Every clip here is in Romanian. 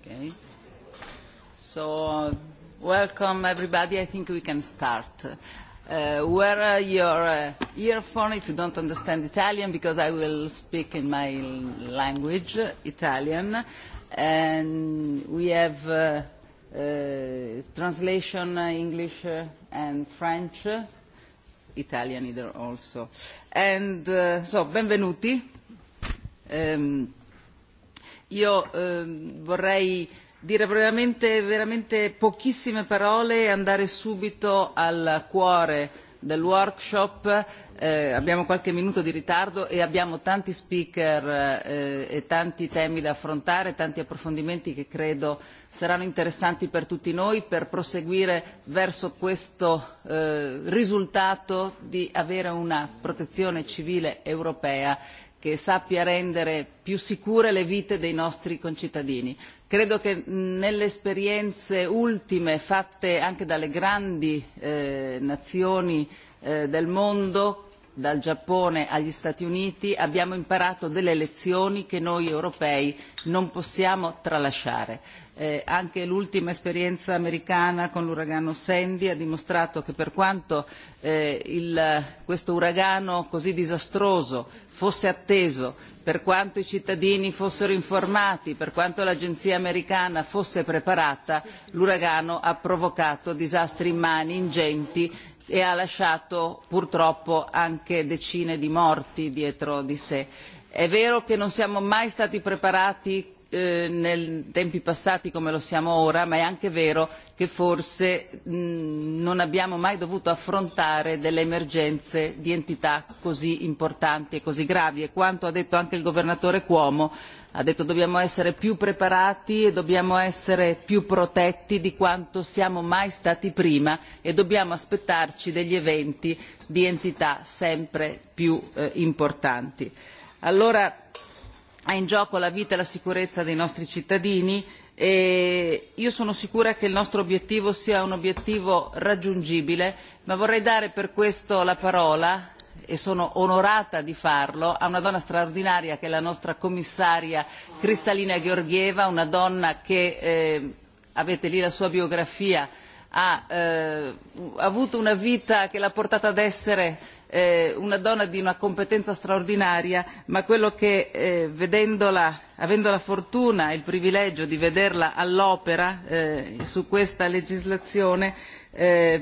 Okay. So, uh, welcome everybody. I think we can start. Uh, wear uh, your uh, earphone if you don't understand Italian, because I will speak in my language, Italian. And we have uh, uh, translation uh, English uh, and French Italian either also. And uh, so, benvenuti. Um, io um, vorrei dire veramente, veramente pochissime parole e andare subito al cuore del workshop eh, abbiamo qualche minuto di ritardo e abbiamo tanti speaker eh, e tanti temi da affrontare tanti approfondimenti che credo saranno interessanti per tutti noi per proseguire verso questo eh, risultato di avere una protezione civile europea che sappia rendere più sicure le vite dei nostri concittadini. Credo che nelle esperienze ultime fatte anche dalle grandi eh, nazioni eh, del mondo dal Giappone agli Stati Uniti abbiamo imparato delle lezioni che noi europei non possiamo tralasciare. Eh, anche l'ultima esperienza americana con l'uragano Sandy ha dimostrato che per quanto eh, il, questo uragano così disastroso fosse atteso, per quanto i cittadini fossero informati, per quanto l'agenzia americana fosse preparata, l'uragano ha provocato disastri immani, ingenti e ha lasciato purtroppo anche decine di morti dietro di sé. È vero che non siamo mai stati preparati eh, nei tempi passati come lo siamo ora, ma è anche vero che forse non abbiamo mai dovuto affrontare delle emergenze di entità così importanti e così gravi e quanto ha detto anche il governatore Cuomo ha detto dobbiamo essere più preparati e dobbiamo essere più protetti di quanto siamo mai stati prima e dobbiamo aspettarci degli eventi di entità sempre più eh, importanti. Allora ha in gioco la vita e la sicurezza dei nostri cittadini e io sono sicura che il nostro obiettivo sia un obiettivo raggiungibile ma vorrei dare per questo la parola e sono onorata di farlo a una donna straordinaria che è la nostra commissaria kristalina georgieva una donna che eh, avete lì la sua biografia ha eh, avuto una vita che l'ha portata ad essere eh, una donna di una competenza straordinaria, ma quello che eh, vedendola, avendo la fortuna e il privilegio di vederla all'opera eh, su questa legislazione, eh,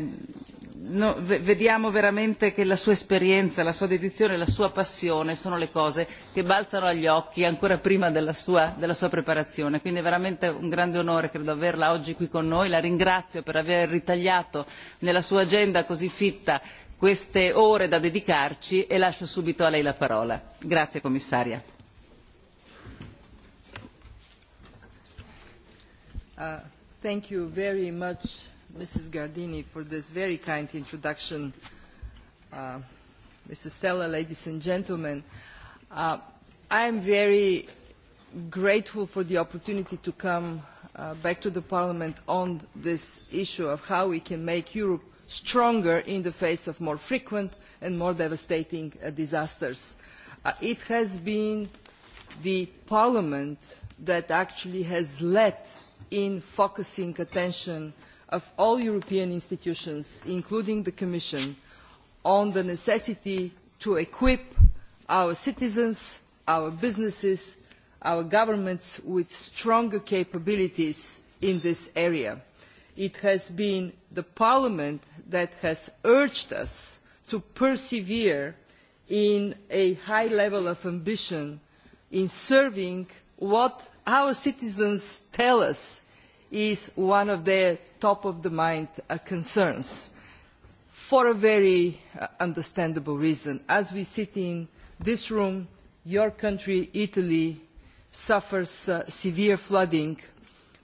vediamo veramente che la sua esperienza, la sua dedizione, e la sua passione sono le cose che balzano agli occhi ancora prima della sua, preparazione. Quindi è veramente un grande onore, credo, averla oggi qui con noi. La ringrazio per aver ritagliato nella sua agenda così fitta queste ore da dedicarci e lascio subito a lei la parola. Grazie commissaria. Uh, thank you very much Mrs. Gardini for this very kind introduction. Uh, Mrs. Stella, ladies and gentlemen, uh, I am very grateful for the opportunity to come uh, back to the Parliament on this issue of how we can make Europe stronger in the face of more frequent and more devastating uh, disasters. Uh, it has been the Parliament that actually has led in focusing attention uh, of all European institutions, including the Commission, on the necessity to equip our citizens, our businesses, our governments with stronger capabilities in this area. It has been Parliament that has urged us to persevere in a high level of ambition in serving what our citizens tell us is one of their top of the mind uh, concerns for a very uh, understandable reason. As we sit in this room, your country, Italy, suffers uh, severe flooding,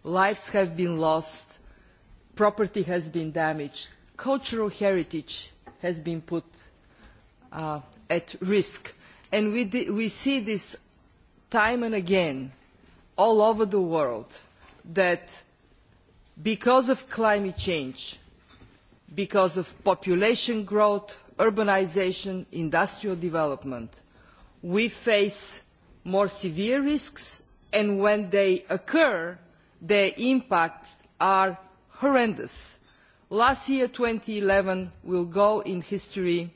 lives have been lost, property has been damaged, cultural heritage has been put uh, at risk. And we, we see this time and again all over the world that because of climate change because of population growth urbanisation and industrial development we face more severe risks and when they occur their impacts are horrendous. last year two thousand and eleven will go in history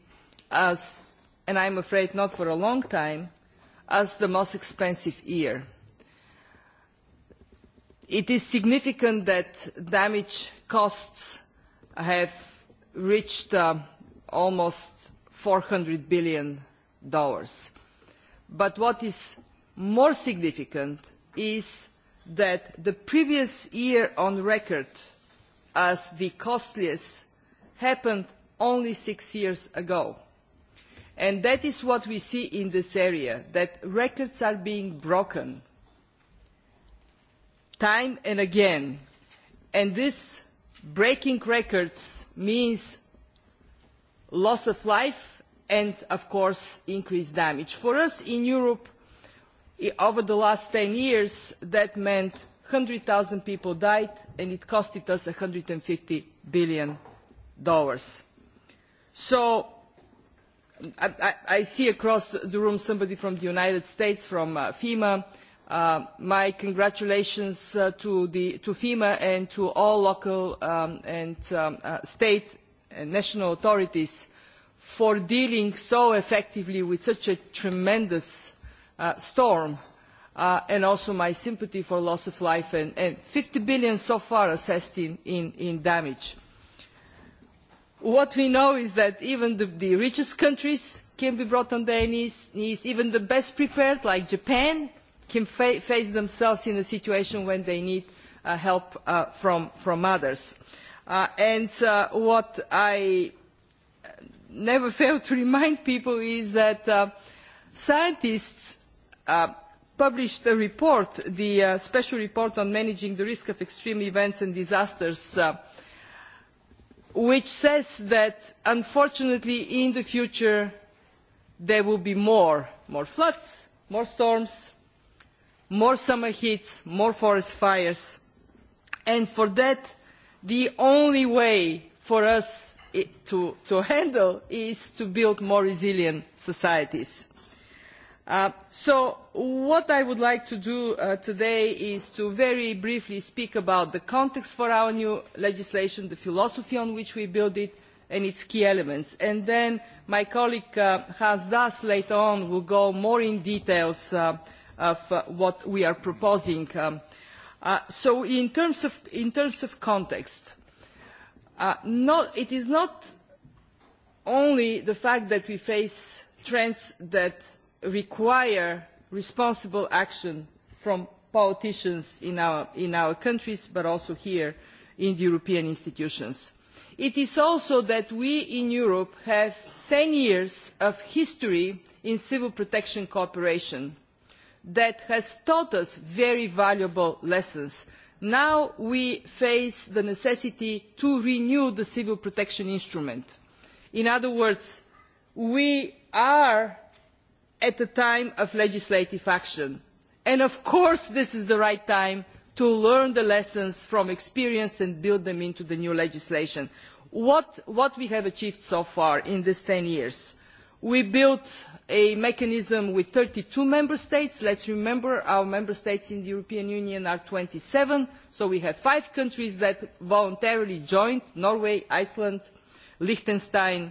as and i am afraid not for a long time as the most expensive year it is significant that damage costs have reached uh, almost four hundred billion dollars. But what is more significant is that the previous year on record as the costliest happened only six years ago. And that is what we see in this area, that records are being broken time and again. And this breaking records means loss of life and, of course, increased damage. For us in Europe, over the last 10 years, that meant 100,000 people died and it costed us $150 billion. So I, I, I see across the room somebody from the United States, from uh, FEMA, Uh, my congratulations uh, to, the, to FEMA and to all local um, and um, uh, state and national authorities for dealing so effectively with such a tremendous uh, storm. Uh, and also my sympathy for loss of life and, and 50 billion so far assessed in, in, in damage. What we know is that even the, the richest countries can be brought on their knees, knees, even the best prepared like Japan can fa face themselves in a situation when they need uh, help uh, from, from others. Uh, and uh, what I uh, never fail to remind people is that uh, scientists published a report, the special report on managing the risk of extreme events and disasters which says that unfortunately in the future there will be more, more floods, more storms, more summer heats, more forest fires. And for that, the only way for us to, to handle is to build more resilient societies. Uh, so what I would like to do uh, today is to very briefly speak about the context for our new legislation, the philosophy on which we build it, and its key elements. And then my colleague uh, Hans Das later on will go more in details uh, of uh, what we are proposing. Um, uh, so in terms of, in terms of context, uh, not, it is not only the fact that we face trends that require responsible action from politicians in our, in our countries, but also here in the European institutions. It is also that we in Europe have 10 years of history in civil protection cooperation that has taught us very valuable lessons. Now we face the necessity to renew the civil protection instrument. In other words, we are at a time of legislative action. And of course this is the right time to learn the lessons from experience and build them into the new legislation. What, what we have achieved so far in these 10 years? We built a mechanism with thirty two member states let us remember our member states in the european union are twenty seven so we have five countries that voluntarily joined norway iceland liechtenstein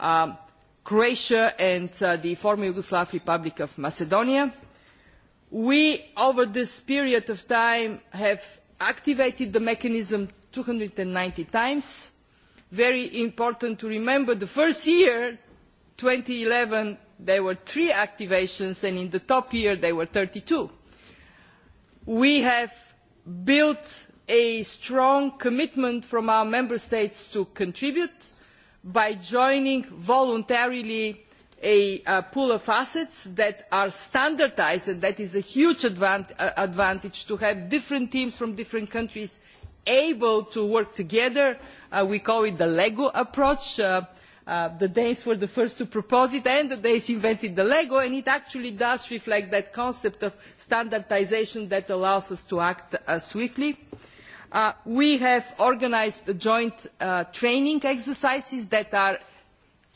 um, croatia and uh, the former yugoslav republic of macedonia. we over this period of time have activated the mechanism two hundred and ninety times. it is very important to remember that the first year 2011 there were three activations and in the top year there were 32. We have built a strong commitment from our member states to contribute by joining voluntarily a, a pool of assets that are standardised and that is a huge uh, advantage to have different teams from different countries able to work together. Uh, we call it the LEGO approach. Uh, Uh, the danes were the first to propose it and the danes invented the lego and it actually does reflect that concept of standardisation that allows us to act uh, swiftly. Uh, we have organised joint uh, training exercises that are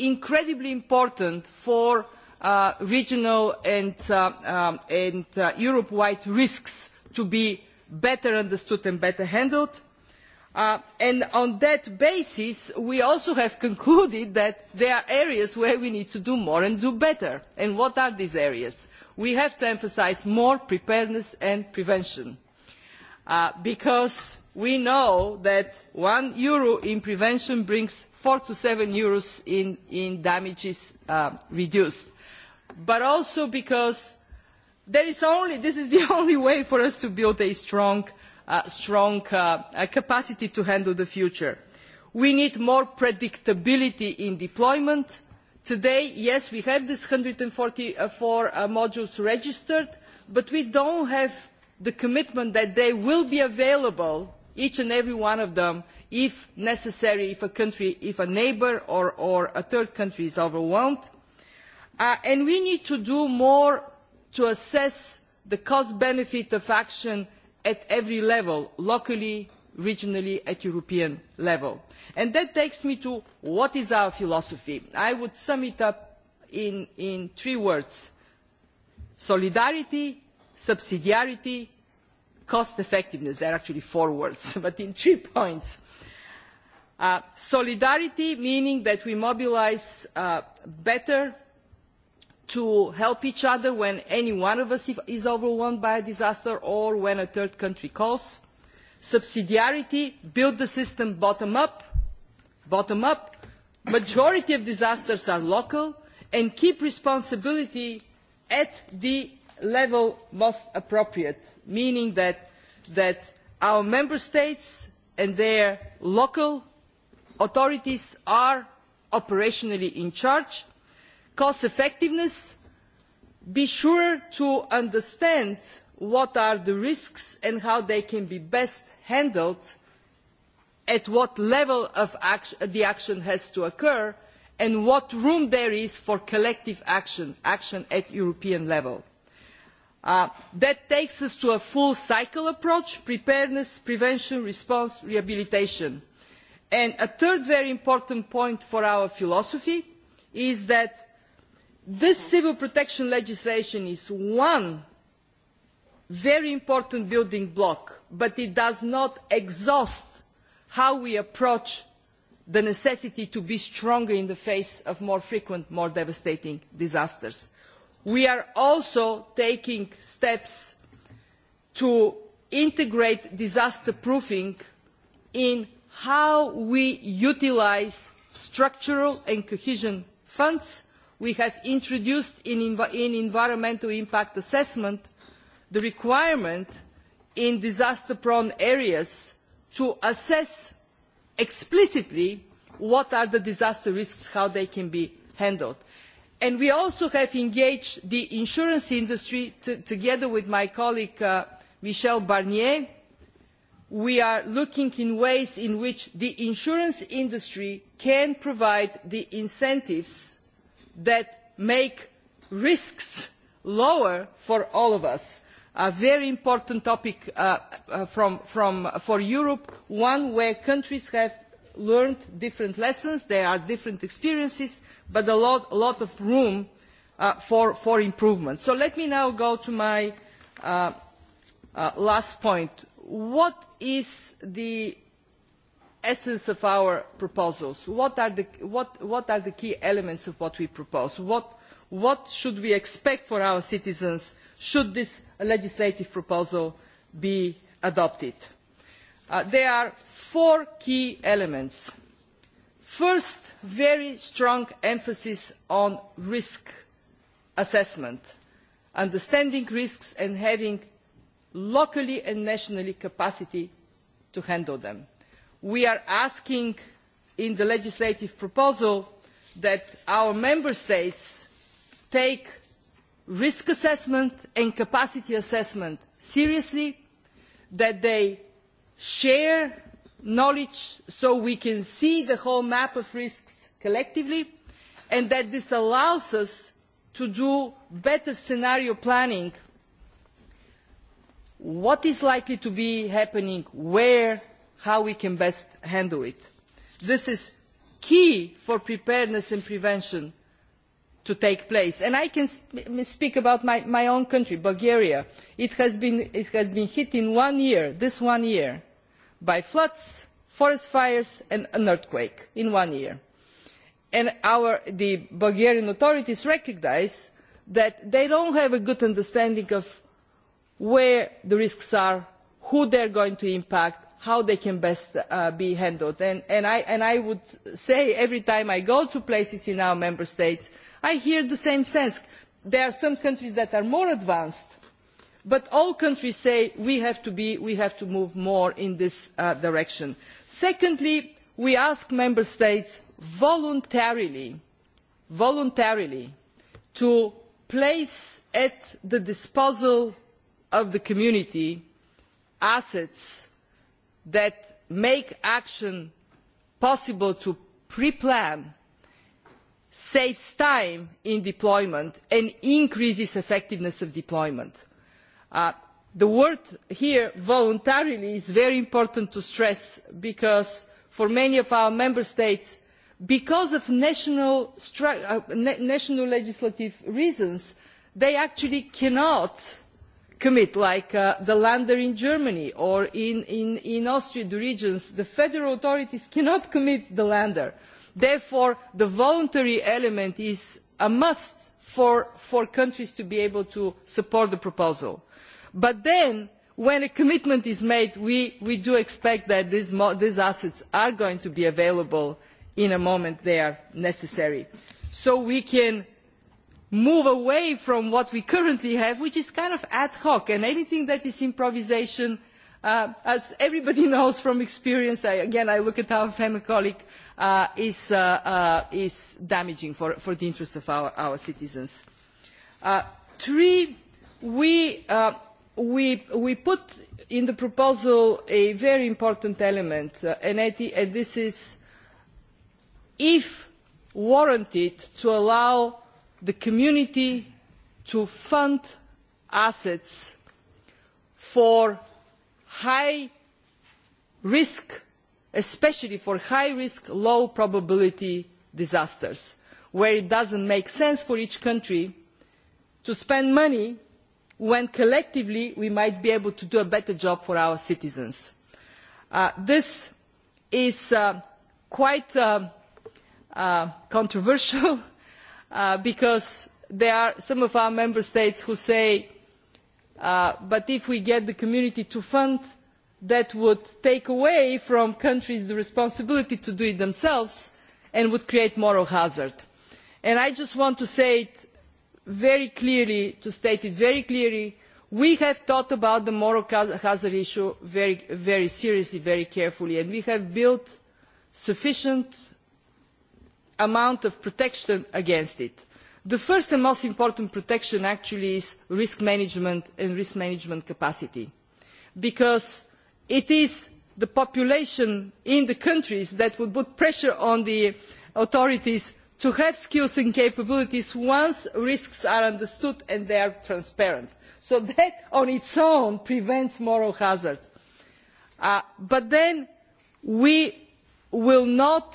incredibly important for uh, regional and, um, and europe wide risks to be better understood and better handled Uh, and on that basis we also have concluded that there are areas where we need to do more and do better. and what are these areas? we have to emphasise more preparedness and prevention uh, because we know that one euro in prevention brings four to seven euros in, damages uh, reduced but also because this is the only way for us to build a strong strong uh, capacity to handle the future. We need more predictability in deployment. Today, yes, we have these 144 uh, modules registered, but we don't have the commitment that they will be available each and every one of them if necessary if a country if a neighbour or, or, a third country is overwhelmed uh, and we need to do more to assess the cost benefit of action at every level locally regionally at european level. and that takes me to what is our philosophy. i would sum it up in, in three words solidarity subsidiarity cost effectiveness. there are actually four words but in three points. Uh, solidarity meaning that we mobilise uh, better to help each other when any one of us is overwhelmed by a disaster or when a third country calls. Subsidiarity, build the system bottom up, bottom up. Majority of disasters are local and keep responsibility at the level most appropriate, meaning that, that our member states and their local authorities are operationally in charge cost effectiveness be sure to understand what are the risks and how they can be best handled at what level of act the action has to occur and what room there is for collective action action at european level. Uh, that takes us to a full cycle approach preparedness prevention response rehabilitation. And a third very important point for our philosophy is that this civil protection legislation is one very important building block but it does not exhaust how we approach the necessity to be stronger in the face of more frequent more devastating disasters. we are also taking steps to integrate disaster proofing in how we utilise structural and cohesion funds we have introduced in, in environmental impact assessment the requirement in disaster prone areas to assess explicitly what are the disaster risks, how they can be handled. And we also have engaged the insurance industry to, together with my colleague uh, Michel Barnier. We are looking in ways in which the insurance industry can provide the incentives that make risks lower for all of us a very important topic uh, uh from, from, for Europe, one where countries have learned different lessons, there are different experiences, but a lot, a lot of room uh, for, for, improvement. So let me now go to my uh, uh, last point. What is the essence of our proposals. What are, the, key elements of what we propose? What, should we expect for our citizens should this legislative proposal be adopted? Uh, there are four key elements. First, very strong emphasis on risk assessment, understanding risks and having locally and nationally capacity to handle them we are asking in the legislative proposal that our member states take risk assessment and capacity assessment seriously, that they share knowledge so we can see the whole map of risks collectively, and that this allows us to do better scenario planning what is likely to be happening, where, how we can best handle it. This is key for preparedness and prevention to take place. And I can speak about my, my own country, Bulgaria. It has, been, it has been hit in one year, this one year, by floods, forest fires and an earthquake in one year. And our, the Bulgarian authorities recognise that they don't have a good understanding of where the risks are, who they are going to impact, how they can best uh, be handled. And, I, would say every time i go to places in our member states i hear the same sense there are some countries that are more advanced but all countries say we have to, be, we have to move more in this uh, direction. secondly we ask member states voluntarily, voluntarily to place at the disposal of the community assets that make action possible to pre plan saves time in deployment and increases effectiveness of deployment. Uh, the word here voluntarily is very important to stress because for many of our member states because of national, uh, national legislative reasons they actually cannot commit, like uh, the lnder in Germany or in, Austria, the regions, the federal authorities cannot commit the lnder. Therefore, the voluntary element is a must for, countries to be able to support the proposal. But then, when a commitment is made, we, do expect that these, these assets are going to be available in a moment they are necessary. So we can move away from what we currently have, which is kind of ad hoc, and anything that is improvisation, uh, as everybody knows from experience, I, again, I look at our family colleague, uh, is, uh, uh, is, damaging for, for, the interests of our, our citizens. Uh, three, we, uh, we, we put in the proposal a very important element, and, and this is if warranted to allow the community to fund assets for high risk especially for high risk low probability disasters where it does not make sense for each country to spend money when collectively we might be able to do a better job for our citizens. Uh, this is uh, quite uh, uh controversial Uh, because there are some of our member states who say uh, but if we get the community to fund that would take away from countries the responsibility to do it themselves and would create moral hazard. And I just want to say it very clearly, to state it very clearly, we have thought about the moral hazard issue very, very seriously, very carefully, and we have built sufficient amount of protection against it. the first and most important protection actually is risk management and risk management capacity because it is the population in the countries that would put pressure on the authorities to have skills and capabilities once risks are understood and they are transparent. so that on its own prevents moral hazard. Uh, but then we will not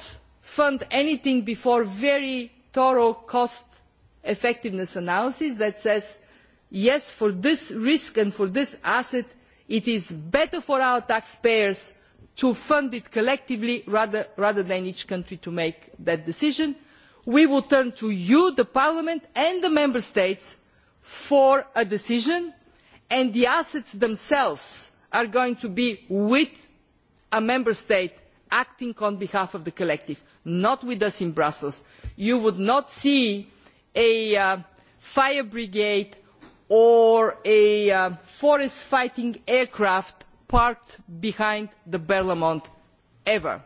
fund anything before very thorough cost effectiveness analysis that says yes for this risk and for this asset it is better for our taxpayers to fund it collectively rather, rather than each country to make that decision. we will turn to you the parliament and the member states for a decision and the assets themselves are going to be with a member state acting on behalf of the collective not with us in brussels you would not see a uh, fire brigade or a uh, forest fighting aircraft parked behind the berlaymont ever.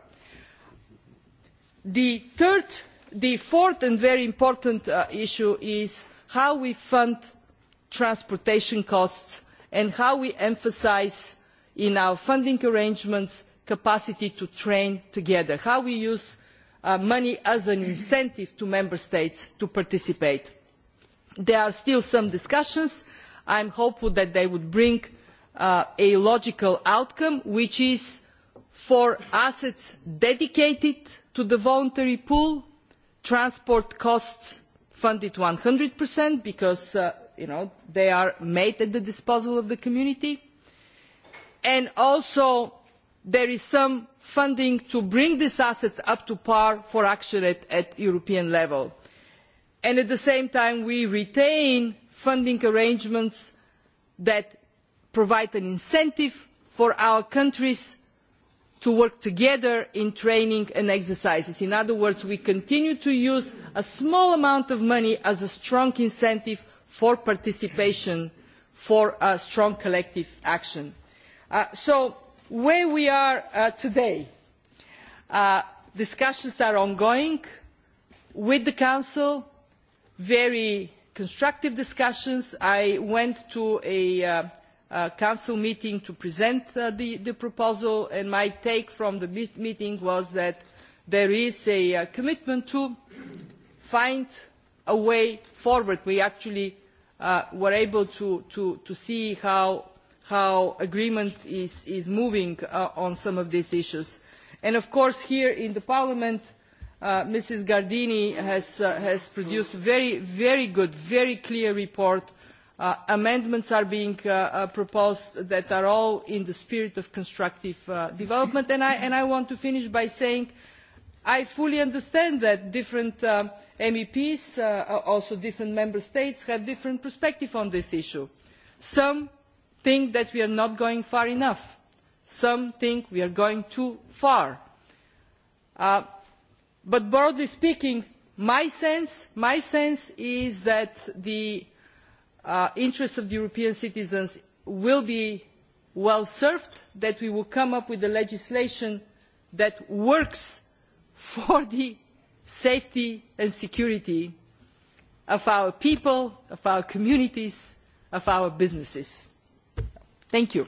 The, fourth and very important uh, issue is how we fund transportation costs and how we emphasise in our funding arrangements capacity to train together how we use Uh, money as an incentive to member states to participate. there are still some discussions. i am hopeful that they will bring uh, a logical outcome which is for assets dedicated to the voluntary pool transport costs funded one hundred because uh, they are made at the disposal of the community and also there is some funding to bring these assets up to par for action at, European level. And at the same time, we retain funding arrangements that provide an incentive for our countries to work together in training and exercises. In other words, we continue to use a small amount of money as a strong incentive for participation, for a strong collective action. Uh, so where we are uh, today uh, discussions are ongoing with the council very constructive discussions. i went to a uh, council meeting to present the, proposal and my take from the meeting was that there is a, commitment to find a way forward. we actually were able to, to see how how agreement is, moving uh, on some of these issues. And of course here in the Parliament, uh, Mrs. Gardini has, uh, has produced a very, very good, very clear report. amendments are being proposed that are all in the spirit of constructive development. And I, and I, want to finish by saying I fully understand that different MEPs, also different member states, have different perspectives on this issue. Some think that we are not going far enough. Some think we are going too far. Uh, but broadly speaking, my sense, my sense is that the uh, interests of the European citizens will be well served, that we will come up with the legislation that works for the safety and security of our people, of our communities, of our businesses. Thank you.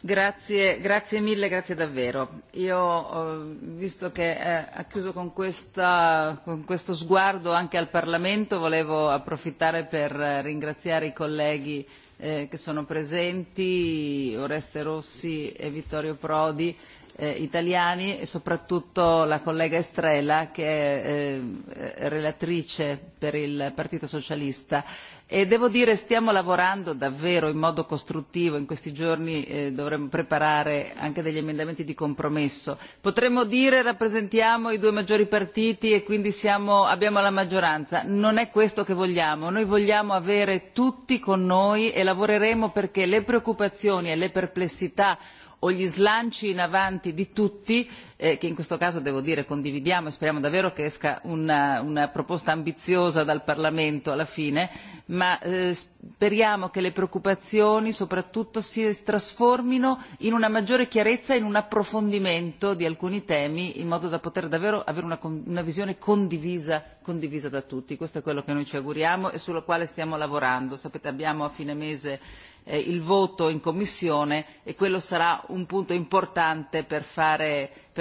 Grazie, grazie mille, grazie davvero. Io, eh, visto che eh, ha chiuso con, questa, con questo sguardo anche al Parlamento, volevo approfittare per eh, ringraziare i colleghi che sono presenti, Oreste Rossi e Vittorio Prodi, eh, italiani e soprattutto la collega Estrella che è eh, relatrice per il Partito Socialista e devo dire stiamo lavorando davvero in modo costruttivo in questi giorni eh, dovremo preparare anche degli emendamenti di compromesso potremmo dire rappresentiamo i due maggiori partiti e quindi siamo, abbiamo la maggioranza non è questo che vogliamo noi vogliamo avere tutti con noi e lavoreremo perché le preoccupazioni e le perplessità o gli slanci in avanti di tutti eh, che in questo caso devo dire condividiamo e speriamo davvero che esca una, una proposta ambiziosa dal Parlamento alla fine ma eh, speriamo che le preoccupazioni soprattutto si trasformino in una maggiore chiarezza e in un approfondimento di alcuni temi in modo da poter davvero avere una, una visione condivisa, condivisa da tutti questo è quello che noi ci auguriamo e sulla quale stiamo lavorando sapete abbiamo a fine mese Eh, il voto in commissione e quello sarà un punto importante per,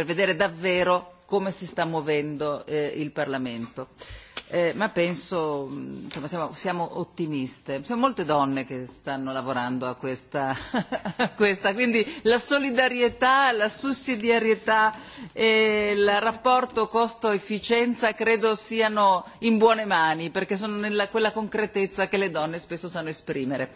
vedere davvero come si sta muovendo eh, il Parlamento. Eh, ma penso, insomma, siamo, siamo ottimiste. Sono molte donne che stanno lavorando a questa, a questa, quindi la solidarietà, la sussidiarietà e il rapporto costo-efficienza credo siano in buone mani perché sono nella quella concretezza che le donne spesso sanno esprimere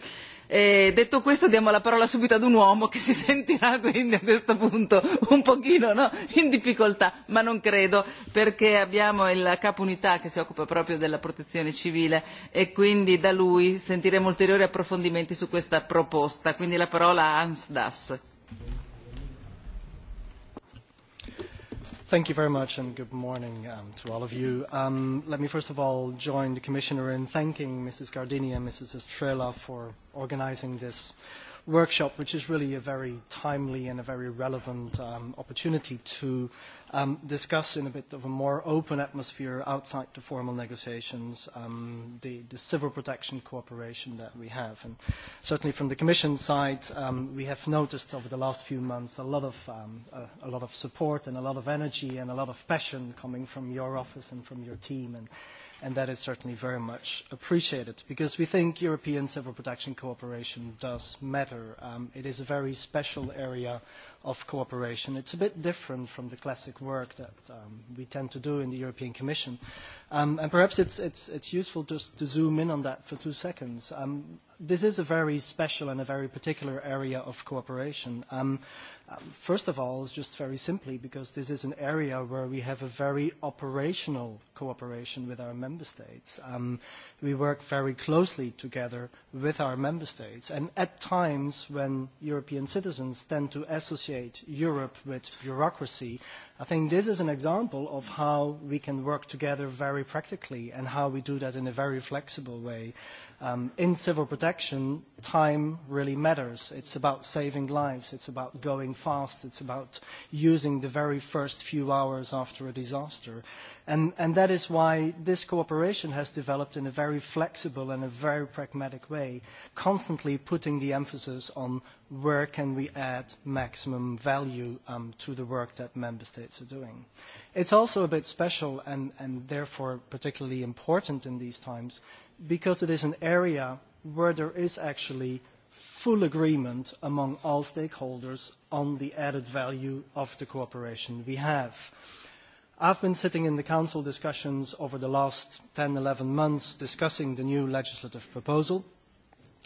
detto questo diamo la parola subito ad un uomo che si sentirà quindi a questo punto un pochino no? in difficoltà, ma non credo perché abbiamo il capo unità che si occupa proprio della protezione civile e quindi da lui sentiremo ulteriori approfondimenti su questa proposta. Quindi la parola a Hans Dass. Thank you very much and good morning um, to all of you. Um, let me first of all join the Commissioner in thanking Mrs. Gardini and Mrs. Estrela for organising this workshop, which is really a very timely and a very relevant um, opportunity to um, discuss in a bit of a more open atmosphere outside the formal negotiations um, the, the civil protection cooperation that we have. And certainly from the Commission side, um, we have noticed over the last few months a lot of, um, a, a lot of support and a lot of energy and a lot of passion coming from your office and from your team. And, and that is certainly very much appreciated because we think European civil protection cooperation does matter. Um, it is a very special area of cooperation. It's a bit different from the classic work that um, we tend to do in the European Commission. Um, and perhaps it's, it's, it's useful just to zoom in on that for two seconds. Um, this is a very special and a very particular area of cooperation. Um, Um, first of all, is just very simply because this is an area where we have a very operational cooperation with our member states. Um, we work very closely together with our member states, and at times when European citizens tend to associate Europe with bureaucracy, I think this is an example of how we can work together very practically and how we do that in a very flexible way. Um, in civil protection, time really matters. It's about saving lives. It's about going fast. It's about using the very first few hours after a disaster. And, and that is why this cooperation has developed in a very flexible and a very pragmatic way, constantly putting the emphasis on where can we add maximum value um, to the work that member states are doing. It's also a bit special and, and therefore particularly important in these times because it is an area where there is actually full agreement among all stakeholders on the added value of the cooperation we have. I've been sitting in the Council discussions over the last 10, 11 months discussing the new legislative proposal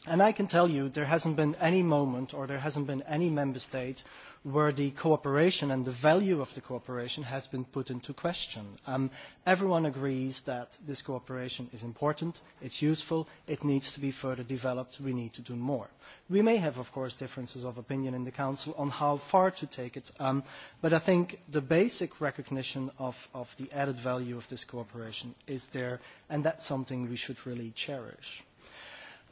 And I can tell you there hasn't been any moment or there hasn't been any member state where the cooperation and the value of the cooperation has been put into question. Um, everyone agrees that this cooperation is important, it's useful, it needs to be further developed, we need to do more. We may have, of course, differences of opinion in the Council on how far to take it, um, but I think the basic recognition of, of the added value of this cooperation is there, and that's something we should really cherish.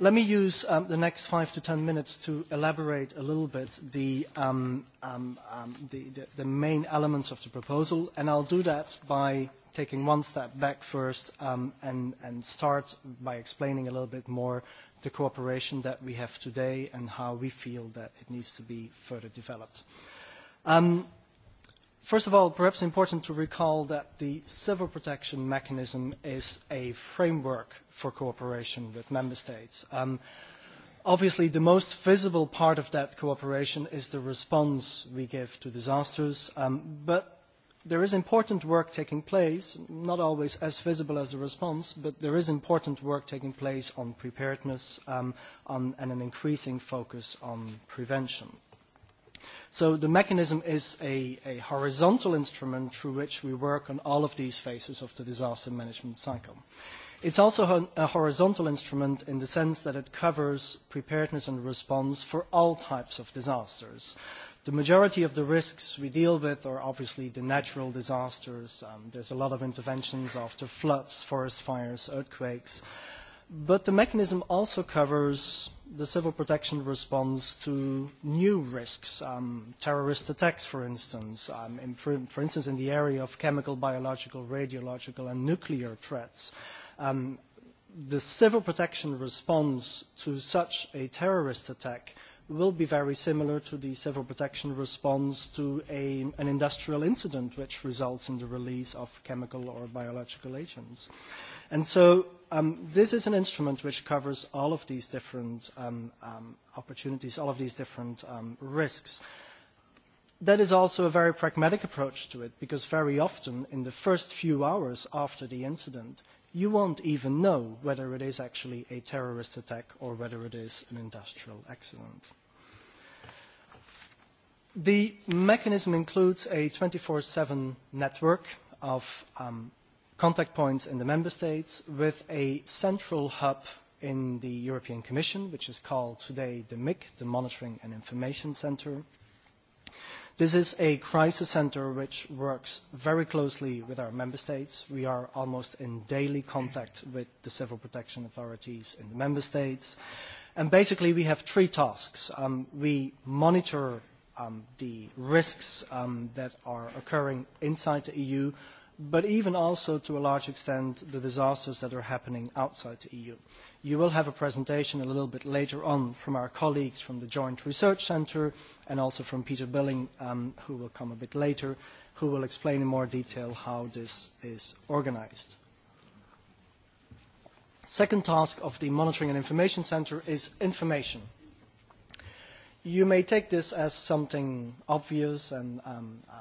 Let me use um, the next five to ten minutes to elaborate a little bit the, um, um, um, the, the, the, main elements of the proposal, and I'll do that by taking one step back first um, and, and start by explaining a little bit more the cooperation that we have today and how we feel that it needs to be further developed. Um, First of all, perhaps important to recall that the civil protection mechanism is a framework for cooperation with member states. Um, obviously, the most visible part of that cooperation is the response we give to disasters, um, but there is important work taking place, not always as visible as the response, but there is important work taking place on preparedness um, on, and an increasing focus on prevention. So the mechanism is a, a horizontal instrument through which we work on all of these phases of the disaster management cycle. It's also a horizontal instrument in the sense that it covers preparedness and response for all types of disasters. The majority of the risks we deal with are obviously the natural disasters. Um, there's a lot of interventions after floods, forest fires, earthquakes. But the mechanism also covers the civil protection response to new risks, um, terrorist attacks, for instance, um, in, for, for, instance, in the area of chemical, biological, radiological, and nuclear threats. Um, the civil protection response to such a terrorist attack will be very similar to the civil protection response to a, an industrial incident which results in the release of chemical or biological agents. And so Um, this is an instrument which covers all of these different um, um, opportunities, all of these different um, risks. That is also a very pragmatic approach to it, because very often in the first few hours after the incident, you won't even know whether it is actually a terrorist attack or whether it is an industrial accident. The mechanism includes a 24-7 network of um, contact points in the member states with a central hub in the European Commission, which is called today the MIC, the Monitoring and Information Centre. This is a crisis centre which works very closely with our member states. We are almost in daily contact with the civil protection authorities in the member states. And basically, we have three tasks. Um, we monitor um, the risks um, that are occurring inside the EU, but even also to a large extent the disasters that are happening outside the EU. You will have a presentation a little bit later on from our colleagues from the Joint Research Centre and also from Peter Billing, um, who will come a bit later, who will explain in more detail how this is organised. Second task of the Monitoring and Information Centre is information. You may take this as something obvious and um, uh,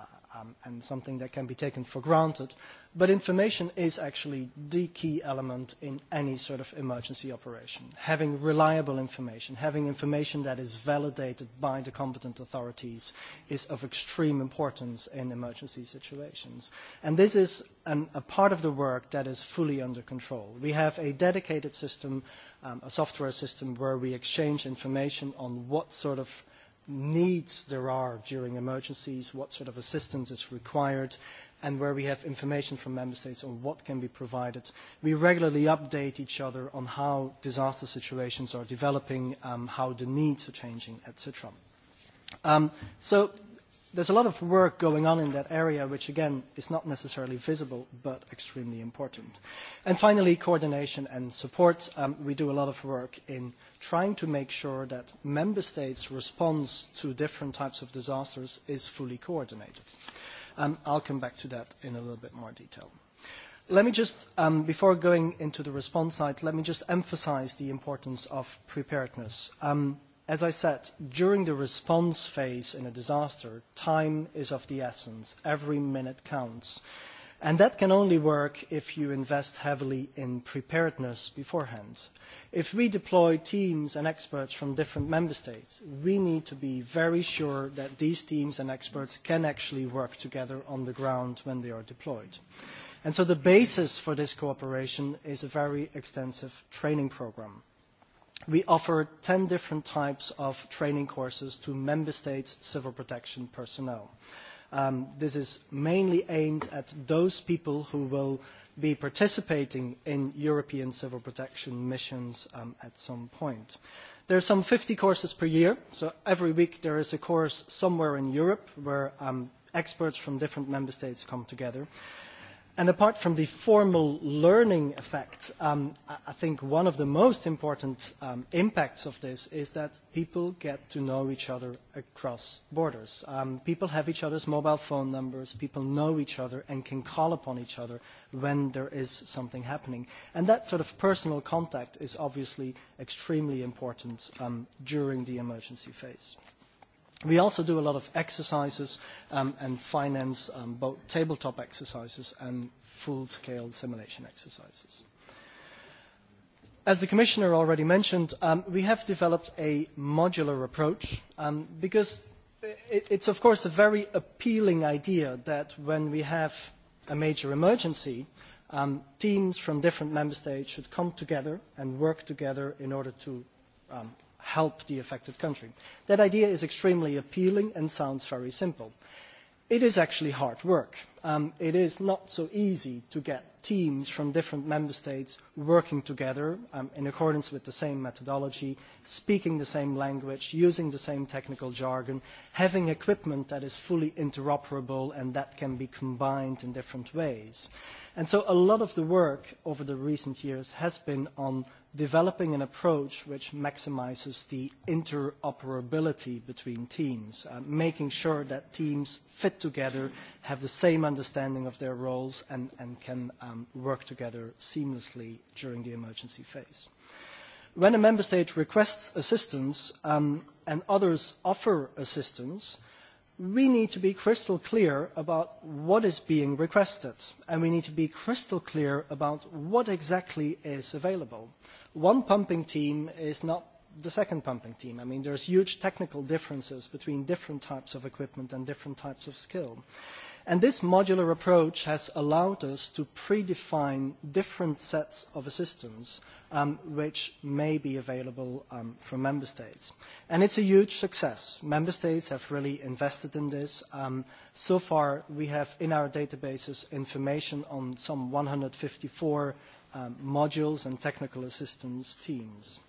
um, and something that can be taken for granted. But information is actually the key element in any sort of emergency operation. Having reliable information, having information that is validated by the competent authorities is of extreme importance in emergency situations. And this is an, a part of the work that is fully under control. We have a dedicated system, um, a software system, where we exchange information on what sort of needs there are during emergencies, what sort of assistance is required, and where we have information from member states on what can be provided. We regularly update each other on how disaster situations are developing, um, how the needs are changing, etc. Um, so there's a lot of work going on in that area, which again is not necessarily visible, but extremely important. And finally, coordination and support. Um, we do a lot of work in trying to make sure that member states' response to different types of disasters is fully coordinated. Um, I'll come back to that in a little bit more detail. Let me just, um, before going into the response side, let me just emphasize the importance of preparedness. Um, as I said, during the response phase in a disaster, time is of the essence. Every minute counts. And that can only work if you invest heavily in preparedness beforehand. If we deploy teams and experts from different member states, we need to be very sure that these teams and experts can actually work together on the ground when they are deployed. And so the basis for this cooperation is a very extensive training programme. We offer 10 different types of training courses to member states' civil protection personnel. Um, this is mainly aimed at those people who will be participating in European civil protection missions um, at some point. There are some 50 courses per year, so every week there is a course somewhere in Europe where um, experts from different member states come together. And apart from the formal learning effect, um, I think one of the most important um, impacts of this is that people get to know each other across borders. Um, people have each other's mobile phone numbers, people know each other and can call upon each other when there is something happening. And that sort of personal contact is obviously extremely important um, during the emergency phase. We also do a lot of exercises um, and finance um, both tabletop exercises and full-scale simulation exercises. As the Commissioner already mentioned, um, we have developed a modular approach um, because it, it's of course a very appealing idea that when we have a major emergency, um, teams from different member states should come together and work together in order to um, help the affected country. That idea is extremely appealing and sounds very simple. It is actually hard work. Um, it is not so easy to get teams from different member states working together um, in accordance with the same methodology, speaking the same language, using the same technical jargon, having equipment that is fully interoperable and that can be combined in different ways. And so a lot of the work over the recent years has been on developing an approach which maximizes the interoperability between teams, uh, making sure that teams fit together, have the same understanding of their roles, and, and can um, work together seamlessly during the emergency phase. When a member state requests assistance um, and others offer assistance, we need to be crystal clear about what is being requested, and we need to be crystal clear about what exactly is available one pumping team is not the second pumping team. I mean, there's huge technical differences between different types of equipment and different types of skill. And this modular approach has allowed us to predefine different sets of assistance um, which may be available um, from member states. And it's a huge success. Member states have really invested in this. Um, so far, we have in our databases information on some 154 um, modules and technical assistance teams.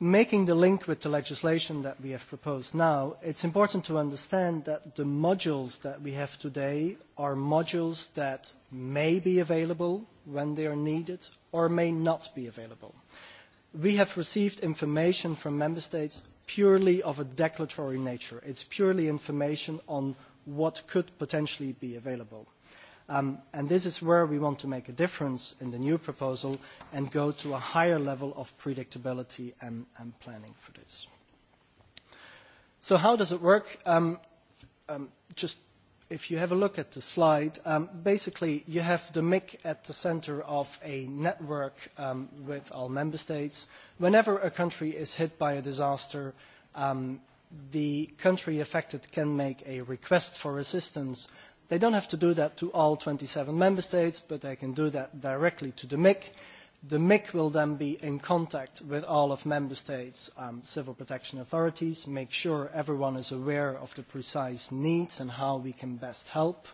Making the link with the legislation that we have proposed now, it's important to understand that the modules that we have today are modules that may be available when they are needed or may not be available. We have received information from Member States purely of a declaratory nature. It's purely information on what could potentially be available. Um, and this is where we want to make a difference in the new proposal and go to a higher level of predictability and, and planning for this. So how does it work? Um, um, just if you have a look at the slide, um, basically you have the MIC at the center of a network um, with all member states. Whenever a country is hit by a disaster, um, the country affected can make a request for assistance They don't have to do that to all 27 member states, but they can do that directly to the MIC. The MIC will then be in contact with all of member states' um, civil protection authorities, make sure everyone is aware of the precise needs and how we can best help.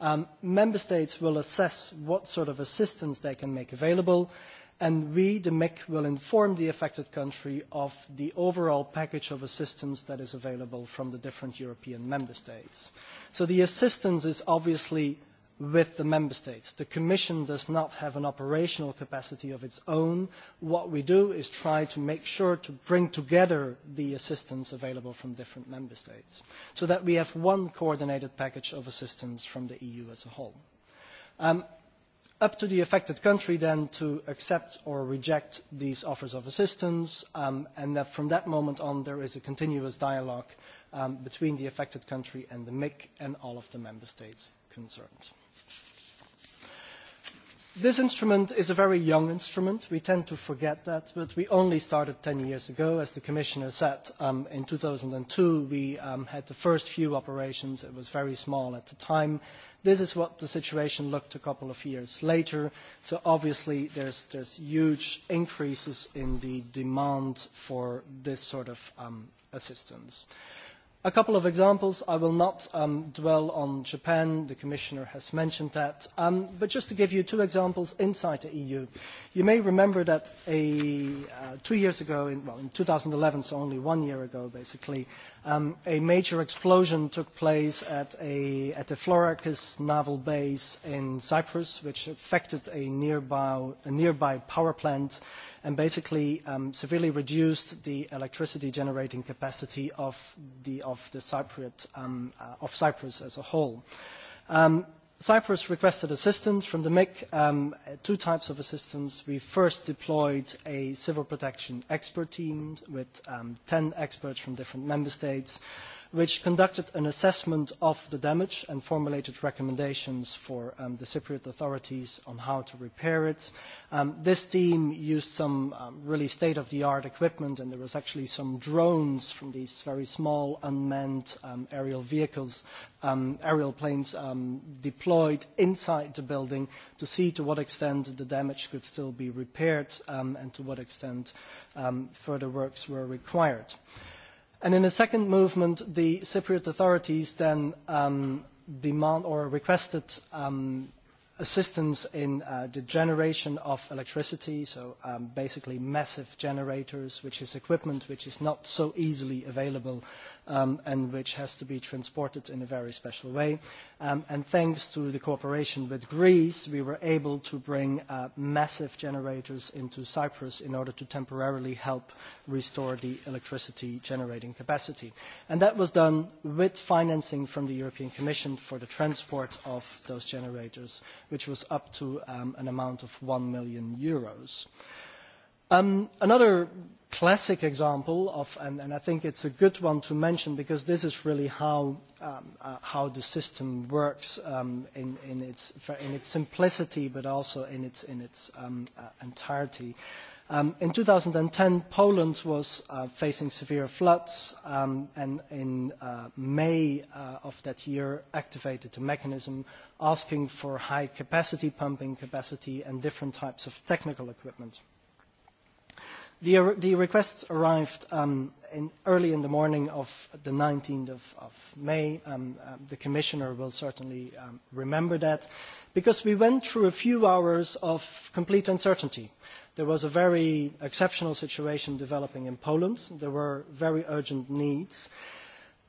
Um, member states will assess what sort of assistance they can make available and we, the MIC, will inform the affected country of the overall package of assistance that is available from the different European member states. So the assistance is obviously with the member states. The Commission does not have an operational capacity of its own. What we do is try to make sure to bring together the assistance available from different member states so that we have one coordinated package of assistance from the EU as a whole. Um, up to the affected country then to accept or reject these offers of assistance um, and that from that moment on there is a continuous dialogue um, between the affected country and the MIC and all of the member states concerned. This instrument is a very young instrument. We tend to forget that, but we only started 10 years ago. As the Commissioner said, um, in 2002, we um, had the first few operations. It was very small at the time. This is what the situation looked a couple of years later. So obviously, there's, there's huge increases in the demand for this sort of um, assistance. A couple of examples. I will not um, dwell on Japan. The Commissioner has mentioned that. Um, but just to give you two examples inside the EU, you may remember that a, uh, two years ago, in, well, in 2011, so only one year ago, basically, um, a major explosion took place at, a, at the Florakis naval base in Cyprus, which affected a nearby, a nearby power plant and basically um, severely reduced the electricity generating capacity of, the, of, the Cypriot, um, uh, of Cyprus as a whole. Um, Cyprus requested assistance from the MIC, um, two types of assistance. We first deployed a civil protection expert team with um, 10 experts from different member states which conducted an assessment of the damage and formulated recommendations for um, the Cypriot authorities on how to repair it. Um, this team used some um, really state-of-the-art equipment, and there was actually some drones from these very small unmanned um, aerial vehicles, um, aerial planes um, deployed inside the building to see to what extent the damage could still be repaired and to what extent further works were required. And in the second movement, the Cypriot authorities then um, demand or requested um, assistance in uh, the generation of electricity, so um, basically massive generators, which is equipment which is not so easily available um, and which has to be transported in a very special way. Um, and thanks to the cooperation with Greece, we were able to bring uh, massive generators into Cyprus in order to temporarily help restore the electricity generating capacity. And that was done with financing from the European Commission for the transport of those generators, which was up to um, an amount of 1 million euros. Um, another classic example of, and, and I think it's a good one to mention because this is really how, um, uh, how the system works um, in, in, its, in its simplicity but also in its, in its um, uh, entirety. Um, in 2010, Poland was uh, facing severe floods um, and in uh, May uh, of that year activated a mechanism asking for high capacity pumping capacity and different types of technical equipment. The, the request arrived um, in early in the morning of the 19th of, of May. Um, uh, the Commissioner will certainly um, remember that because we went through a few hours of complete uncertainty. There was a very exceptional situation developing in Poland. There were very urgent needs.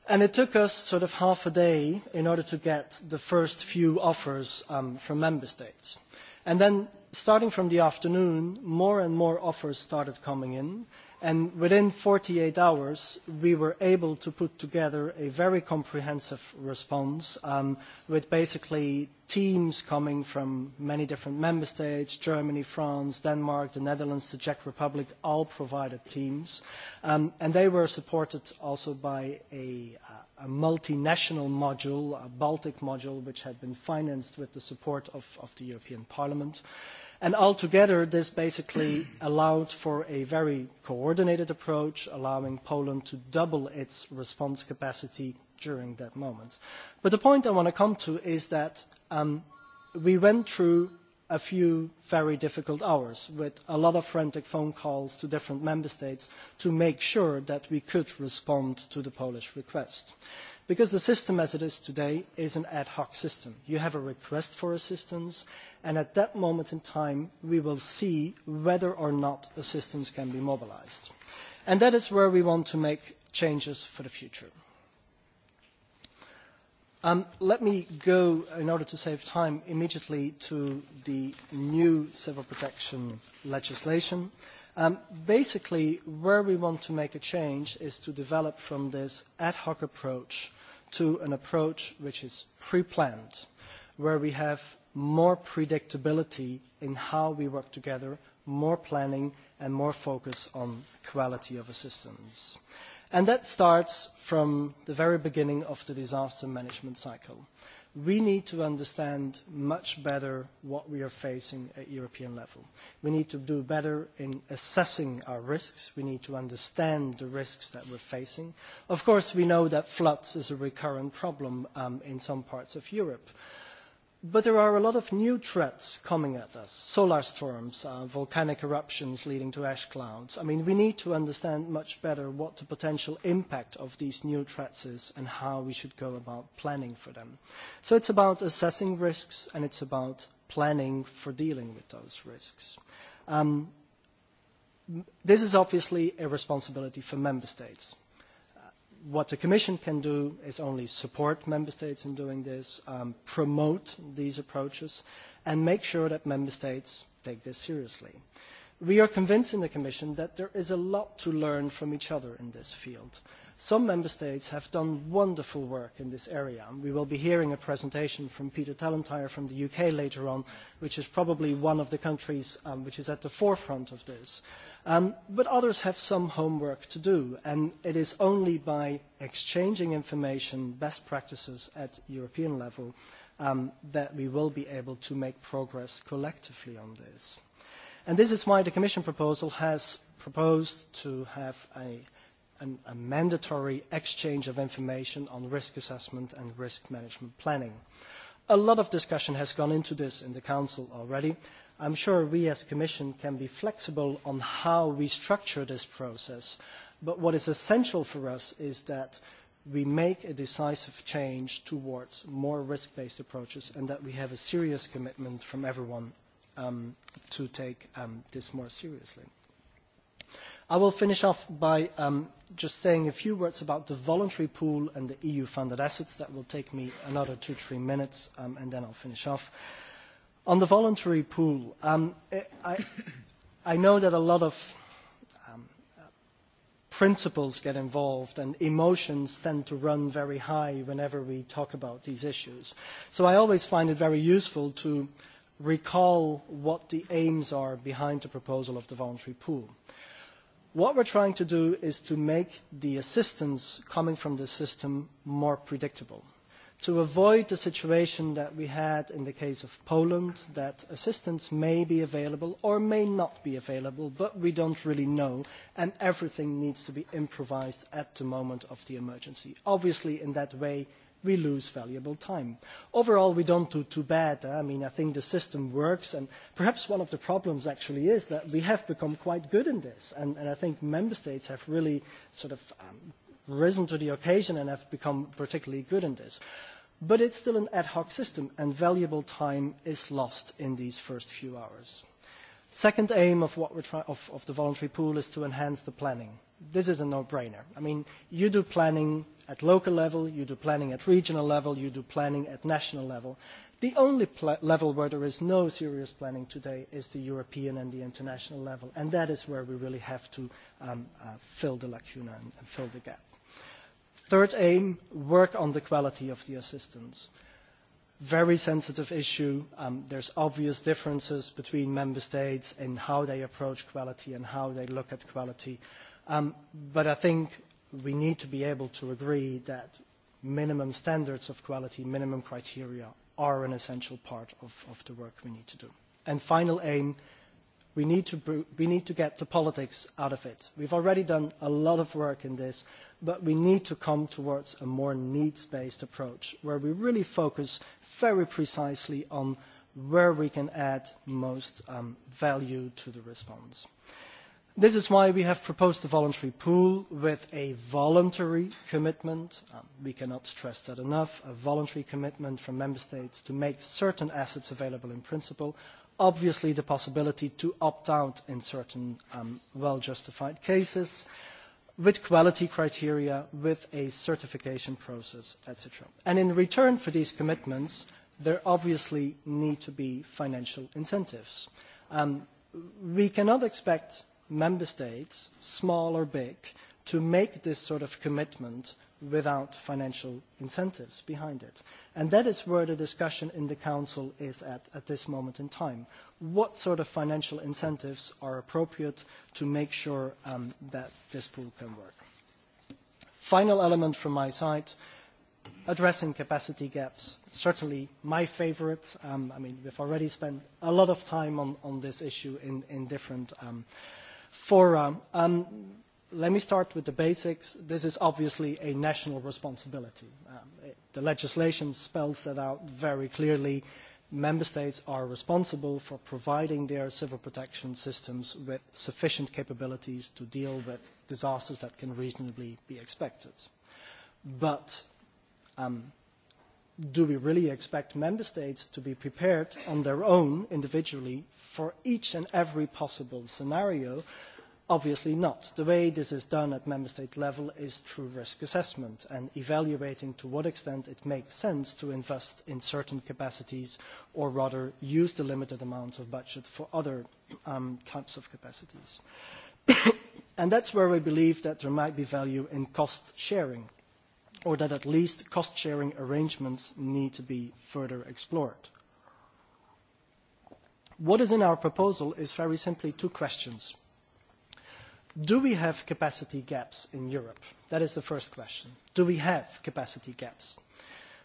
And it took us sort of half a day in order to get the first few offers um, from member states. And then starting from the afternoon, more and more offers started coming in, and within 48 hours, we were able to put together a very comprehensive response um, with basically teams coming from many different member states, Germany, France, Denmark, the Netherlands, the Czech Republic, all provided teams. Um, and they were supported also by a uh, a multinational module, a Baltic module, which had been financed with the support of, of the European Parliament. And altogether, this basically allowed for a very coordinated approach, allowing Poland to double its response capacity during that moment. But the point I want to come to is that um, we went through a few very difficult hours with a lot of frantic phone calls to different member states to make sure that we could respond to the Polish request. Because the system as it is today is an ad hoc system. You have a request for assistance, and at that moment in time, we will see whether or not assistance can be mobilised. And that is where we want to make changes for the future. Um, let me go, in order to save time, immediately to the new civil protection legislation. Um, basically, where we want to make a change is to develop from this ad hoc approach to an approach which is pre-planned, where we have more predictability in how we work together, more planning, and more focus on quality of assistance. And that starts from the very beginning of the disaster management cycle. We need to understand much better what we are facing at European level. We need to do better in assessing our risks. We need to understand the risks that we're facing. Of course, we know that floods is a recurrent problem um, in some parts of Europe. But there are a lot of new threats coming at us, solar storms, uh, volcanic eruptions leading to ash clouds. I mean, we need to understand much better what the potential impact of these new threats is and how we should go about planning for them. So it's about assessing risks and it's about planning for dealing with those risks. Um, this is obviously a responsibility for member states what the Commission can do is only support Member States in doing this, um, promote these approaches, and make sure that Member States take this seriously. Uh, We are convinced in the Commission that there is a lot to learn from each other in this field. Some member states have done wonderful work in this area. We will be hearing a presentation from Peter Tallentire from the UK later on, which is probably one of the countries um, which is at the forefront of this. Um, but others have some homework to do, and it is only by exchanging information, best practices at European level, um, that we will be able to make progress collectively on this. And this is why the Commission proposal has proposed to have a, an, a mandatory exchange of information on risk assessment and risk management planning. A lot of discussion has gone into this in the Council already. I'm sure we as Commission can be flexible on how we structure this process, but what is essential for us is that we make a decisive change towards more risk-based approaches and that we have a serious commitment from everyone um, to take um, this more seriously. I will finish off by um, just saying a few words about the voluntary pool and the EU-funded assets. That will take me another two, three minutes, um, and then I'll finish off. On the voluntary pool, um, eh, I, I know that a lot of um, principles get involved and emotions tend to run very high whenever we talk about these issues. So I always find it very useful to recall what the aims are behind the proposal of the voluntary pool. What we're trying to do is to make the assistance coming from the system more predictable, to avoid the situation that we had in the case of Poland, that assistance may be available or may not be available, but we don't really know, and everything needs to be improvised at the moment of the emergency. Obviously, in that way, we lose valuable time. Overall, we don't do too bad. Eh? I mean, I think the system works, and perhaps one of the problems actually is that we have become quite good in this, and, and I think member states have really sort of um, risen to the occasion and have become particularly good in this. But it's still an ad hoc system, and valuable time is lost in these first few hours. Second aim of, what we're try- of, of the voluntary pool is to enhance the planning. This is a no-brainer. I mean, you do planning at local level, you do planning at regional level, you do planning at national level. The only level where there is no serious planning today is the European and the international level, and that is where we really have to um, uh, fill the lacuna and, and fill the gap. Third aim, work on the quality of the assistance very sensitive issue. Um, there's obvious differences between member states in how they approach quality and how they look at quality. Um, but I think we need to be able to agree that minimum standards of quality, minimum criteria are an essential part of, of the work we need to do. And final aim, we need, to, we need to get the politics out of it. We've already done a lot of work in this, but we need to come towards a more needs-based approach where we really focus very precisely on where we can add most um, value to the response. This is why we have proposed a voluntary pool with a voluntary commitment. Um, we cannot stress that enough, a voluntary commitment from member states to make certain assets available in principle. Obviously, the possibility to opt out in certain um, well-justified cases with quality criteria, with a certification process, etc. And in return for these commitments, there obviously need to be financial incentives. Um, we cannot expect member states, small or big, to make this sort of commitment without financial incentives behind it. And that is where the discussion in the Council is at at this moment in time. What sort of financial incentives are appropriate to make sure um, that this pool can work? Final element from my side, addressing capacity gaps. Certainly my favourite. Um, I mean, we've already spent a lot of time on, on this issue in, in different um, uh, forum. Um, let me start with the basics. This is obviously a national responsibility. Um, it, the legislation spells that out very clearly. Member states are responsible for providing their civil protection systems with sufficient capabilities to deal with disasters that can reasonably be expected. But um, do we really expect member states to be prepared on their own individually for each and every possible scenario? Obviously not. The way this is done at member state level is through risk assessment and evaluating to what extent it makes sense to invest in certain capacities or rather use the limited amounts of budget for other um, types of capacities. and that's where we believe that there might be value in cost sharing or that at least cost-sharing arrangements need to be further explored. What is in our proposal is very simply two questions. Do we have capacity gaps in Europe? That is the first question. Do we have capacity gaps?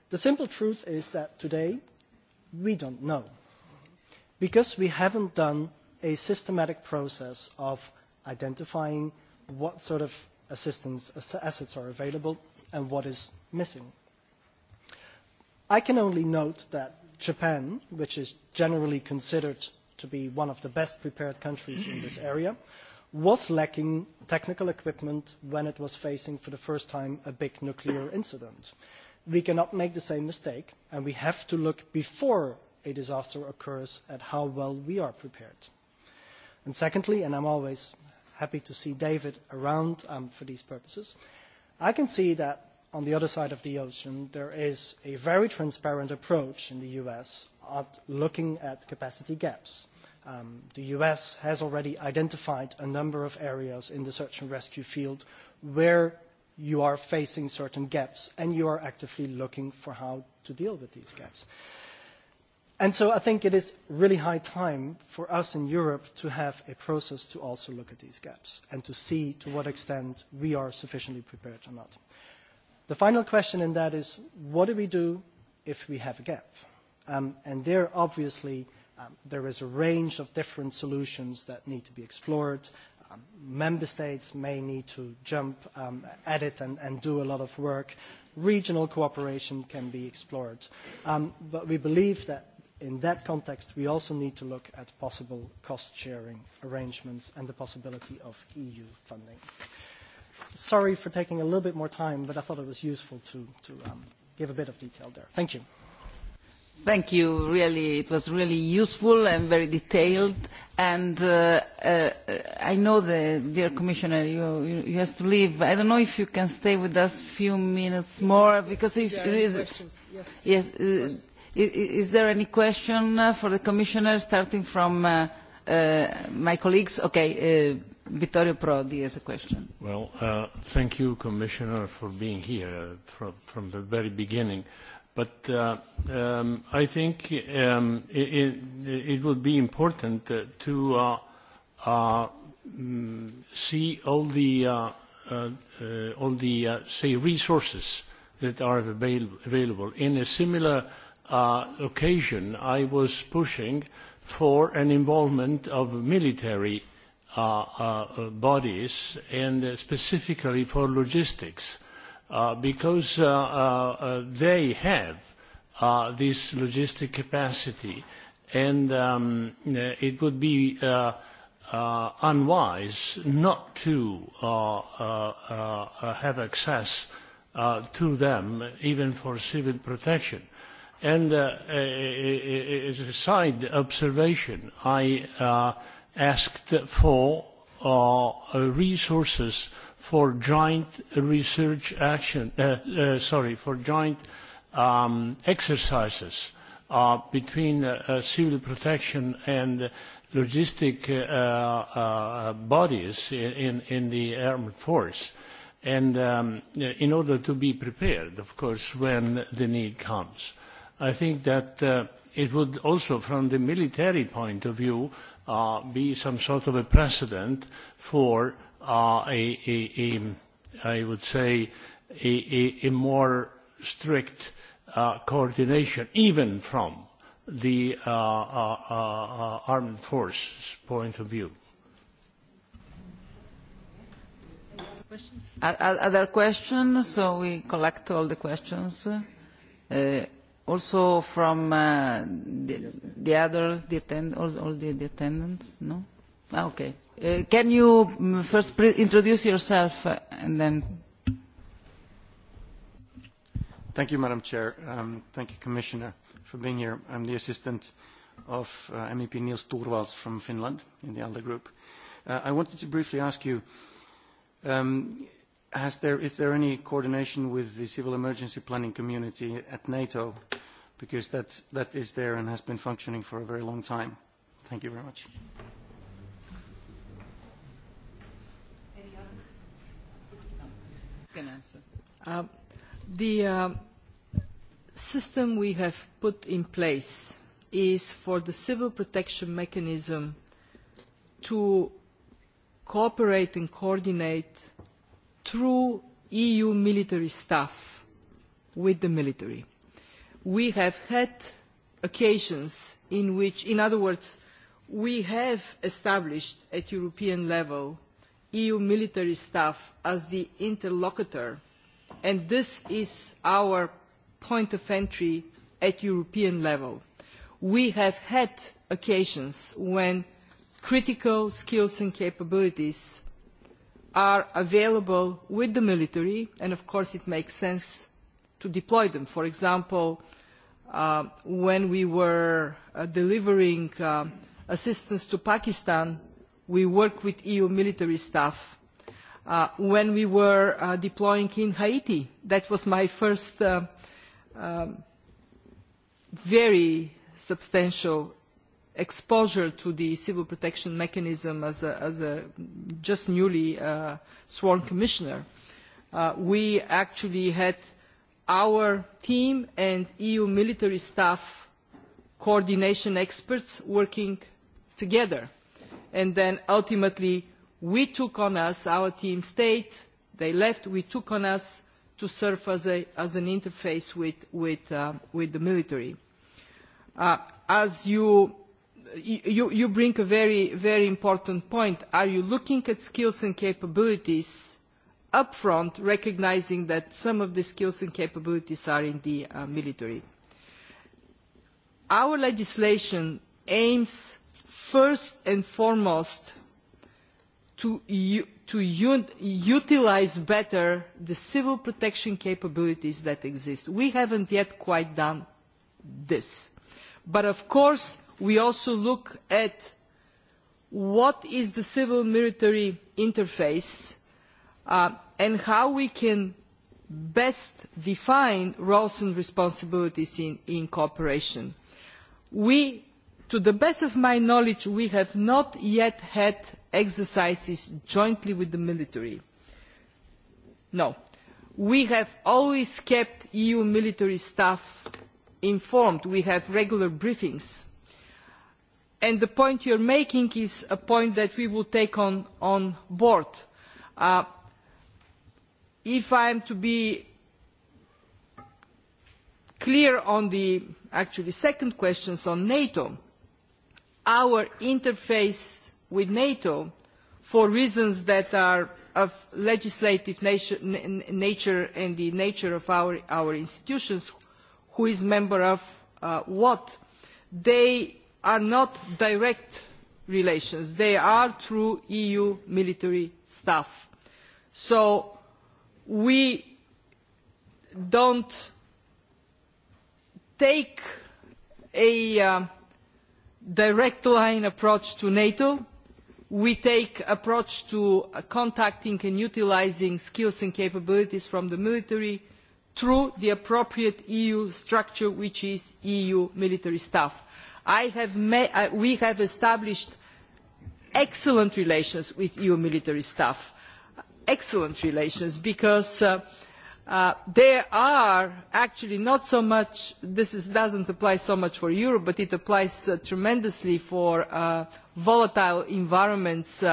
The simple truth is that today we don't know because we haven't done a systematic process of identifying what sort of assistance assets are available and what is missing. I can only note that Japan, which is generally considered to be one of the best prepared countries in this area, was lacking technical equipment when it was facing for the first time a big nuclear incident. We cannot make the same mistake, and we have to look before a disaster occurs at how well we are prepared. And secondly, and I'm always happy to see David around um, for these purposes, I can see that on the other side of the ocean, there is a very transparent approach in the US at looking at capacity gaps. Um, the US has already identified a number of areas in the search and rescue field where you are facing certain gaps and you are actively looking for how to deal with these gaps. And so I think it is really high time for us in Europe to have a process to also look at these gaps and to see to what extent we are sufficiently prepared or not. The final question in that is, what do we do if we have a gap? Um, and there, obviously, um, there is a range of different solutions that need to be explored. Um, member states may need to jump um, at it and, and do a lot of work. Regional cooperation can be explored. Um, but we believe that in that context, we also need to look at possible cost-sharing arrangements and the possibility of EU funding. Sorry for taking a little bit more time, but I thought it was useful to, to um, give a bit of detail there. Thank you. Thank you. Really, it was really useful and very detailed. And uh, uh, I know the dear Commissioner, you, you, you have to leave. I don't know if you can stay with us a few minutes more, because if... Yeah, uh, questions. Yes. yes uh, Is there any question uh, for the Commissioner, starting from uh, uh, my colleagues? Okay, uh, Vittorio Prodi has a question. Well, uh, thank you, Commissioner, for being here from, from the very beginning. But uh, um, I think um, it, it, it would be important to uh, uh, mm, see all the, uh, uh, all the uh, say, resources that are avail available in a similar uh, occasion, I was pushing for an involvement of military uh, uh, bodies and specifically for logistics uh, because uh, uh, they have uh, this logistic capacity and um, uh, it would be uh, uh, unwise not to uh, uh, uh, uh, have access uh, to them even for civil protection And uh, as a side observation, I uh, asked for uh, uh, resources for joint research action, uh, uh, sorry, for joint um, exercises uh, between uh, uh civil protection and logistic uh, uh, bodies in, in the armed force and um, in order to be prepared, of course, when the need comes. I think that uh, it would also, from the military point of view, uh, be some sort of a precedent for uh, a, a, a, I would say, a, a, a more strict uh, coordination, even from the uh, uh, uh, armed forces point of view. Questions? Other questions? So we collect all the questions. Uh, also from uh, the, the other the attend, all, all the, the attendants no ah, okay uh, can you mm, first pre introduce yourself uh, and then thank you madam chair um, thank you commissioner for being here i'm the assistant of uh, mep niels Torvalds from finland in the alde group uh, i wanted to briefly ask you um, has there, is there any coordination with the civil emergency planning community at NATO? Because that, that is there and has been functioning for a very long time. Thank you very much. Uh, the uh, system we have put in place is for the civil protection mechanism to cooperate and coordinate through EU military staff with the military. We have had occasions in which, in other words, we have established at European level EU military staff as the interlocutor, and this is our point of entry at European level. We have had occasions when critical skills and capabilities are available with the military, and of course it makes sense to deploy them. For example, uh, when we were uh, delivering uh, assistance to Pakistan, we worked with EU military staff. Uh, when we were uh, deploying in Haiti, that was my first uh, um, very substantial exposure to the civil protection mechanism as a, as a just newly uh, sworn commissioner, uh, we actually had our team and EU military staff coordination experts working together. And then ultimately, we took on us, our team stayed, they left, we took on us to serve as, a, as an interface with, with, uh, with the military. Uh, as you you, you bring a very, very important point. Are you looking at skills and capabilities upfront, recognizing that some of the skills and capabilities are in the uh, military? Our legislation aims first and foremost to, to utilise better the civil protection capabilities that exist. We haven't yet quite done this. But of course, we also look at what is the civil military interface uh, and how we can best define roles and responsibilities in, in cooperation. We, to the best of my knowledge, we have not yet had exercises jointly with the military. No. We have always kept EU military staff informed. We have regular briefings and the point you are making is a point that we will take on, on board. Uh, if I am to be clear on the actually second questions on NATO, our interface with NATO, for reasons that are of legislative nature, nature and the nature of our, our institutions, who is member of uh, what, they are not direct relations. They are through EU military staff. So we don't take a uh, direct line approach to NATO. We take approach to uh, contacting and utilising skills and capabilities from the military through the appropriate EU structure, which is EU military staff Uh, we have established excellent relations with eu military staff excellent relations because uh, uh, there are actually not so much this does doesn't apply so much for europe but it applies tremendously for volatile environments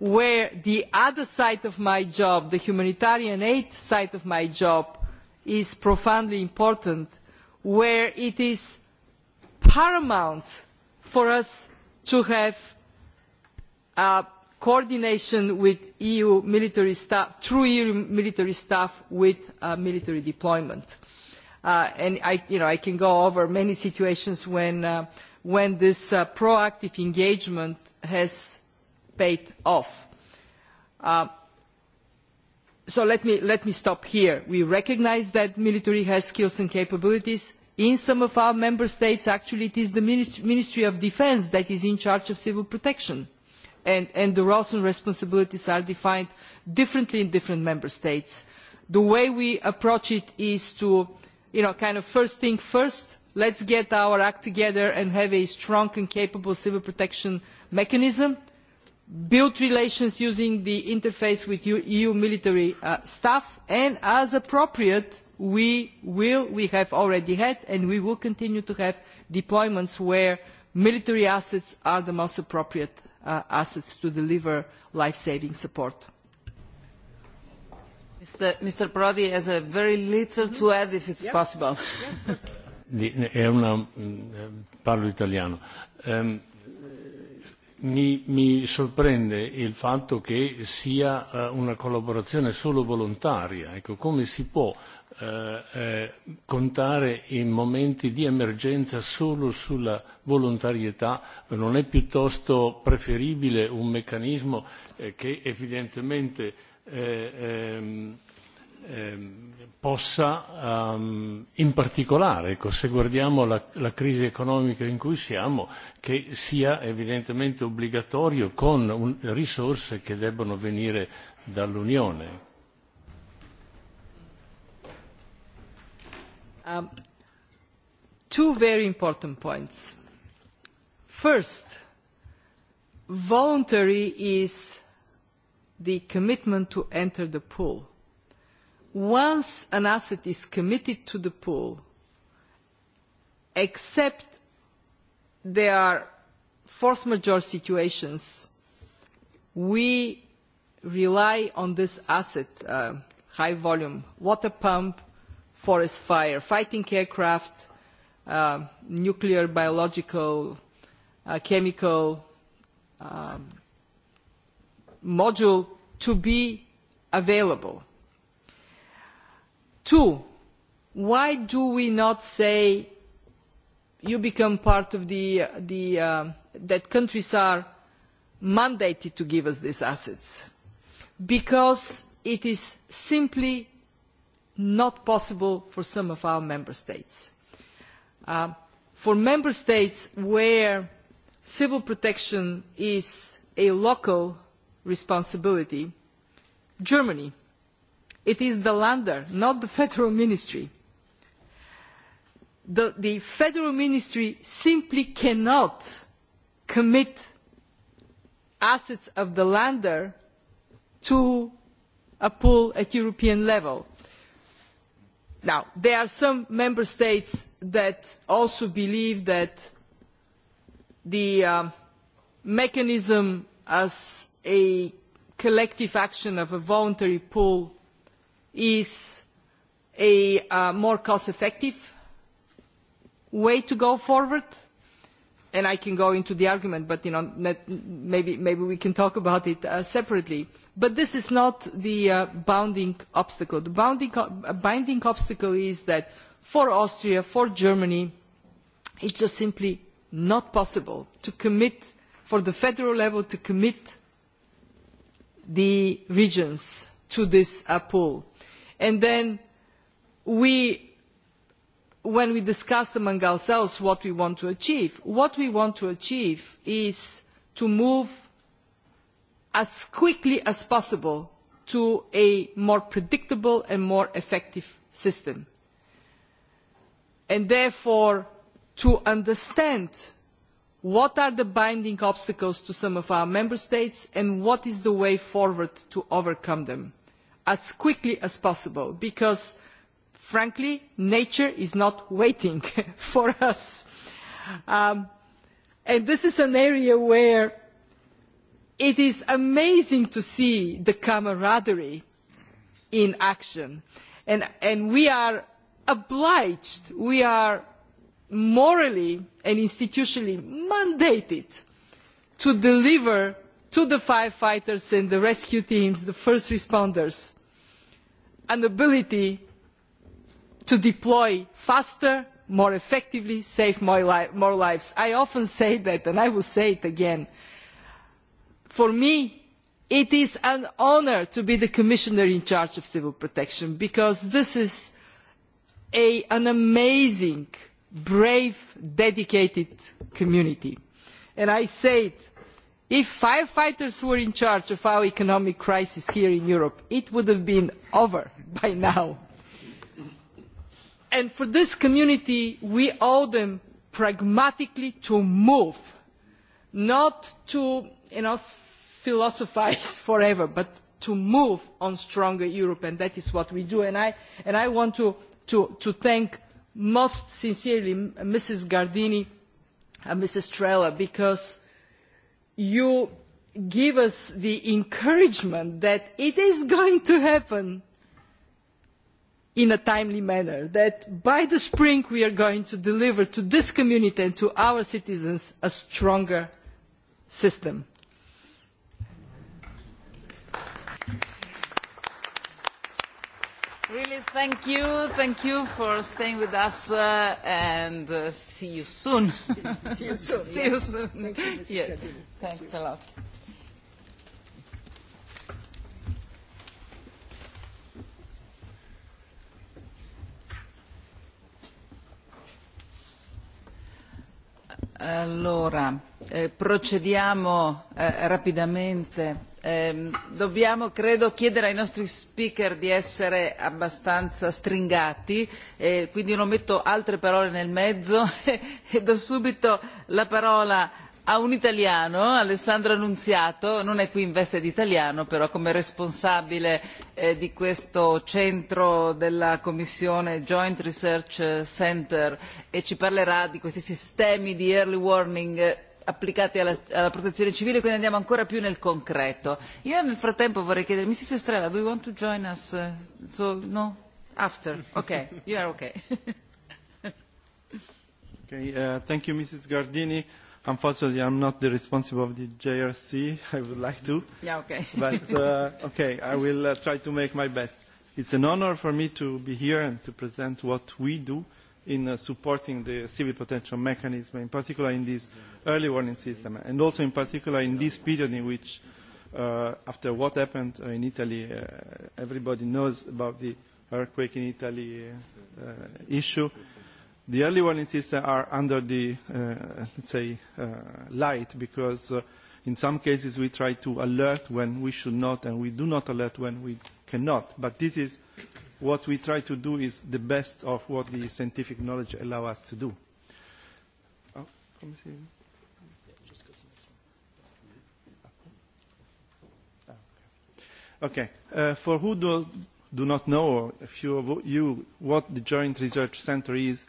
where the other side of my job the humanitarian aid side of my job is profoundly important where it is paramount for us to have uh, coordination with EU military staff, through EU military staff with uh, military deployment. Uh, and I, you know, I can go over many situations when, uh, when this uh, proactive engagement has paid off. Uh, so let me, let me stop here. We recognise that military has skills and capabilities in some of our member states actually it is the ministry of defence that is in charge of civil protection and, the roles and responsibilities are defined differently in different member states. the way we approach it is to you know kind of first thing first let us get our act together and have a strong and capable civil protection mechanism build relations using the interface with eu military uh, staff and as appropriate we will, we have already had, and we will continue to have deployments where military assets are the most appropriate uh, assets to deliver life-saving support. Mr. Prodi has a very little mm -hmm. to add if it's yep. possible. Yep, È una, mm, parlo italiano. Um, mi, mi sorprende il fatto che sia eh, una collaborazione solo volontaria. Ecco, come si può Eh, eh, contare in momenti di emergenza solo sulla volontarietà, non è piuttosto preferibile un meccanismo eh, che evidentemente eh, ehm, ehm, possa um, in particolare, ecco, se guardiamo la, la crisi economica in cui siamo, che sia evidentemente obbligatorio con un, risorse che debbono venire dall'Unione Um, two very important points. First, voluntary is the commitment to enter the pool. Once an asset is committed to the pool, except there are force majeure situations, we rely on this asset, uh, high volume water pump, forest fire, fighting aircraft, uh, nuclear, biological, uh, chemical um, module to be available. Two, why do we not say you become part of the, uh, the uh, that countries are mandated to give us these assets? Because it is simply not possible for some of our member states. Uh, for member states where civil protection is a local responsibility, Germany, it is the lander, not the federal ministry. The, the federal ministry simply cannot commit assets of the lander to a pool at European level Now, there are some member states that also believe that the um, mechanism as a collective action of a voluntary pool is a uh, more cost effective way to go forward and I can go into the argument, but you know, maybe, maybe we can talk about it uh, separately. But this is not the uh, bounding obstacle. The bounding, uh, binding obstacle is that for Austria, for Germany, it's just simply not possible to commit, for the federal level, to commit the regions to this uh, pool. And then we when we discussed among ourselves what we want to achieve, what we want to achieve is to move as quickly as possible to a more predictable and more effective system. And therefore, to understand what are the binding obstacles to some of our member states and what is the way forward to overcome them as quickly as possible. Because Frankly, nature is not waiting for us. Um, and this is an area where it is amazing to see the camaraderie in action. And, and we are obliged, we are morally and institutionally mandated to deliver to the firefighters and the rescue teams, the first responders, an ability to deploy faster more effectively save more, lives. i often say that and i will say it again for me it is an honour to be the commissioner in charge of civil protection because this is an amazing brave dedicated community and i say it, if firefighters were in charge of our economic crisis here in europe it would have been over by now and for this community we owe them pragmatically to move not to you know, philosophise forever but to move on stronger europe and that is what we do and i, and I want to, to, to thank most sincerely mrs gardini and mrs estrela because you give us the encouragement that it is going to happen in a timely manner that by the spring we are going to deliver to this community and to our citizens a stronger system. Really, thank you. Thank you for staying with us uh, and uh, see you soon. see you soon. see you soon. Thank you, Yeah. Thanks you. a lot. allora eh, procediamo eh, rapidamente ehm, dobbiamo credo chiedere ai nostri speaker di essere abbastanza stringati eh, quindi non metto altre parole nel mezzo e do subito la parola a un italiano alessandro nunziato non è qui in veste di italiano però come responsabile eh, di questo centro della commissione joint research centre e ci parlerà di questi sistemi di early warning eh, applicati alla, alla protezione civile quindi andiamo ancora più nel concreto. io nel frattempo vorrei chiedere mrs estrela do you want to join us eh, so no after okay you are okay. okay uh, thank you mrs gardini. Unfortunately, I'm not the responsible of the JRC. I would like to. Yeah, okay. but, uh, okay, I will uh, try to make my best. It's an honor for me to be here and to present what we do in uh, supporting the civil potential mechanism, in particular in this early warning system, and also in particular in this period in which, uh, after what happened uh, in Italy, uh, everybody knows about the earthquake in Italy uh, uh, issue The early warning systems are under the, uh, let's say, uh, light because uh, in some cases we try to alert when we should not and we do not alert when we cannot. But this is what we try to do is the best of what the scientific knowledge allow us to do. Oh, ah, Okay. Uh, for who do, do not know, a few of you, what the Joint Research Center is,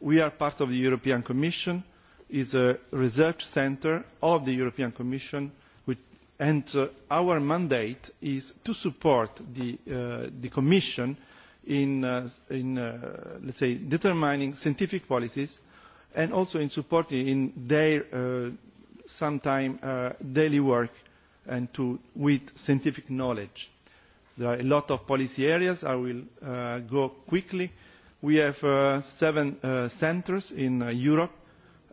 We are part of the European Commission, is a research centre of the European Commission, which, and uh, our mandate is to support the, uh, the Commission in, uh, in uh, let's say, determining scientific policies and also in supporting in their uh, sometime uh, daily work and to, with scientific knowledge. There are a lot of policy areas. I will uh, go quickly. Uh, We have uh, seven uh, centers in uh, Europe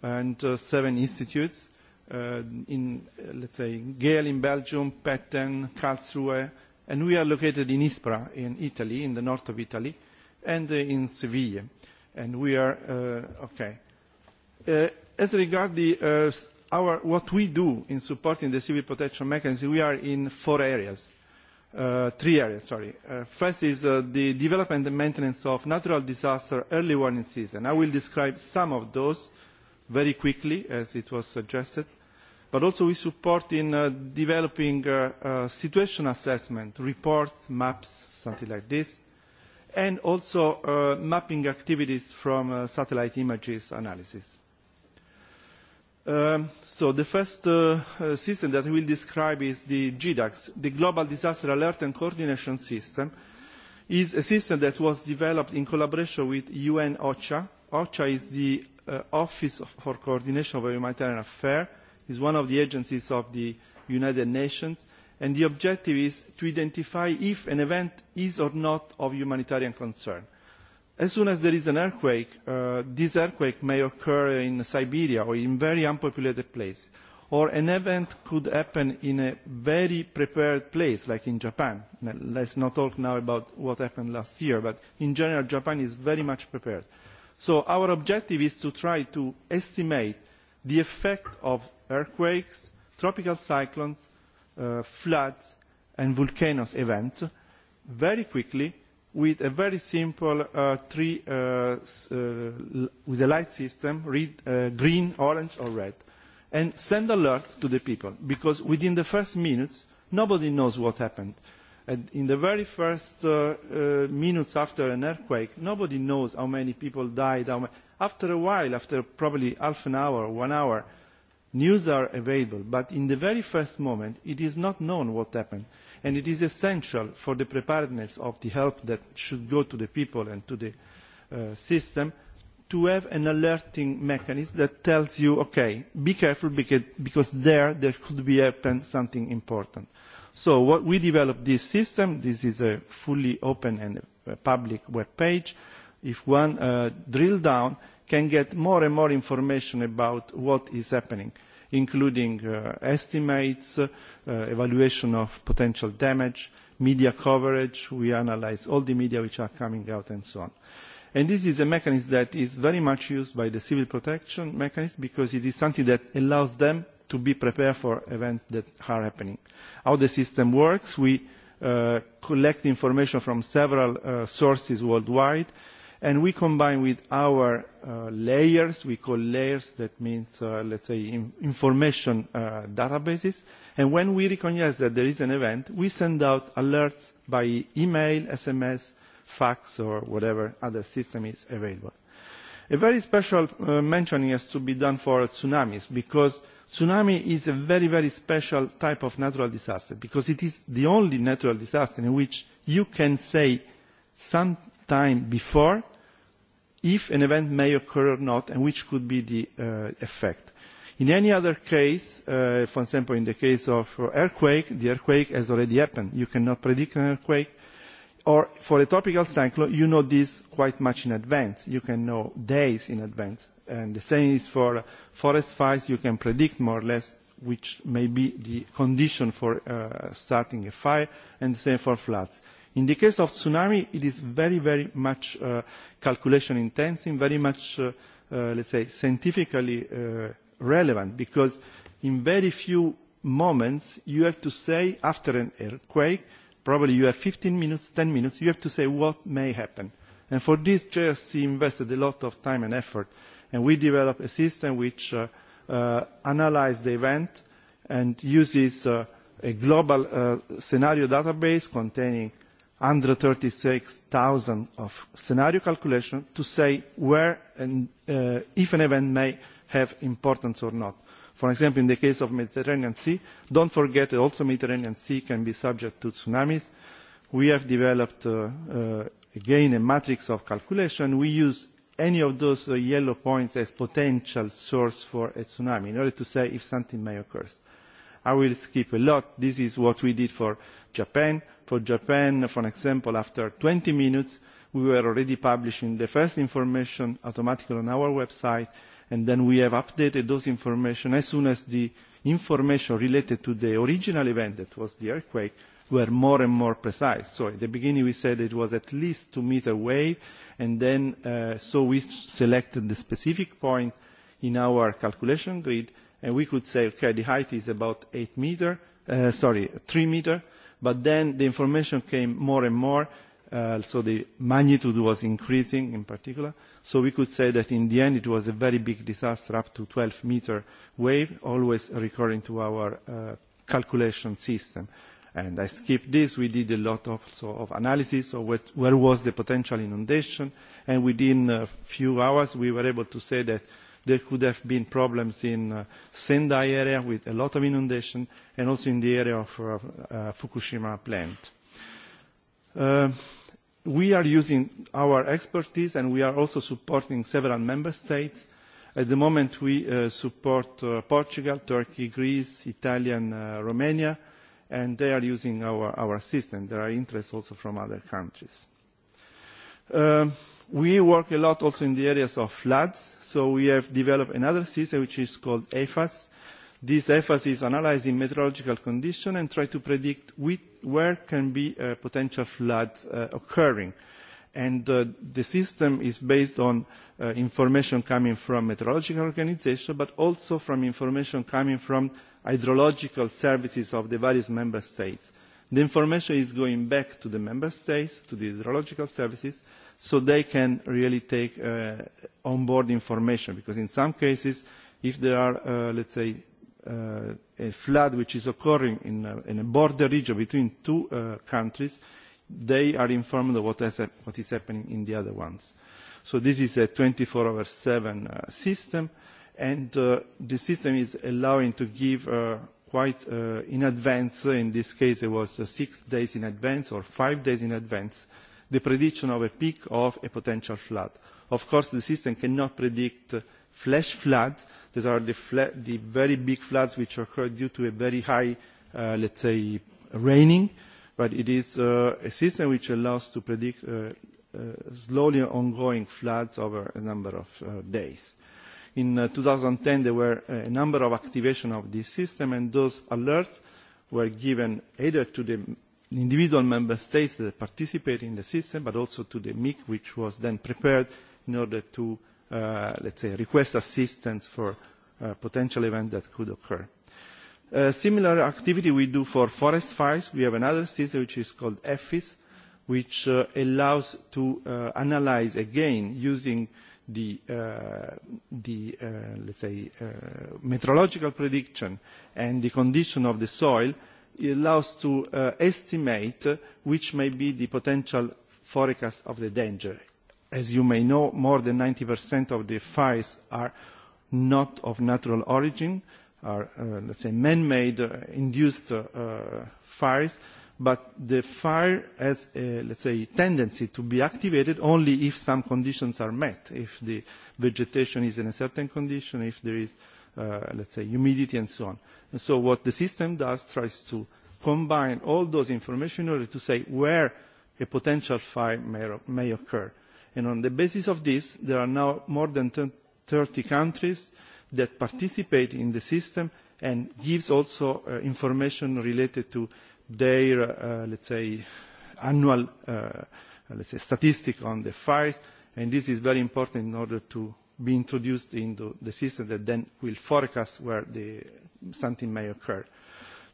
and uh, seven institutes uh, in, uh, let's say, Gale in Belgium, Petten, Karlsruhe, and we are located in Ispra in Italy, in the north of Italy, and uh, in Seville. And we are, uh, okay. Uh, as regards the, uh, our, what we do in supporting the civil protection mechanism, we are in four areas Uh, three areas. Sorry. Uh, first is uh, the development and maintenance of natural disaster early warning season. I will describe some of those very quickly, as it was suggested. But also we support in uh, developing uh, uh, situation assessment, reports, maps, something like this, and also mapping activities from satellite images analysis. Um, so the first uh, uh system that we will describe is the GDAX, the Global Disaster Alert and Coordination System. is a system that was developed in collaboration with UN OCHA. OCHA is the uh, Office for Coordination of Humanitarian Affairs. is one of the agencies of the United Nations. And the objective is to identify if an event is or not of humanitarian concern as soon as there is an earthquake, uh, this earthquake may occur in Siberia or in very unpopulated place. Or an event could happen in a very prepared place, like in Japan. Now, let's not talk now about what happened last year, but in general, Japan is very much prepared. So our objective is to try to estimate the effect of earthquakes, tropical cyclones, uh, floods, and volcanoes events very quickly with a very simple uh, three, uh, uh, with a light system, read uh, green, orange or red, and send alert to the people, because within the first minutes, nobody knows what happened. And in the very first uh, uh, minutes after an earthquake, nobody knows how many people died. How many. After a while, after probably half an hour, one hour, news are available, but in the very first moment, it is not known what happened and it is essential for the preparedness of the help that should go to the people and to the uh, system to have an alerting mechanism that tells you, okay, be careful because, there, there could be happen something important. So what we developed this system, this is a fully open and uh, public web page. If one uh, drill down, can get more and more information about what is happening including uh, estimates, uh, evaluation of potential damage, media coverage. We analyze all the media which are coming out and so on. And this is a mechanism that is very much used by the civil protection mechanism because it is something that allows them to be prepared for events that are happening. How the system works, we uh, collect information from several uh, sources worldwide and we combine with our uh, layers, we call layers, that means, uh, let's say, in information uh, databases, and when we recognize that there is an event, we send out alerts by email, SMS, fax, or whatever other system is available. A very special uh, mentioning has to be done for tsunamis, because tsunami is a very, very special type of natural disaster, because it is the only natural disaster in which you can say some time before if an event may occur or not, and which could be the uh, effect. In any other case, uh, for example, in the case of earthquake, the earthquake has already happened. You cannot predict an earthquake. Or for a tropical cyclone, you know this quite much in advance. You can know days in advance. And the same is for forest fires. You can predict more or less which may be the condition for uh, starting a fire, and the same for floods. In the case of tsunami, it is very, very much uh, calculation intensive, very much, uh, uh, let's say, scientifically uh, relevant, because in very few moments you have to say after an earthquake, probably you have 15 minutes, 10 minutes, you have to say what may happen. And for this, JSC invested a lot of time and effort, and we developed a system which uh, uh, analyzes the event and uses uh, a global uh, scenario database containing 136,000 of scenario calculation to say where and uh, if an event may have importance or not. For example, in the case of Mediterranean Sea, don't forget that also Mediterranean Sea can be subject to tsunamis. We have developed, uh, uh, again, a matrix of calculation. We use any of those uh, yellow points as potential source for a tsunami in order to say if something may occur. I will skip a lot. This is what we did for Japan, For Japan, for example, after 20 minutes, we were already publishing the first information automatically on our website, and then we have updated those information as soon as the information related to the original event, that was the earthquake, were more and more precise. So at the beginning we said it was at least two meter wave, and then uh, so we selected the specific point in our calculation grid, and we could say, okay, the height is about eight meter, uh, sorry, three meter, But then the information came more and more, uh, so the magnitude was increasing in particular. So we could say that in the end it was a very big disaster up to 12 meter wave, always recurring to our uh, calculation system. And I skipped this. We did a lot of, so, of analysis of what, where was the potential inundation. And within a few hours, we were able to say that there could have been problems in uh, Sendai area with a lot of inundation and also in the area of uh, uh, Fukushima plant. Uh, we are using our expertise and we are also supporting several member states. At the moment we uh, support uh, Portugal, Turkey, Greece, Italy and uh, Romania and they are using our, our system. There are interests also from other countries. Uh, We work a lot also in the areas of floods, so we have developed another system which is called AFAS. This AFAS is analyzing meteorological conditions and try to predict with, where can be uh, potential floods uh, occurring. And uh, the system is based on uh, information coming from meteorological organizations, but also from information coming from hydrological services of the various member states. The information is going back to the member states, to the hydrological services, so they can really take uh, on board information because in some cases if there are uh, let's say uh, a flood which is occurring in a, uh, in a border region between two uh, countries they are informed of what, has, what is happening in the other ones so this is a 24 over 7 uh, system and uh, the system is allowing to give uh, quite uh, in advance in this case it was uh, six days in advance or five days in advance uh, the prediction of a peak of a potential flood. Of course, the system cannot predict flash floods that are the, the very big floods which occur due to a very high, uh, let's say, raining, but it is uh, a system which allows to predict uh, uh, slowly ongoing floods over a number of uh, days. In uh, 2010, there were a number of activation of this system, and those alerts were given either to the individual member states that participate in the system, but also to the MIC, which was then prepared in order to, uh, let's say, request assistance for uh, potential events that could occur. A similar activity we do for forest fires. We have another system which is called EFIS, which uh, allows to uh, analyze again using the, uh, the uh, let's say, uh, meteorological prediction and the condition of the soil it allows to uh, estimate which may be the potential forecast of the danger. As you may know, more than 90% of the fires are not of natural origin, are, uh, let's say, man-made uh, induced uh, fires, but the fire has, a, let's say, tendency to be activated only if some conditions are met, if the vegetation is in a certain condition, if there is, uh, let's say, humidity and so on. And so what the system does tries to combine all those information in order to say where a potential fire may, may occur. And on the basis of this, there are now more than 30 countries that participate in the system and gives also uh, information related to their, uh, let's say, annual, uh, let's say, statistic on the fires. And this is very important in order to be introduced into the system that then will forecast where the, something may occur.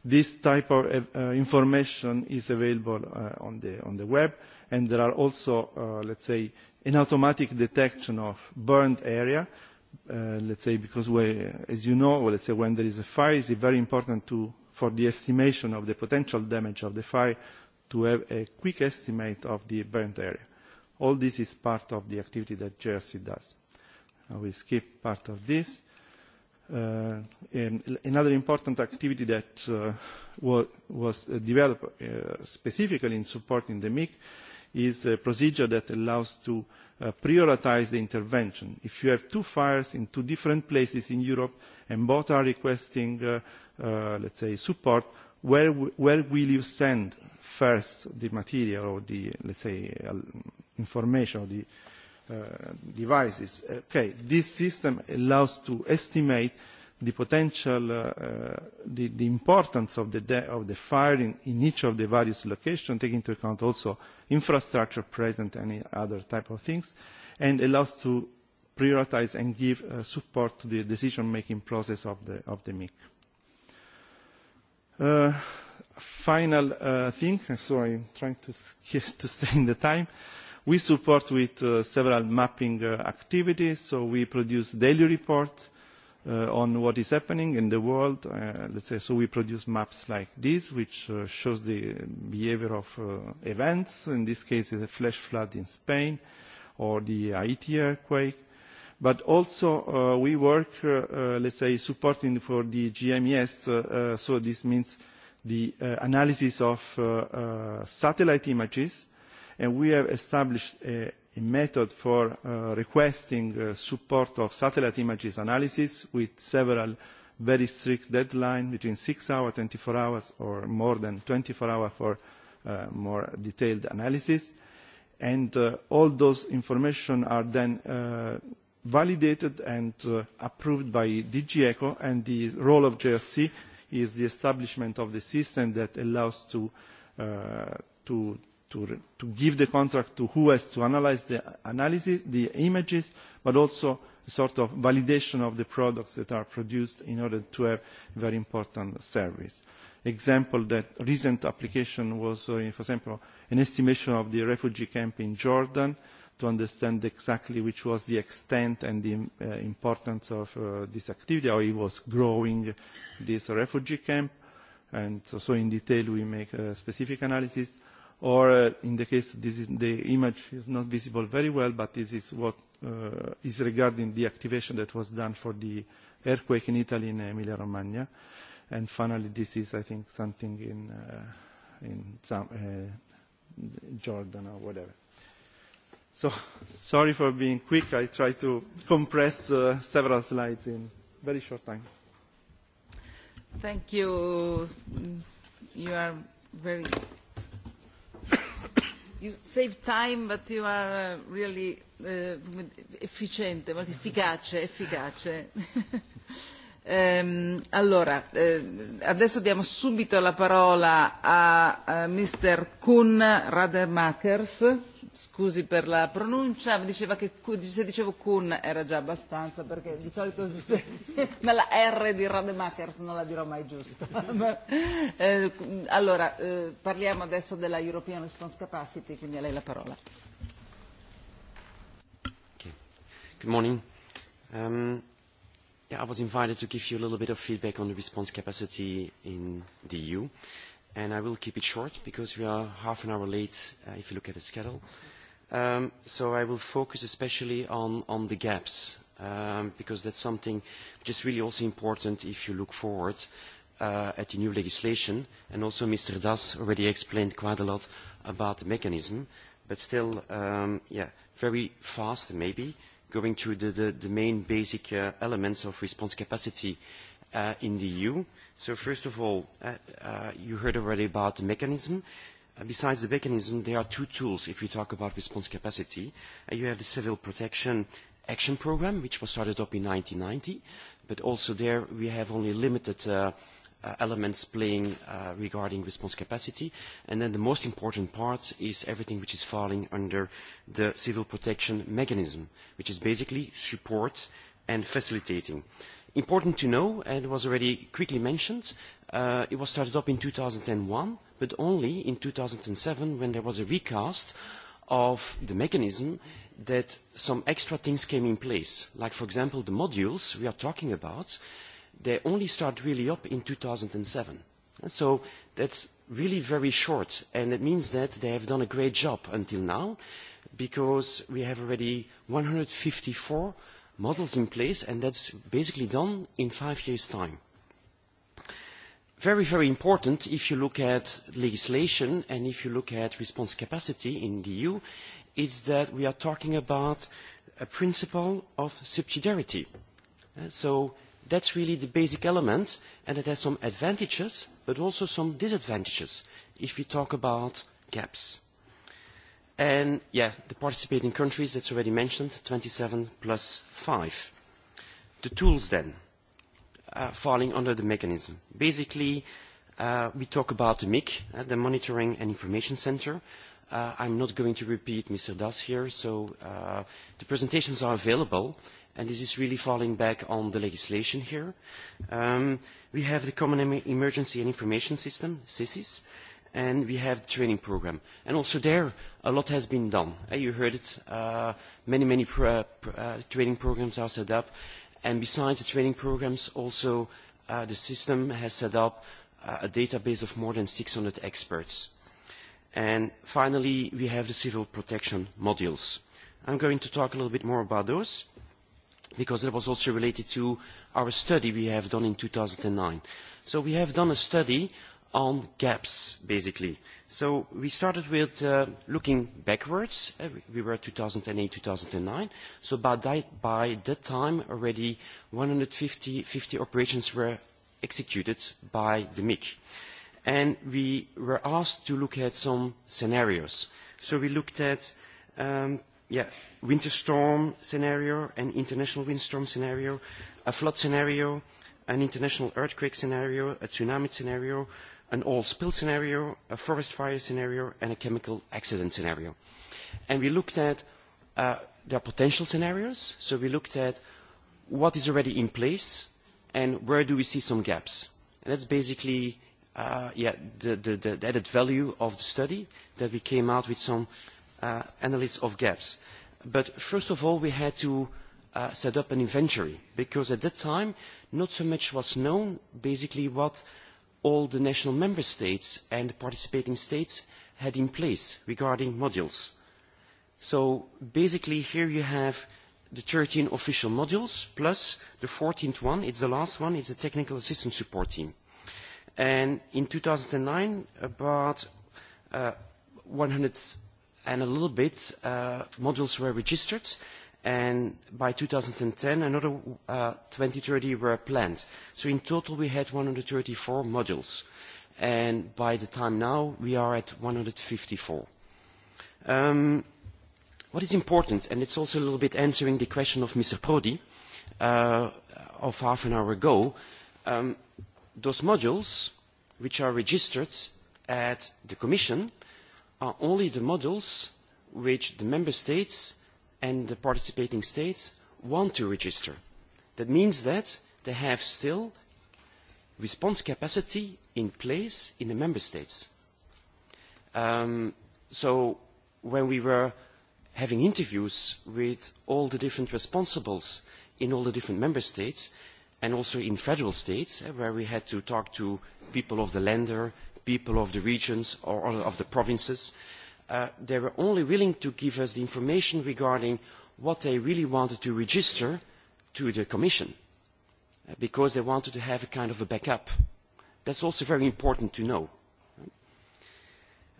This type of uh, uh, information is available uh, on, the, on the web, and there are also, uh, let's say, an automatic detection of burned area. Uh, let's say because, we, as you know, let's say when there is a fire, it's very important to, for the estimation of the potential damage of the fire to have a quick estimate of the burned area. All this is part of the activity that JRC does. I will skip part of this. Uh, another important activity that uh, was, was uh, developed uh, specifically in supporting the MIC is a procedure that allows to uh, prioritize the intervention. If you have two fires in two different places in Europe and both are requesting, uh, uh, let's say, support, where, where will you send first the material or the, let's say, uh, information or the Uh, devices. Okay, this system allows to estimate the potential, uh, uh the, the importance of the, of the fire in, in each of the various locations, taking into account also infrastructure present and other type of things, and allows to prioritize and give uh, support to the decision-making process of the, of the MIC. Uh, final uh, thing, sorry, I'm trying to, to stay in the time. Uh, We support with uh, several mapping uh, activities, so we produce daily reports uh, on what is happening in the world. Uh, let's say, so we produce maps like this, which uh, shows the behavior of uh, events, in this case the flash flood in Spain or the Haiti earthquake. But also uh, we work, uh, uh, let's say, supporting for the GMES, uh, uh, so this means the uh, analysis of uh, uh, satellite images and we have established a, a method for uh, requesting uh, support of satellite images analysis with several very strict deadlines between six hours, 24 hours, or more than 24 hours for uh, more detailed analysis. And uh, all those information are then uh, validated and uh, approved by DG ECHO, and the role of JRC is the establishment of the system that allows to, to to, to give the contract to who has to analyze the analysis, the images, but also a sort of validation of the products that are produced in order to have very important service. Example that recent application was, uh, for example, an estimation of the refugee camp in Jordan to understand exactly which was the extent and the uh, importance of uh, this activity, how it was growing, this refugee camp. And so, so in detail we make a specific analysis or uh, in the case this is, the image is not visible very well, but this is what uh, is regarding the activation that was done for the earthquake in Italy in Emilia-Romagna. And finally, this is, I think, something in, uh, in some, uh, Jordan or whatever. So, sorry for being quick. I tried to compress uh, several slides in very short time. Thank you. You are very you save time but you are uh, really eh, efficiente, molto efficace, efficace. ehm, allora, eh, adesso diamo subito la parola a, a Mr. Kuhn Rademakers scusi per la pronuncia, diceva che se dicevo Kun era già abbastanza perché di solito se, nella R di Rademakers non la dirò mai giusta. eh, allora, eh, parliamo adesso della European Response Capacity, quindi a lei la parola. Good morning. Um, yeah, I was invited to give you a little bit of feedback on the response capacity in the EU. Uh, and I will keep it short because we are half an hour late uh, if you look at the schedule. Um, so I will focus especially on, on the gaps um, because that's something which is really also important if you look forward uh, at the new legislation. And also Mr. Das already explained quite a lot about the mechanism, but still, um, yeah, very fast maybe, going through the, the, the main basic uh, elements of response capacity uh, uh, in the EU. So first of all, uh, uh, you heard already about the mechanism. Uh, besides the mechanism, there are two tools if we talk about response capacity. Uh, you have the Civil Protection Action Program, which was started up in 1990, but also there we have only limited uh, Uh, elements playing uh, regarding response capacity. And then the most important part is everything which is falling under the civil protection mechanism, which is basically support and facilitating. Uh, Important to know, and it was already quickly mentioned, uh, it was started up in 2001, but only in 2007 when there was a recast of the mechanism that some extra things came in place. Like, for example, the modules we are talking about, they only start really up in 2007. And so that's really very short, and it means that they have done a great job until now because we have already 154 models in place, and that's basically done in five years' time. Very, very important if you look at legislation and if you look at response capacity in the EU, is that we are talking about a principle of subsidiarity. Uh, so that's really the basic element, and it has some advantages, but also some disadvantages if we talk about gaps. And yeah, the participating countries, that's already mentioned, 27 plus 5. The tools then, uh, falling under the mechanism. Basically, uh, we talk about the MIC, uh, the Monitoring and Information Center. Uh, I'm not going to repeat Mr. Das here, so uh, the presentations are available, and this is really falling back on the legislation here. Um, we have the Common Emergency and Information System, CISIS, and we have the training program. And also there, a lot has been done. Eh, you heard it. Uh, many, many uh, pr uh, training programs are set up. And besides the training programs, also uh, the system has set up uh, a database of more than 600 experts. And finally, we have the civil protection modules. I'm going to talk a little bit more about those because it was also related to our study we have done in 2009. So we have done a study on gaps, basically. So we started with uh, looking backwards. Uh, we were 2008, 2009. So by that, by that time, already 150 50 operations were executed by the MIC. And we were asked to look at some scenarios. So we looked at um, yeah, winter storm scenario, an international windstorm scenario, a flood scenario, an international earthquake scenario, a tsunami scenario, an oil spill scenario, a forest fire scenario, and a chemical accident scenario. And we looked at uh, their potential scenarios. So we looked at what is already in place and where do we see some gaps. And that's basically uh, yeah, the, the, the added value of the study that we came out with some uh, analysis of gaps. But first of all, we had to uh, set up an inventory because at that time, not so much was known basically what all the national member states and the participating states had in place regarding modules. So basically here you have the 13 official modules plus the 14th one, it's the last one, it's the technical assistance support team. And in 2009, about uh, 100 and a little bit uh, modules were registered and by 2010 another uh, 2030 were planned. So in total we had 134 modules and by the time now we are at 154. Um, what is important, and it's also a little bit answering the question of Mr. Prodi uh, of half an hour ago, um, those modules which are registered at the Commission are only the modules which the Member States and the participating states want to register. That means that they have still response capacity in place in the member states. Um, so when we were having interviews with all the different responsibles in all the different member states and also in federal states eh, where we had to talk to people of the lender, people of the regions or of the provinces, Uh, they were only willing to give us the information regarding what they really wanted to register to the Commission, uh, because they wanted to have a kind of a backup. That's also very important to know.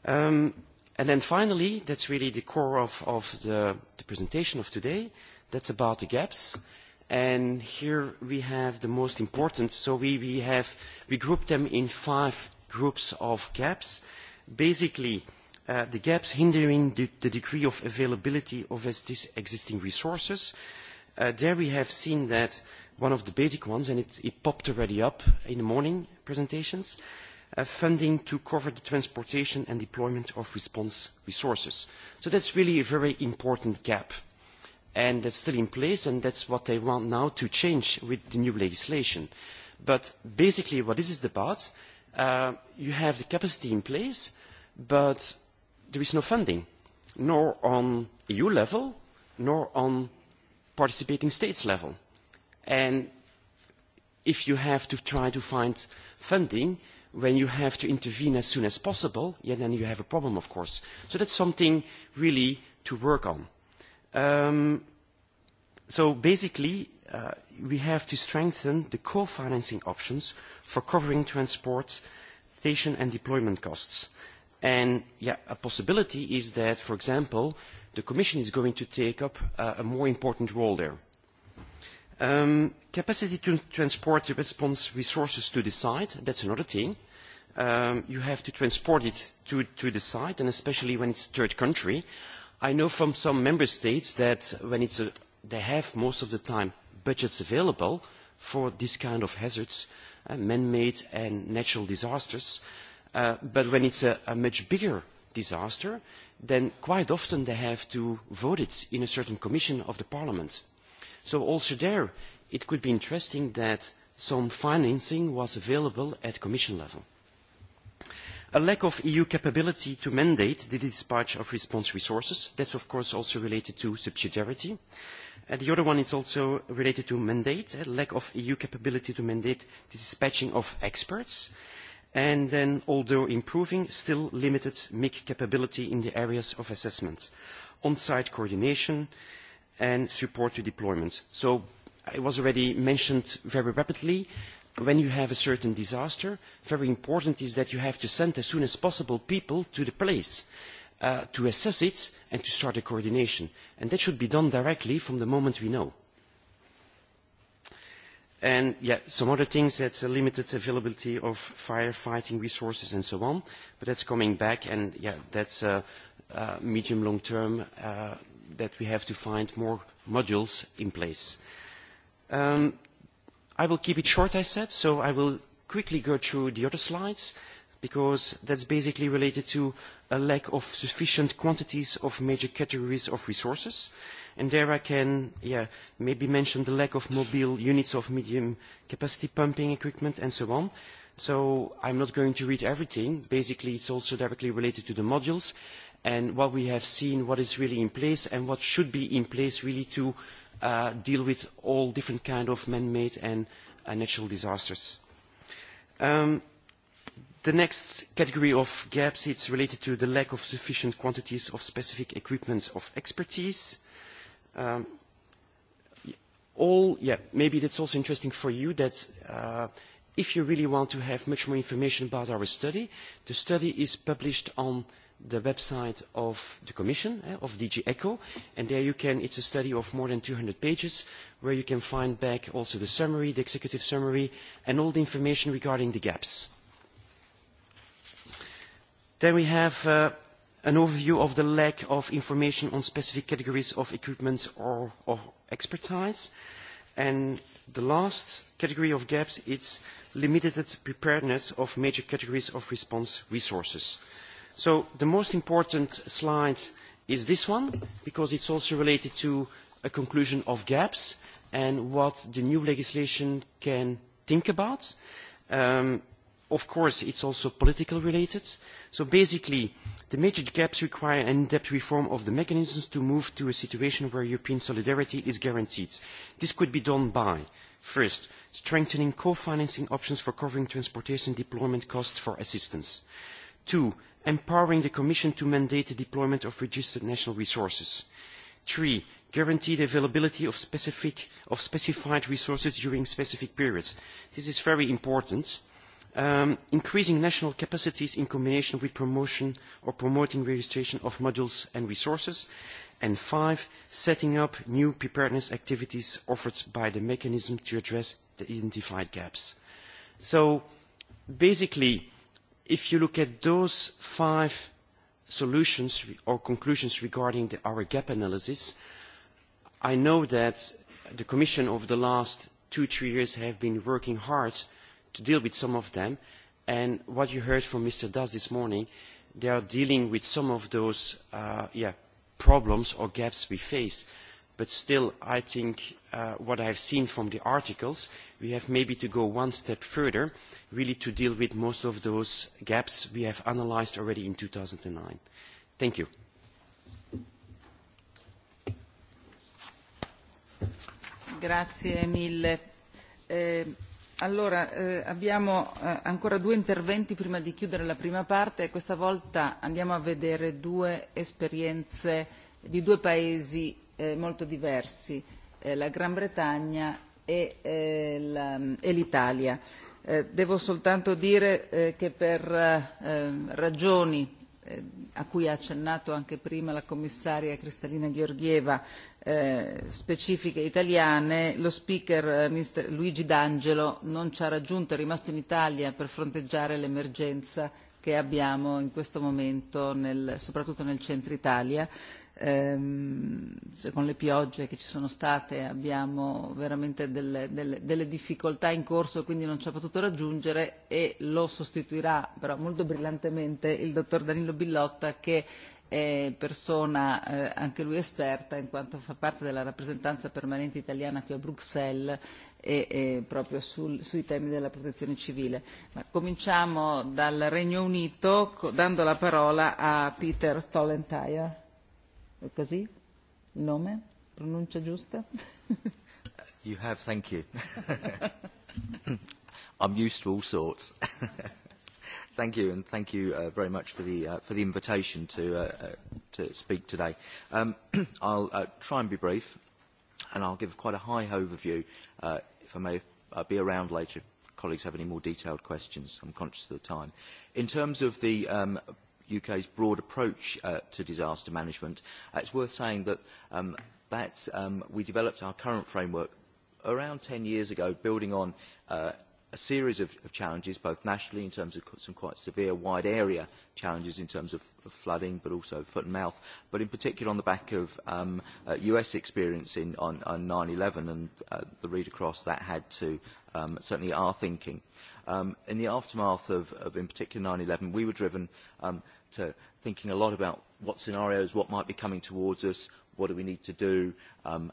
Um, and then finally, that's really the core of, of the, the presentation of today. That's about the gaps and here we have the most important. So we, we have we grouped them in five groups of gaps. Basically, Uh, the gaps hindering the, the, degree of availability of existing resources. Uh, there we have seen that one of the basic ones, and it, it popped already up in the morning presentations, uh, funding to cover the transportation and deployment of response resources. So that's really a very important gap. And that's still in place, and that's what they want now to change with the new legislation. But basically what this is about, uh, you have the capacity in place, but there is no funding, nor on EU level, nor on participating states level. And if you have to try to find funding when you have to intervene as soon as possible, yeah, then you have a problem, of course. So that's something really to work on. Um, so basically, uh, we have to strengthen the co-financing options for covering transport, station and deployment costs. Uh, And yeah, a possibility is that, for example, the Commission is going to take up uh, a more important role there. Um, capacity to transport the response resources to the site, that's another thing. Um, you have to transport it to, to the site, and especially when it's a third country. I know from some member states that when it's a, they have most of the time budgets available for this kind of hazards, uh, man-made and natural disasters, uh, Uh, but when it's a, a much bigger disaster, then quite often they have to vote it in a certain commission of the parliament. So also there, it could be interesting that some financing was available at commission level. A lack of EU capability to mandate the dispatch of response resources, that's of course also related to subsidiarity. And the other one is also related to mandate, a lack of EU capability to mandate the dispatching of experts and then although improving, still limited MIC capability in the areas of assessment, on-site coordination and support to deployment. So it was already mentioned very rapidly, when you have a certain disaster, very important is that you have to send as soon as possible people to the place uh, to assess it and to start a coordination. And that should be done directly from the moment we know. And yeah, some other things, that's a limited availability of firefighting resources and so on, but that's coming back and yeah, that's uh, uh, medium long term uh, that we have to find more modules in place. Um, I will keep it short, I said, so I will quickly go through the other slides because that's basically related to a lack of sufficient quantities of major categories of resources. And there I can yeah, maybe mention the lack of mobile units of medium capacity pumping equipment and so on. So I'm not going to read everything. Basically, it's also directly related to the modules and what we have seen, what is really in place and what should be in place really to uh, deal with all different kind of man-made and uh, natural disasters. Um, The next category of gaps is related to the lack of sufficient quantities of specific equipment of expertise. Um, all, yeah, maybe that's also interesting for you that uh, if you really want to have much more information about our study, the study is published on the website of the Commission, eh, of DG ECHO, and there you can, it's a study of more than 200 pages, where you can find back also the summary, the executive summary, and all the information regarding the gaps. Then we have uh, an overview of the lack of information on specific categories of equipment or, or expertise. And the last category of gaps is limited preparedness of major categories of response resources. So the most important slide is this one because it's also related to a conclusion of gaps and what the new legislation can think about. Um, Of course, it's also political related. So basically, the major gaps require an in-depth reform of the mechanisms to move to a situation where European solidarity is guaranteed. This could be done by, first, strengthening co-financing options for covering transportation deployment costs for assistance. Two, empowering the Commission to mandate the deployment of registered national resources. Three, guarantee the availability of, specific, of specified resources during specific periods. This is very important Um, increasing national capacities in combination with promotion or promoting registration of modules and resources, and five, setting up new preparedness activities offered by the mechanism to address the identified gaps. So basically, if you look at those five solutions or conclusions regarding the, our gap analysis, I know that the Commission over the last two, three years have been working hard to deal with some of them. And what you heard from Mr. Das this morning, they are dealing with some of those uh, yeah, problems or gaps we face. But still, I think uh, what I have seen from the articles, we have maybe to go one step further, really to deal with most of those gaps we have analysed already in 2009. Thank you. Grazie mille. Eh Allora, eh, abbiamo eh, ancora due interventi prima di chiudere la prima parte e questa volta andiamo a vedere due esperienze di due paesi eh, molto diversi, eh, la Gran Bretagna e, eh, la, e l'Italia. Eh, devo soltanto dire eh, che per eh, ragioni eh, a cui ha accennato anche prima la commissaria Cristalina Georgieva Eh, specifiche italiane lo speaker eh, Luigi D'Angelo non ci ha raggiunto, è rimasto in Italia per fronteggiare l'emergenza che abbiamo in questo momento soprattutto nel centro Italia. Ehm, con le piogge che ci sono state abbiamo veramente delle, delle, delle difficoltà in corso quindi non ci ha potuto raggiungere e lo sostituirà però molto brillantemente il dottor Danilo Billotta che è persona eh, anche lui esperta in quanto fa parte della rappresentanza permanente italiana qui a Bruxelles e, e proprio sul, sui temi della protezione civile. Ma cominciamo dal Regno Unito dando la parola a Peter Tollentyre. È così? Il nome? Pronuncia giusta? you have, thank you. I'm used to all sorts. Thank you, and thank you uh, very much for the, uh, for the invitation to, uh, uh, to speak today. Um, I'll uh, try and be brief, and I'll give quite a high overview. Uh, if I may, uh, be around later if colleagues have any more detailed questions. I'm conscious of the time. In terms of the um, UK's broad approach uh, to disaster management, uh, it's worth saying that um, that um, we developed our current framework around 10 years ago, building on uh, a series of, of challenges, both nationally in terms of some quite severe wide area challenges in terms of, of flooding, but also foot and mouth, but in particular on the back of um, uh, US experience in, on, 9-11 on and uh, the read across that had to um, certainly our thinking. Um, in the aftermath of, of in particular 9-11, we were driven um, to thinking a lot about what scenarios, what might be coming towards us, what do we need to do, um,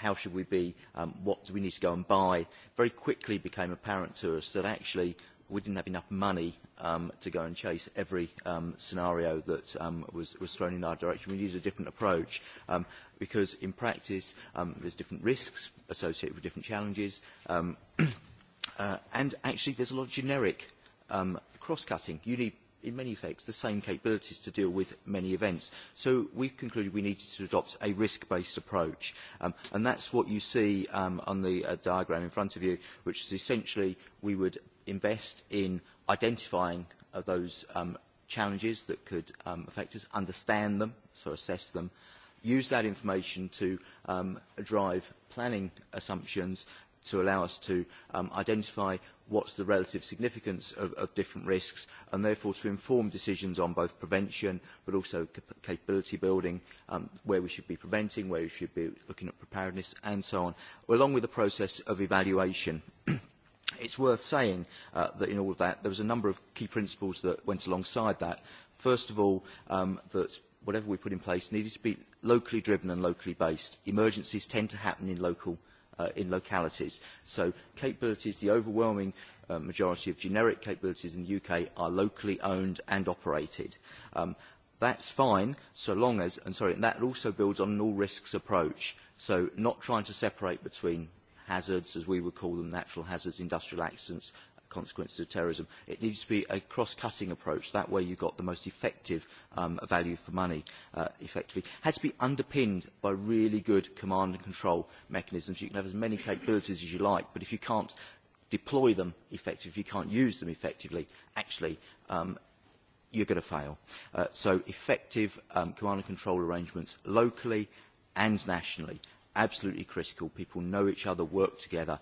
how should we be, um, what do we need to go and buy, very quickly became apparent to us that actually we didn't have enough money um, to go and chase every um, scenario that um, was, was thrown in our direction. We needed a different approach um, because in practice um, there's different risks associated with different challenges um, uh, and actually there's a lot of generic um, cross-cutting. You need in many effects, the same capabilities to deal with many events. So we concluded we needed to adopt a risk-based approach. Um, and that's what you see um, on the uh, diagram in front of you, which is essentially we would invest in identifying uh, those um, challenges that could um, affect us, understand them, so assess them, use that information to um, drive planning assumptions to allow us to um, identify what's the relative significance of, of different risks and therefore to inform decisions on both prevention but also cap capability building, um, where we should be preventing, where we should be looking at preparedness and so on, along with the process of evaluation. it's worth saying uh, that in all of that there was a number of key principles that went alongside that. First of all, um, that whatever we put in place needed to be locally driven and locally based. Emergencies tend to happen in local uh, in localities. So capabilities, the overwhelming uh, majority of generic capabilities in the UK are locally owned and operated. Um, that's fine so long as, and sorry, and that also builds on an all risks approach. So not trying to separate between hazards, as we would call them, natural hazards, industrial accidents, consequences of terrorism. It needs to be a cross-cutting approach. That way you got the most effective um, value for money, uh, effectively. Had to be underpinned by really good command and control mechanisms. You can have as many capabilities as you like, but if you can't deploy them effectively, if you can't use them effectively, actually um, you're going to fail. Uh, so effective um, command and control arrangements locally and nationally, absolutely critical. People know each other, work together,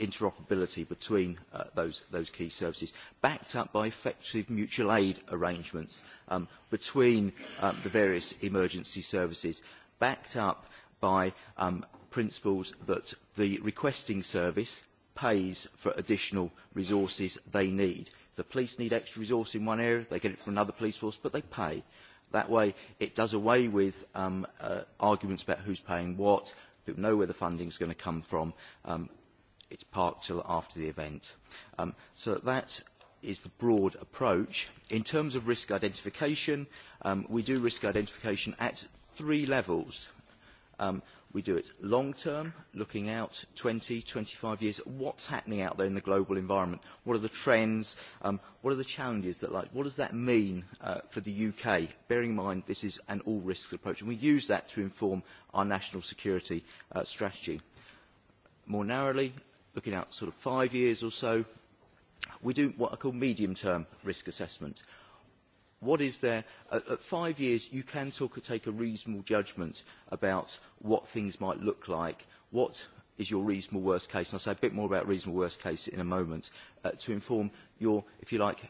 interoperability between uh, those, those key services, backed up by effective mutual aid arrangements um, between um, the various emergency services, backed up by um, principles that the requesting service pays for additional resources they need. If the police need extra resource in one area, they get it from another police force, but they pay. That way, it does away with um, uh, arguments about who's paying what, people know where the funding is going to come from, um, it's parked till after the event. Um, so that is the broad approach. In terms of risk identification, um, we do risk identification at three levels. Um, we do it long term, looking out 20, 25 years, what's happening out there in the global environment, what are the trends, um, what are the challenges that like, what does that mean uh, for the UK? Bearing in mind this is an all risks approach and we use that to inform our national security uh, strategy. More narrowly, looking out sort of five years or so, we do what I call medium-term risk assessment. What is there? At, at five years, you can talk, take a reasonable judgment about what things might look like, what is your reasonable worst case, and I'll say a bit more about reasonable worst case in a moment, uh, to inform your, if you like,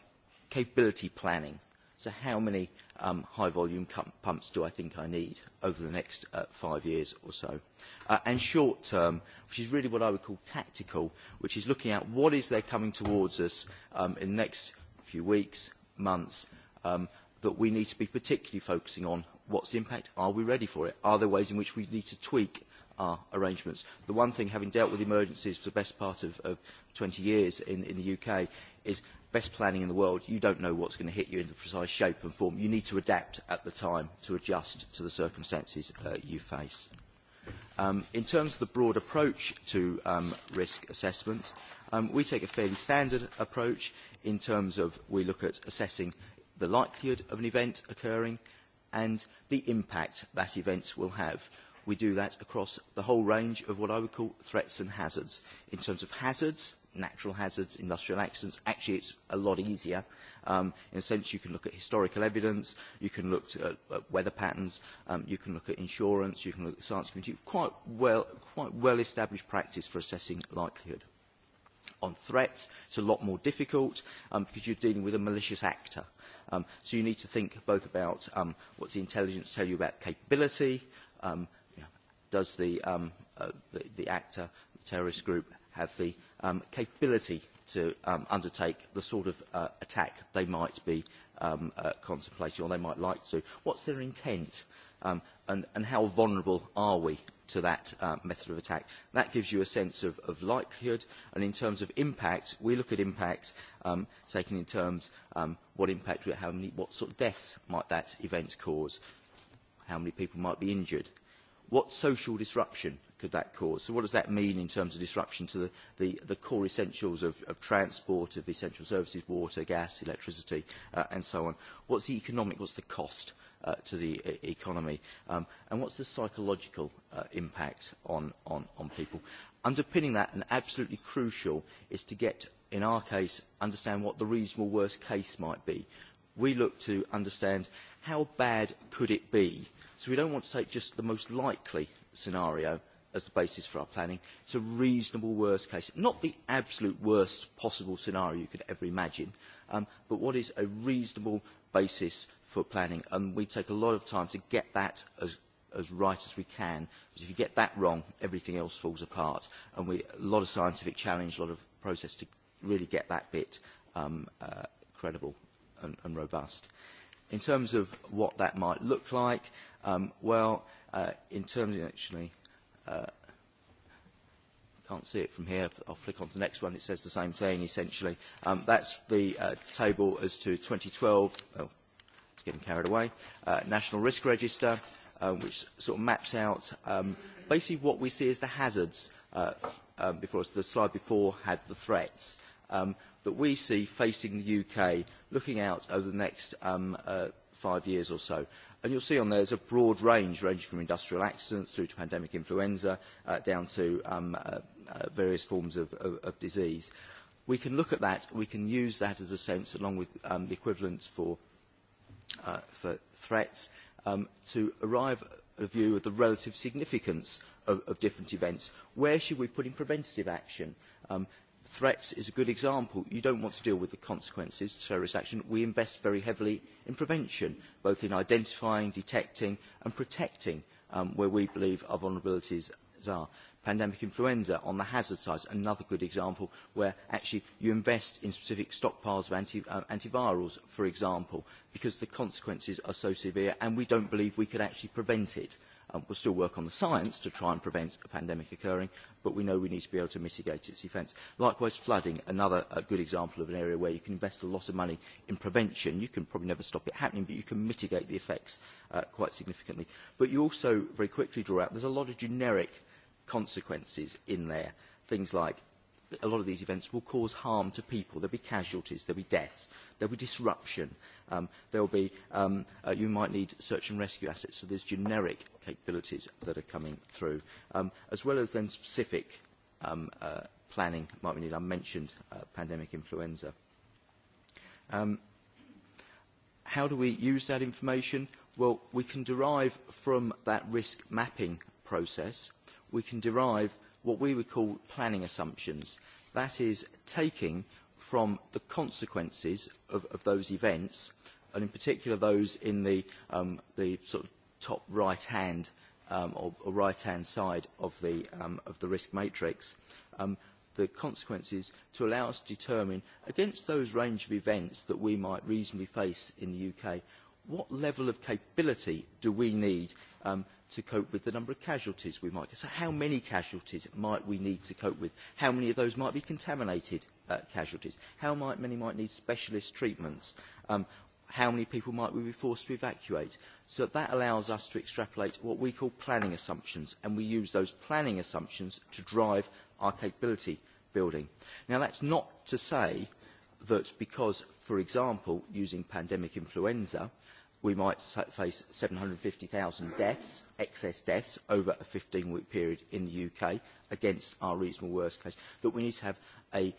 capability planning. So how many um, high volume pumps do I think I need over the next uh, five years or so. Uh, and short term, which is really what I would call tactical, which is looking at what is there coming towards us um, in the next few weeks, months, um, that we need to be particularly focusing on. What's the impact? Are we ready for it? Are there ways in which we need to tweak our arrangements? The one thing, having dealt with emergencies for the best part of, of 20 years in, in the UK, is best planning in the world, you don't know what's going to hit you in the precise shape and form. You need to adapt at the time to adjust to the circumstances uh, you face. Um, in terms of the broad approach to um, risk assessment, um, we take a fairly standard approach in terms of we look at assessing the likelihood of an event occurring and the impact that event will have. We do that across the whole range of what I would call threats and hazards. In terms of hazards, natural hazards, industrial accidents. Actually, it's a lot easier. Um, in a sense, you can look at historical evidence, you can look at, uh, at weather patterns, um, you can look at insurance, you can look at science community. Quite well, quite well established practice for assessing likelihood. On threats, it's a lot more difficult um, because you're dealing with a malicious actor. Um, so you need to think both about um, what's the intelligence tell you about capability, um, you know, does the, um, uh, the, the actor, the terrorist group, have the um, capability to um, undertake the sort of uh, attack they might be um, uh, contemplating or they might like to. What's their intent um, and, and how vulnerable are we to that uh, method of attack? That gives you a sense of, of likelihood and in terms of impact, we look at impact um, taken in terms um, what impact, how many, what sort of deaths might that event cause, how many people might be injured. What social disruption could that cause? So what does that mean in terms of disruption to the, the, the core essentials of, of transport, of essential services, water, gas, electricity, uh, and so on? What's the economic, what's the cost? Uh, to the e uh, economy um, and what's the psychological uh, impact on, on, on people. Underpinning that and absolutely crucial is to get, in our case, understand what the reasonable worst case might be. We look to understand how bad could it be. So we don't want to take just the most likely scenario as the basis for our planning. It's a reasonable worst case, not the absolute worst possible scenario you could ever imagine, um, but what is a reasonable basis for planning. And we take a lot of time to get that as, as right as we can, because if you get that wrong, everything else falls apart. And we, a lot of scientific challenge, a lot of process to really get that bit um, uh, credible and, and robust. In terms of what that might look like, um, well, uh, in terms of actually, uh, can't see it from here. But I'll flick on to the next one. It says the same thing, essentially. Um, that's the uh, table as to 2012. Oh, it's getting carried away. Uh, National Risk Register, um, which sort of maps out um, basically what we see as the hazards uh, um, before The slide before had the threats um, that we see facing the UK looking out over the next um, uh, five years or so. And you'll see on there is a broad range, ranging from industrial accidents through to pandemic influenza, uh, down to um, uh, uh, various forms of, of, of disease. We can look at that, we can use that as a sense, along with um, the equivalents for, uh, for threats, um, to arrive at a view of the relative significance of, of different events. Where should we put in preventative action? Um, threats is a good example. You don't want to deal with the consequences of terrorist action. We invest very heavily in prevention, both in identifying, detecting and protecting um, where we believe our vulnerabilities are. Pandemic influenza on the hazard side, another good example where actually you invest in specific stockpiles of anti, uh, antivirals, for example, because the consequences are so severe and we don't believe we could actually prevent it. We um, we'll still work on the science to try and prevent a pandemic occurring, but we know we need to be able to mitigate its effects. Likewise, flooding, another uh, good example of an area where you can invest a lot of money in prevention. You can probably never stop it happening, but you can mitigate the effects uh, quite significantly. But you also very quickly draw out, there's a lot of generic consequences in there, things like a lot of these events will cause harm to people. There'll be casualties, there'll be deaths, there'll be disruption. Um, there'll be, um, uh, you might need search and rescue assets, so there's generic capabilities that are coming through, um, as well as then specific um, uh, planning might be needed. I mentioned uh, pandemic influenza. Um, how do we use that information? Well, we can derive from that risk mapping process, we can derive what we would call planning assumptions. That is taking from the consequences of, of those events, and in particular those in the, um, the sort of top right-hand um, or, or right-hand side of the, um, of the risk matrix, um, the consequences to allow us to determine against those range of events that we might reasonably face in the UK, what level of capability do we need um, to cope with the number of casualties we might get. So how many casualties might we need to cope with? How many of those might be contaminated uh, casualties? How might, many might need specialist treatments? Um, how many people might we be forced to evacuate? So that allows us to extrapolate what we call planning assumptions, and we use those planning assumptions to drive our capability building. Now that's not to say that because, for example, using pandemic influenza, we might face 750,000 deaths, excess deaths, over a 15-week period in the UK against our reasonable worst case, that we need to have a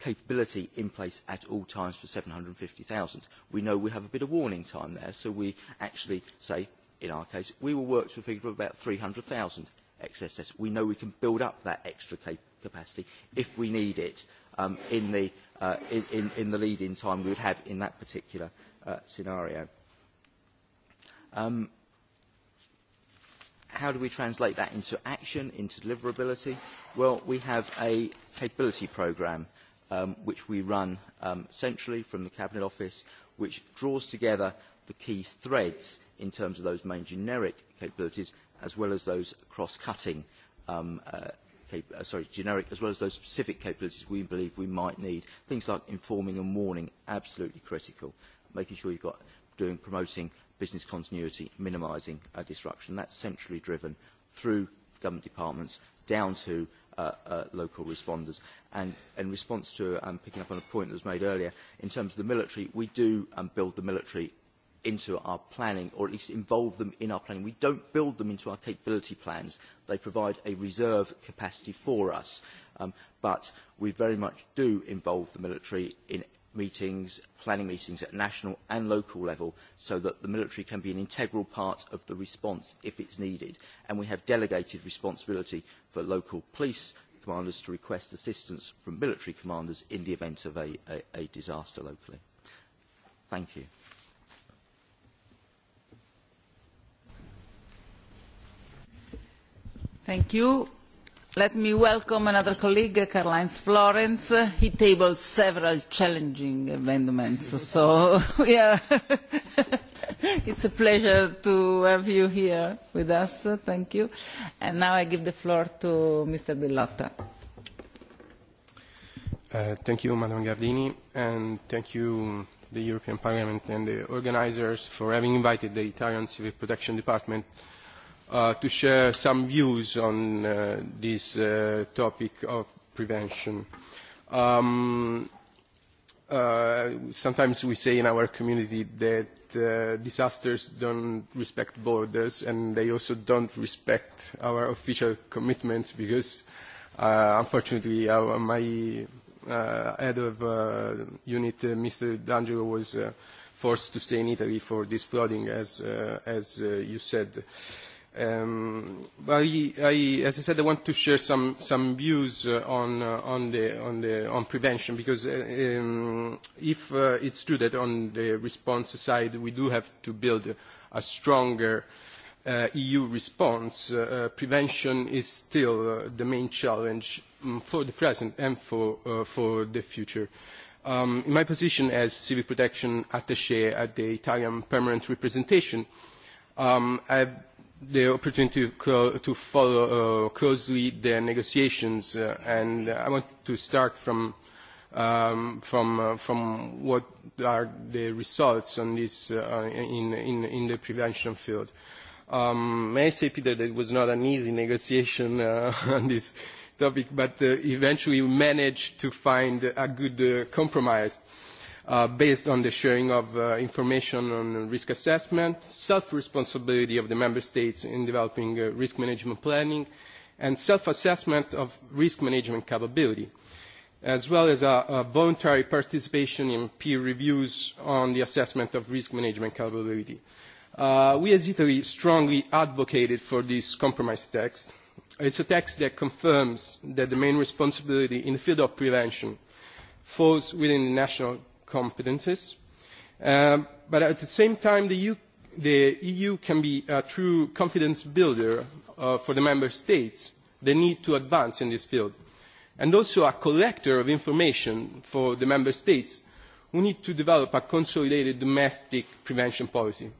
capability in place at all times for 750,000. We know we have a bit of warning time there, so we actually say, in our case, we will work to a figure of about 300,000 excess deaths. We know we can build up that extra cap capacity if we need it um, in the, uh, in, in, in the lead-in time we would have in that particular uh, scenario. Um, how do we translate that into action, into deliverability? Well, we have a capability programme um, which we run um, centrally from the Cabinet Office, which draws together the key threads in terms of those main generic capabilities, as well as those cross-cutting, um, uh, uh, sorry, generic, as well as those specific capabilities we believe we might need. Things like informing and warning, absolutely critical. Making sure you've got doing promoting business continuity, minimising uh, disruption. That's centrally driven through government departments down to uh, uh, local responders. And in response to um, picking up on a point that was made earlier, in terms of the military, we do um, build the military into our planning, or at least involve them in our planning. We don't build them into our capability plans. They provide a reserve capacity for us. Um, but we very much do involve the military in meetings, planning meetings at national and local level so that the military can be an integral part of the response if it's needed. And we have delegated responsibility for local police commanders to request assistance from military commanders in the event of a, a, a disaster locally. Thank you. Thank you let me welcome another colleague karl heinz florenz. he tabled several challenging amendments so yeah. it is a pleasure to have you here with us thank you. and now i give the floor to mr bellotta. Uh, thank you madam gardini and thank you the european parliament and the organisers for having invited the italian civil protection department Uh, to share some views on uh, this uh, topic of prevention. Um, uh, sometimes we say in our community that uh, disasters don't respect borders and they also don't respect our official commitments because uh, unfortunately our my uh, head of uh, unit, uh, Mr. D'Angelo, was uh, forced to stay in Italy for this flooding as, uh, as uh, you said. Uh, Um, I, I, as I said, I want to share some, some views uh, on, uh, on, the, on, the, on prevention because uh, um, if uh, it's true that on the response side we do have to build a stronger uh, EU response, uh, uh, prevention is still uh, the main challenge um, for the present and for, uh, for the future. Um, in my position as civil protection attaché at the Italian permanent representation, um, I've the opportunity to, follow uh, closely the negotiations, uh, and I want to start from um, from uh, from what are the results on this uh, in in in the prevention field. Um, may I say, Peter, that it was not an easy negotiation uh, on this topic, but uh, eventually we managed to find a good uh, compromise. Uh, based on the sharing of uh, information on risk assessment, self-responsibility of the member states in developing uh, risk management planning, and self-assessment of risk management capability, as well as a, a voluntary participation in peer reviews on the assessment of risk management capability. Uh, we as Italy strongly advocated for this compromise text. It's a text that confirms that the main responsibility in the field of prevention falls within the national competences. Um, but at the same time, the EU, the EU, can be a true confidence builder uh, for the member states. They need to advance in this field. And also a collector of information for the member states. We need to develop a consolidated domestic prevention policy.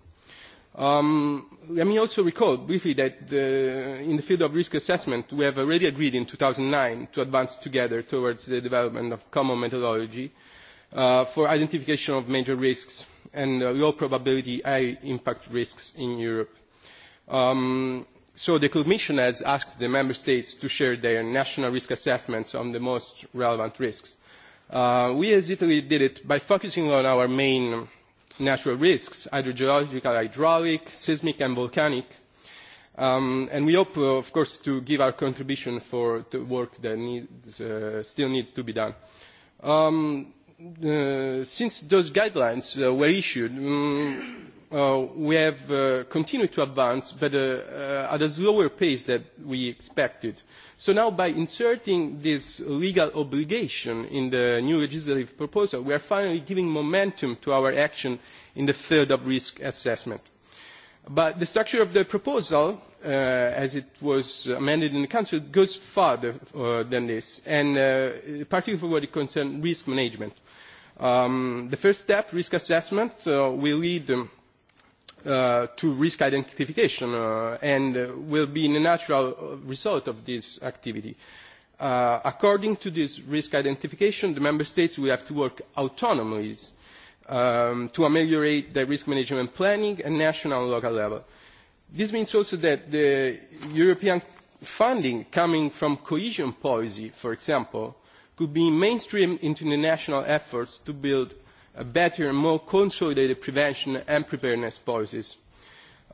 Um, let me also recall briefly that the, in the field of risk assessment, we have already agreed in 2009 to advance together towards the development of common methodology uh, for identification of major risks and uh, low probability high impact risks in Europe. Um, so the Commission has asked the Member States to share their national risk assessments on the most relevant risks. Uh, we as Italy did it by focusing on our main natural risks, hydrogeological, hydraulic, seismic and volcanic, Um, and we hope, uh, of course, to give our contribution for the work that needs, uh, still needs to be done. Um, Uh, since those guidelines uh, were issued, um, uh, we have uh, continued to advance, but uh, uh, at a slower pace than we expected. So now by inserting this legal obligation in the new legislative proposal, we are finally giving momentum to our action in the field of risk assessment. But the structure of the proposal, uh, as it was amended in the Council, goes further uh, than this, and uh, particularly for what concerns risk management. Um, the first step, risk assessment, uh, will lead um, uh, to risk identification uh, and uh, will be the natural uh, result of this activity. Uh, according to this risk identification, the member states will have to work autonomously um, to ameliorate their risk management planning at national and local level. This means also that the European funding coming from cohesion policy, for example, could be mainstreamed into the national efforts to build a better and more consolidated prevention and preparedness policies.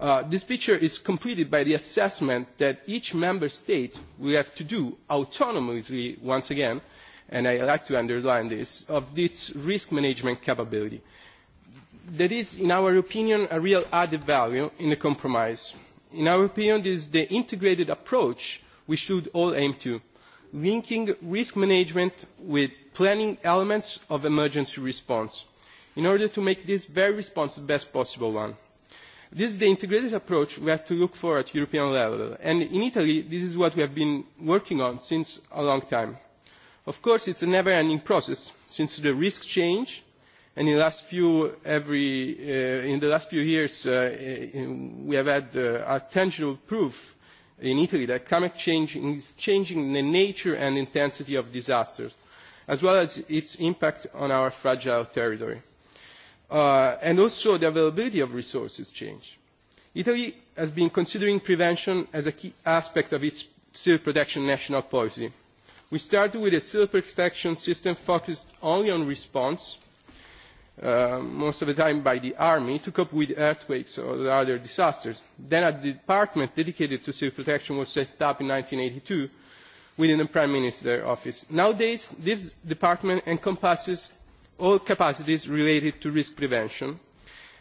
Uh, this picture is completed by the assessment that each member state will have to do autonomously once again, and I like to underline this, of its risk management capability. That is, in our opinion, a real added value in the compromise. In our opinion, this is the integrated approach we should all aim to linking risk management with planning elements of emergency response in order to make this very response the best possible one. This is the integrated approach we have to look for at European level. And in Italy, this is what we have been working on since a long time. Of course, it's a never-ending process since the risks change, and in, last few, every, uh, in the last few years, uh, in, we have had uh, a tangible proof in Italy that climate change is changing the nature and intensity of disasters, as well as its impact on our fragile territory. Uh, and also the availability of resources change. Italy has been considering prevention as a key aspect of its civil protection national policy. We started with a civil protection system focused only on response, Uh, most of the time by the army, to cope with earthquakes or other disasters. Then a department dedicated to civil protection was set up in 1982 within the Prime Minister's office. Nowadays, this department encompasses all capacities related to risk prevention,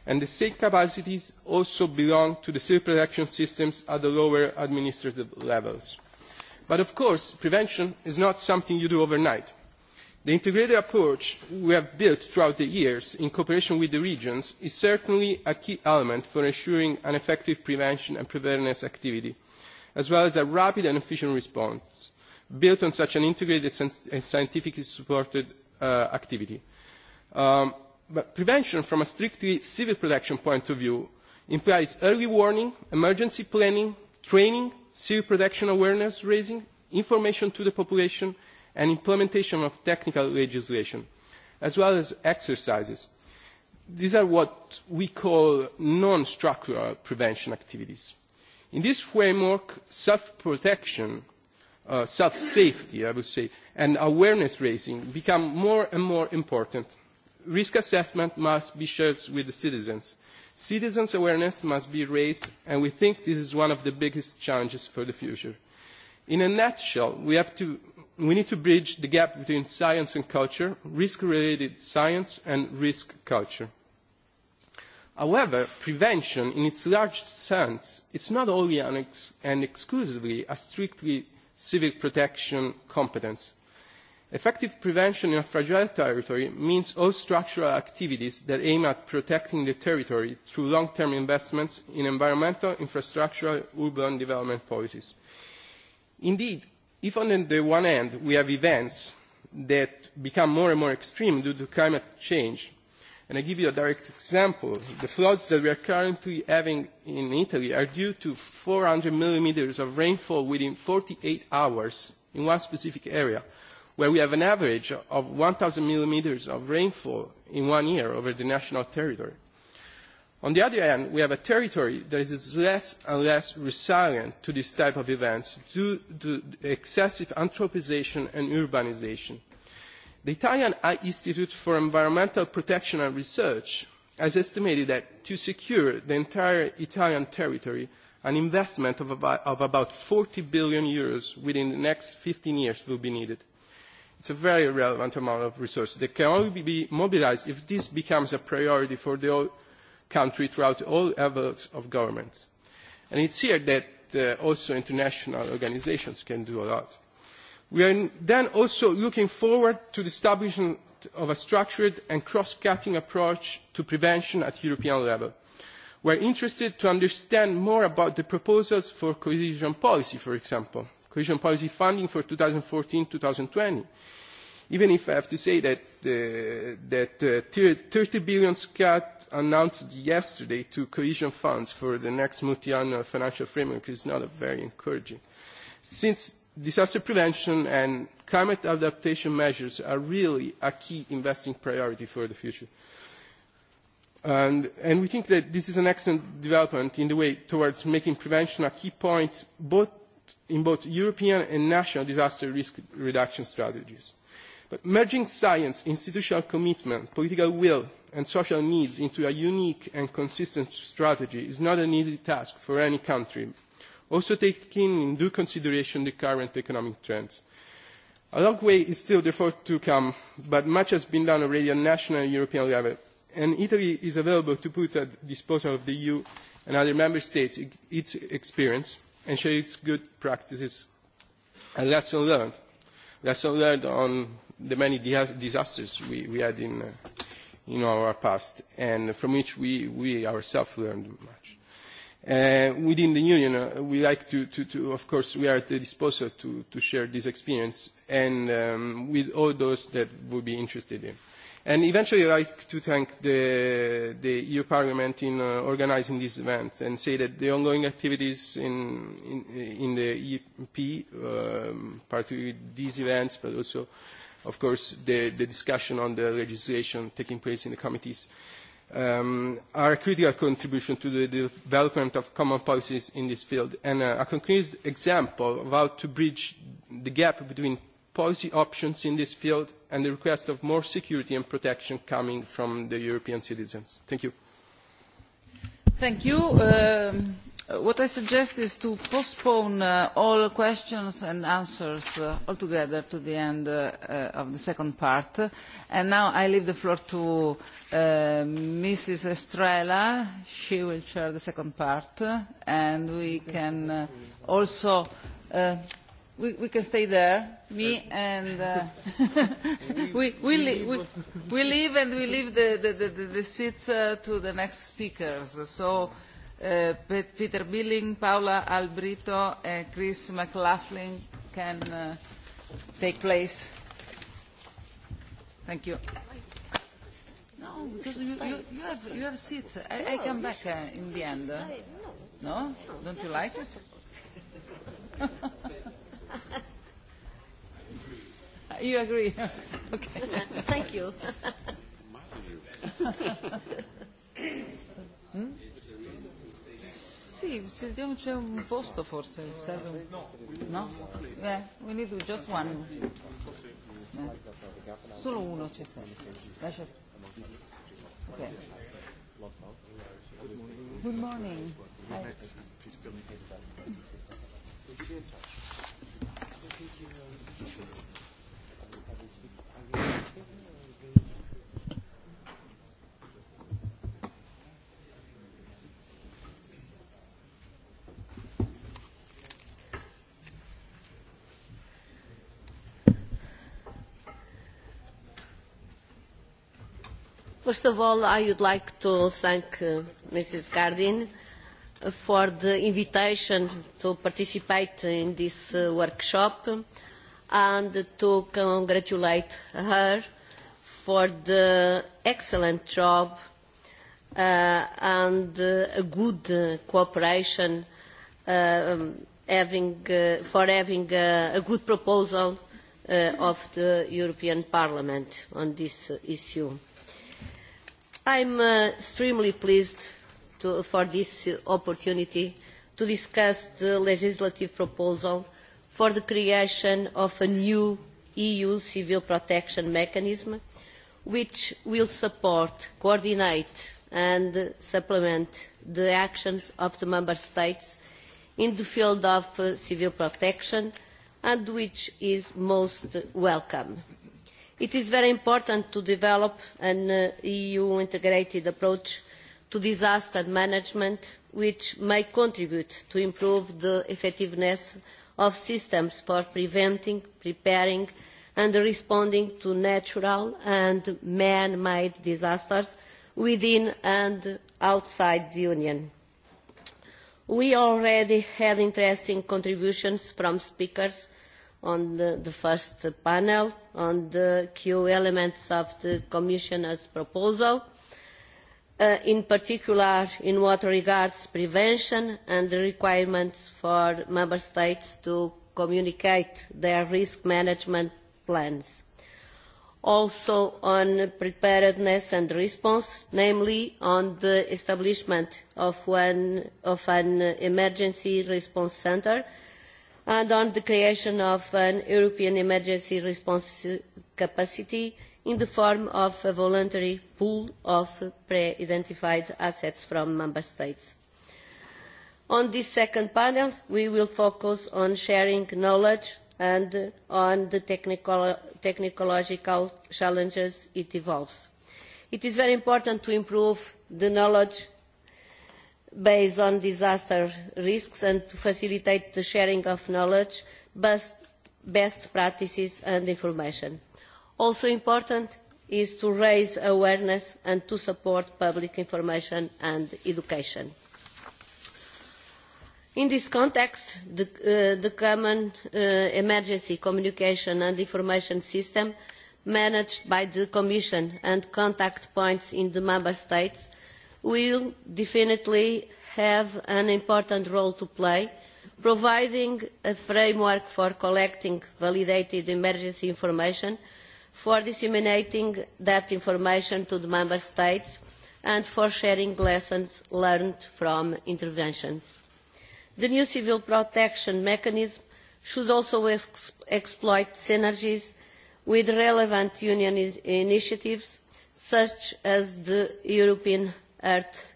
and the same capacities also belong to the civil protection systems at the lower administrative levels. But of course, prevention is not something you do overnight The integrated approach we have built throughout the years in cooperation with the regions is certainly a key element for ensuring an effective prevention and preparedness activity, as well as a rapid and efficient response built on such an integrated and scientifically supported uh, activity. Um, but prevention from a strictly civil protection point of view implies early warning, emergency planning, training, civil protection awareness raising, information to the population, and implementation of technical legislation, as well as exercises. These are what we call non-structural prevention activities. In this framework, self-protection, uh, self-safety, I would say, and awareness raising become more and more important. Risk assessment must be shared with the citizens. Citizens' awareness must be raised, and we think this is one of the biggest challenges for the future. In a nutshell, we have to we need to bridge the gap between science and culture, risk-related science and risk culture. However, prevention, in its largest sense, is not only an ex and exclusively a strictly civil protection competence. Effective prevention in a fragile territory means all structural activities that aim at protecting the territory through long-term investments in environmental, infrastructural, urban development policies. Indeed, if on the one hand we have events that become more and more extreme due to climate change, and I give you a direct example, the floods that we are currently having in Italy are due to 400 millimeters of rainfall within 48 hours in one specific area, where we have an average of 1,000 millimeters of rainfall in one year over the national territory. On the other hand, we have a territory that is less and less resilient to this type of events due to excessive anthropization and urbanization. The Italian Institute for Environmental Protection and Research has estimated that to secure the entire Italian territory, an investment of about, of about 40 billion euros within the next 15 years will be needed. It's a very relevant amount of resources that can only be mobilized if this becomes a priority for the country throughout all levels of government. And it's here that uh, also international organizations can do a lot. We are then also looking forward to the establishment of a structured and cross-cutting approach to prevention at European level. We are interested to understand more about the proposals for cohesion policy, for example, cohesion policy funding for 2014-2020, even if I have to say that, uh, that uh, 30 billion cut announced yesterday to cohesion funds for the next multi-annual financial framework is not very encouraging. Since disaster prevention and climate adaptation measures are really a key investing priority for the future. And, and we think that this is an excellent development in the way towards making prevention a key point both in both European and national disaster risk reduction strategies. But merging science, institutional commitment, political will, and social needs into a unique and consistent strategy is not an easy task for any country, also taking in due consideration the current economic trends. A long way is still therefore to come, but much has been done already at national and European level, and Italy is available to put at the disposal of the EU and other member states its experience and share its good practices and lessons learned. Lessons learned on the many disasters we, we had in, uh, in our past and from which we, we ourselves learned much. Uh, within the Union, uh, we like to, to, to, of course, we are at the disposal to, to share this experience and um, with all those that would be interested in. And eventually, I'd like to thank the, the EU Parliament in uh, organizing this event and say that the ongoing activities in, in, in the EP, um, particularly these events, but also uh, of course, the, the discussion on the legislation taking place in the committees um, are a critical contribution to the development of common policies in this field and uh, a concrete example of how to bridge the gap between policy options in this field and the request of more security and protection coming from the European citizens. Thank you. Thank you. Um, Uh, what i suggest is to postpone uh, all questions and answers uh, altogether to the end of the second part and now i leave the floor to mrs estrela she will chair the second part and we can also we, can stay there me and we, we, leave and we leave the seats to the next speakers so Uh, Peter Billing, Paula Albrito, and Chris McLaughlin can uh, take place. Thank you. No, because you, you, you, have, you have seats. I, I come back uh, in the end. No? Don't you like it? you agree? okay. Thank you. hmm? Sì, sentiamo c'è un posto forse, serve un... No? Eh, we need just one. Eh. Solo uno c'è sempre. Lascia... Ok. Good morning. Hi. First of all, I would like to thank uh, Mrs. Gardin for the invitation to participate in this uh, workshop and to congratulate her for the excellent job uh, and uh, good uh, cooperation uh, um, having, uh, for having uh, a good proposal of the European Parliament on this issue. I am uh, extremely pleased to, for this opportunity to discuss the legislative proposal for the creation of a new EU civil protection mechanism which will support, coordinate and supplement the actions of the Member States in the field of uh, civil protection and which is most welcome. It is very important to develop an uh, EU integrated approach to disaster management which may contribute to improve the effectiveness of systems for preventing, preparing and responding to natural and man-made disasters within and outside the Union. We already had interesting contributions from speakers on the, the first panel on the key elements of the Commissioner's proposal, uh, in particular in what regards prevention and the requirements for Member States to communicate their risk management plans. Also on preparedness and response, namely on the establishment of, one, of an emergency response centre and on the creation of an European emergency response capacity in the form of a voluntary pool of pre-identified assets from Member States. On this second panel, we will focus on sharing knowledge and on the technological challenges it involves. It is very important to improve the knowledge based on disaster risks and to facilitate the sharing of knowledge, best, practices and information. Also important is to raise awareness and to support public information and education. In this context, the, uh, the Common uh, Emergency Communication and Information System managed by the Commission and contact points in the Member States will definitely have an important role to play, providing a framework for collecting validated emergency information, for disseminating that information to the Member States, and for sharing lessons learned from interventions. The new civil protection mechanism should also ex exploit synergies with relevant union initiatives such as the European earth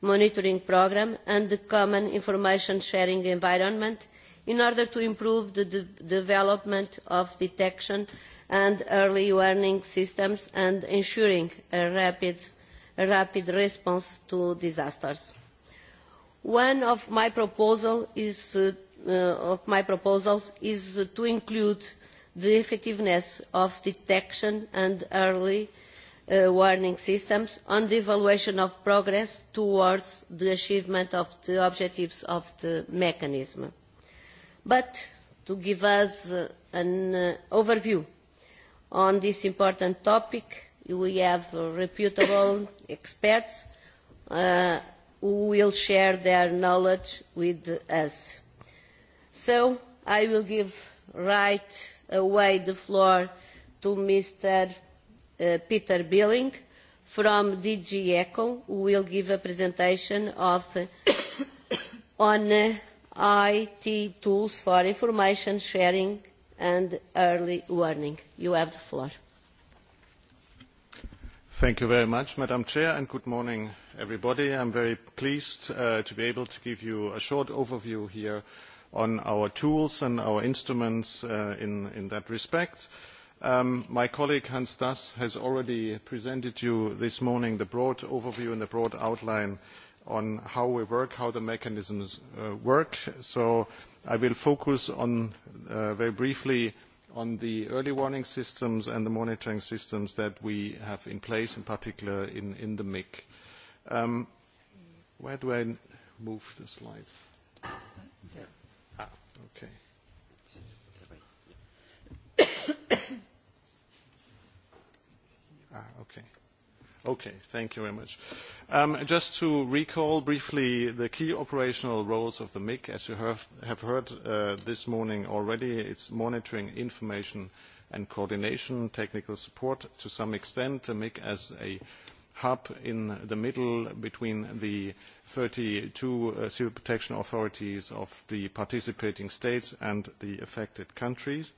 monitoring programme and the common information sharing environment in order to improve the development of detection and early warning systems and ensuring a rapid, rapid response to disasters. One of my, proposal is, uh, uh, of my proposals is to include the effectiveness of detection and early uh, Uh, warning systems on the evaluation of progress towards the achievement of the objectives of the mechanism. But to give us uh, an uh, overview on this important topic, we have reputable experts uh, who will share their knowledge with us. So I will give right away the floor to Mr. Uh, Peter Billing from DG ECHO, who will give a presentation of uh, on uh, IT tools for information sharing and early warning. You have the floor. Thank you very much, Madam Chair, and good morning, everybody. I'm very pleased uh, to be able to give you a short overview here on our tools and our instruments uh, in, in that respect. Uh, Um, my colleague Hans Dass has already presented you this morning the broad overview and the broad outline on how we work, how the mechanisms uh, work. So I will focus on, uh, very briefly on the early warning systems and the monitoring systems that we have in place, in particular in, in the MIC. Um, where do I move the slides? Ah, okay. Ah, okay. Okay, thank you very much. Um, just to recall briefly the key operational roles of the MIC, as you have, have heard uh, this morning already, it's monitoring information and coordination, technical support to some extent, the MIC as a hub in the middle between the 32 uh, civil protection authorities of the participating states and the affected countries.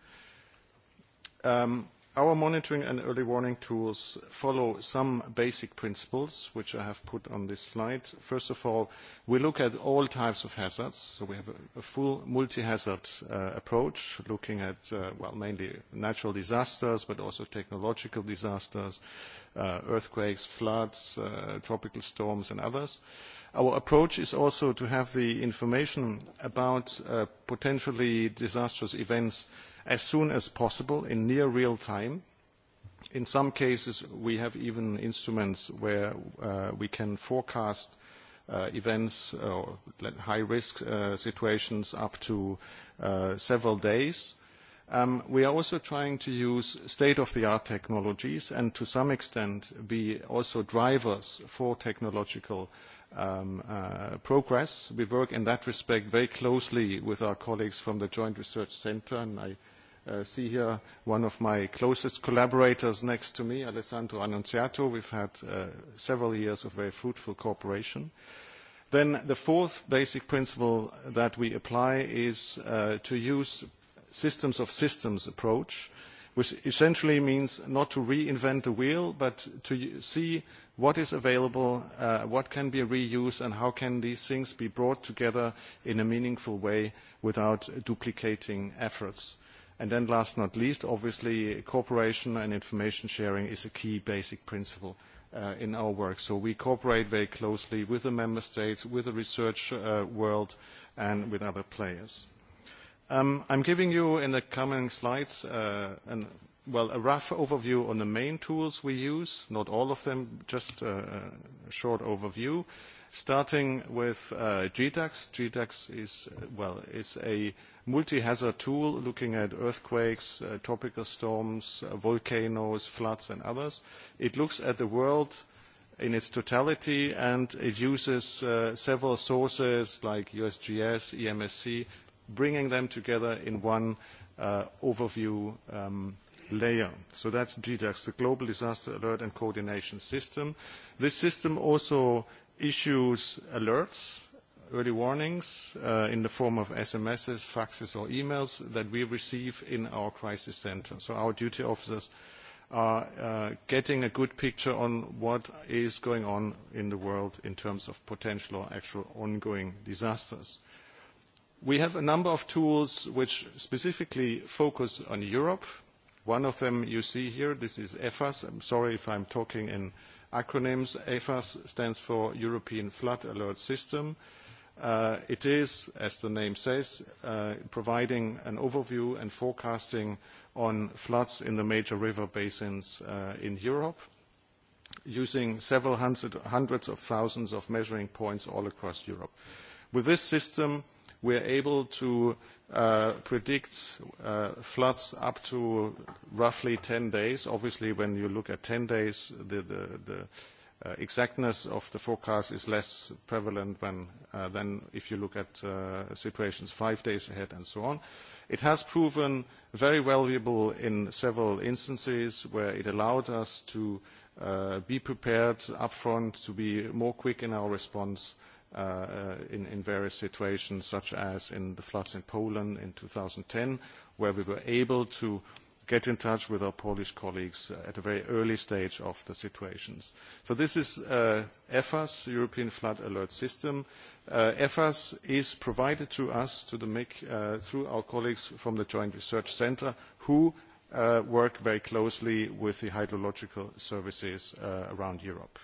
Um, Our monitoring and early warning tools follow some basic principles, which I have put on this slide. First of all, we look at all types of hazards. So we have a, full multi-hazard uh, approach, looking at, uh, well, mainly natural disasters, but also technological disasters, uh, earthquakes, floods, tropical storms, and others. Our approach is also to have the information about uh, potentially disastrous events as soon as possible in near real time. In some cases, we have even instruments where uh, we can forecast uh, events or high-risk uh, situations up to uh, several days. Um, we are also trying to use state-of-the-art technologies and to some extent be also drivers for technological uh, Um, uh, progress. We work in that respect very closely with our colleagues from the Joint Research Centre, and I uh, see here one of my closest collaborators next to me, Alessandro Annunziato. We've had uh, several years of very fruitful cooperation. Then the fourth basic principle that we apply is uh, to use systems of systems approach, which essentially means not to reinvent the wheel, but to see what is available, uh, what can be reused, and how can these things be brought together in a meaningful way without duplicating efforts. And then last not least, obviously, cooperation and information sharing is a key basic principle uh, in our work. So we cooperate very closely with the member states, with the research uh, world, and with other players. Um, I'm giving you in the coming slides uh, an well, a rough overview on the main tools we use, not all of them, just a short overview. Starting with uh, GDAX. GDAX is, well, is a multi-hazard tool looking at earthquakes, uh, tropical storms, uh, volcanoes, floods, and others. It looks at the world in its totality, and it uses uh, several sources like USGS, EMSC, bringing them together in one uh, overview um, layer. So that's GDAX, the Global Disaster Alert and Coordination System. This system also issues alerts, early warnings, uh, in the form of SMSs, faxes, or emails that we receive in our crisis center. So our duty officers are uh, getting a good picture on what is going on in the world in terms of potential or actual ongoing disasters. We have a number of tools which specifically focus on Europe. One of them you see here, this is EFAS. I'm sorry if I'm talking in acronyms. EFAS stands for European Flood Alert System. Uh, it is, as the name says, uh, providing an overview and forecasting on floods in the major river basins uh, in Europe using several hundred, hundreds of thousands of measuring points all across Europe. With this system, We are able to uh, predict uh, floods up to roughly 10 days. Obviously, when you look at 10 days, the, the, the uh, exactness of the forecast is less prevalent when, uh, than if you look at uh, situations five days ahead and so on. It has proven very valuable in several instances where it allowed us to uh, be prepared upfront, to be more quick in our response, uh, Uh, uh, in, in various situations, such as in the floods in Poland in 2010, where we were able to get in touch with our Polish colleagues uh, at a very early stage of the situations. So this is uh, EFAS, European Flood Alert System. Uh, EFAS is provided to us, to the MIC, uh, through our colleagues from the Joint Research Centre, who uh, work very closely with the hydrological services around Europe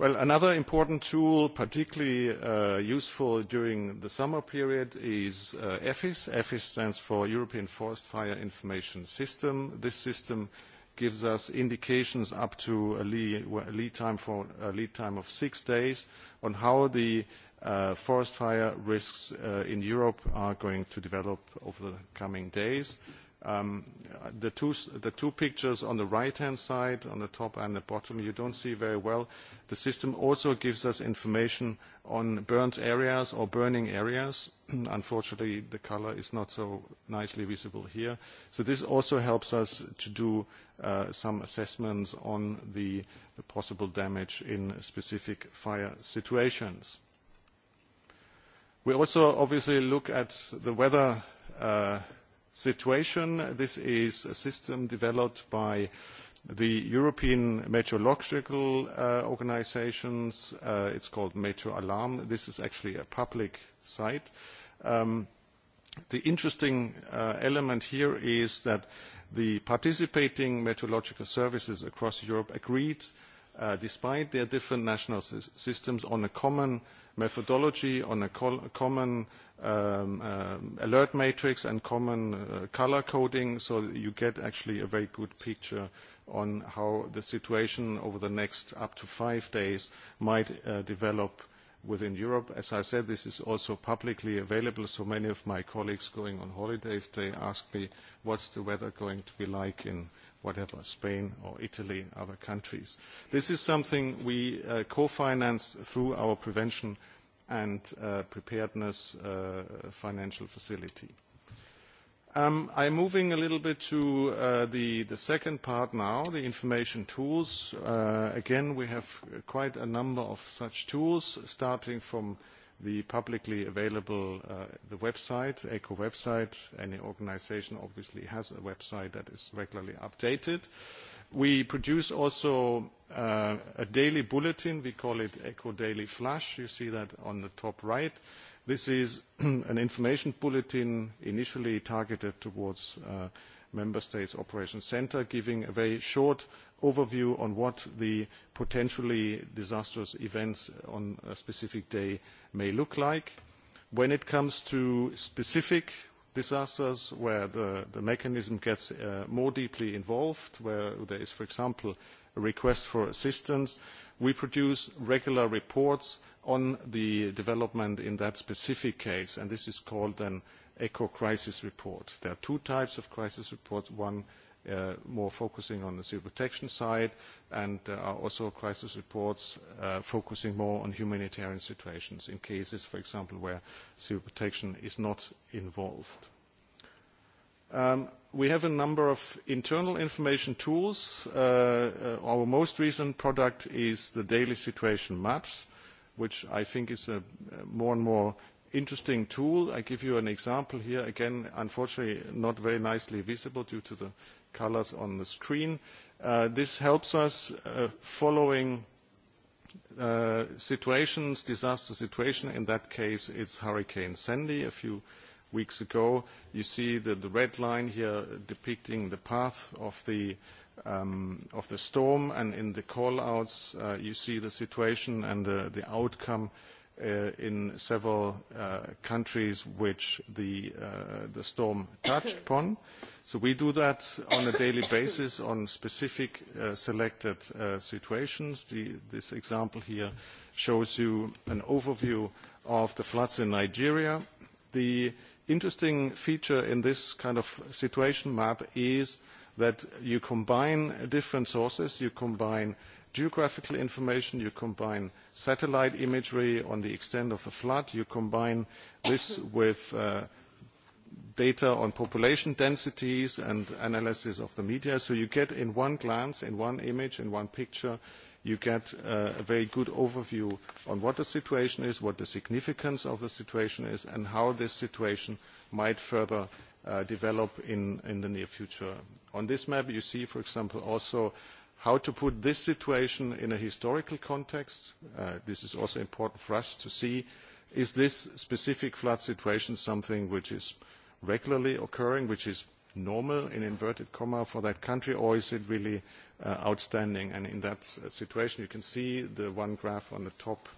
another important tool, particularly uh, useful during the summer period, is uh, EFIS. EFIS stands for European Forest Fire Information System. This system gives us indications up to a lead, time for a lead time of six days on how the uh, forest fire risks in Europe are going to develop over the coming days. Um, the, two, pictures on the right-hand side, on the top and the bottom, you don't see very well. The system also gives us information on burnt areas or burning areas. Unfortunately, the color is not so nicely visible here. So this also helps us to do uh, some assessments on the, possible damage in specific fire situations. We also obviously look at the weather uh, situation. This is a system developed by the European meteorological uh, Organisations. it uh, is it's called Meteor Alarm. This is actually a public site. Um, the interesting uh, element here is that the participating meteorological services across Europe agreed, despite their different national systems, on a common methodology, on a common Um, um, alert matrix and common uh, color coding so that you get actually a very good picture on how the situation over the next up to five days might uh, develop within Europe. As I said, this is also publicly available, so many of my colleagues going on holidays, they ask me what's the weather going to be like in whatever, Spain or Italy, other countries. This is something we uh, co-finance through our prevention and uh, preparedness uh, financial facility. Um, I'm moving a little bit to uh, the, the second part now, the information tools. Uh, again, we have quite a number of such tools, starting from the publicly available uh, the website, ECHO website. Any organization obviously has a website that is regularly updated. We produce also Uh, a daily bulletin. We call it Echo Daily Flash. You see that on the top right. This is an information bulletin initially targeted towards uh, member states' operation center, giving a very short overview on what the potentially disastrous events on a specific day may look like. When it comes to specific disasters where the, the mechanism gets uh, more deeply involved, where there is, for example, requests for assistance. We produce regular reports on the development in that specific case, and this is called an ECHO crisis report. There are two types of crisis reports, one uh, more focusing on the civil protection side, and there uh, are also crisis reports uh, focusing more on humanitarian situations in cases, for example, where civil protection is not involved. Um, we have a number of internal information tools. Uh, uh, our most recent product is the daily situation maps, which I think is a more and more interesting tool. I give you an example here, again, unfortunately not very nicely visible due to the colors on the screen. Uh, this helps us following situations, disaster situation. In that case, it's Hurricane Sandy a few weeks ago. You see the, the red line here depicting the path of the, um, of the storm, and in the call-outs, uh, you see the situation and the, the outcome uh, in several uh, countries which the, uh, the storm touched upon. So we do that on a daily basis on specific uh, selected uh, situations. The, this example here shows you an overview of the floods in Nigeria The interesting feature in this kind of situation map is that you combine different sources, you combine geographical information, you combine satellite imagery on the extent of the flood, you combine this with uh, data on population densities and analysis of the media. So you get in one glance, in one image, in one picture, you get uh, a very good overview on what the situation is, what the significance of the situation is, and how this situation might further uh, develop in, in the near future. On this map, you see, for example, also how to put this situation in a historical context. Uh, this is also important for us to see, is this specific flood situation something which is regularly occurring, which is normal, in inverted comma, for that country, or is it really Uh, outstanding. And in that uh, situation, you can see the one graph on the top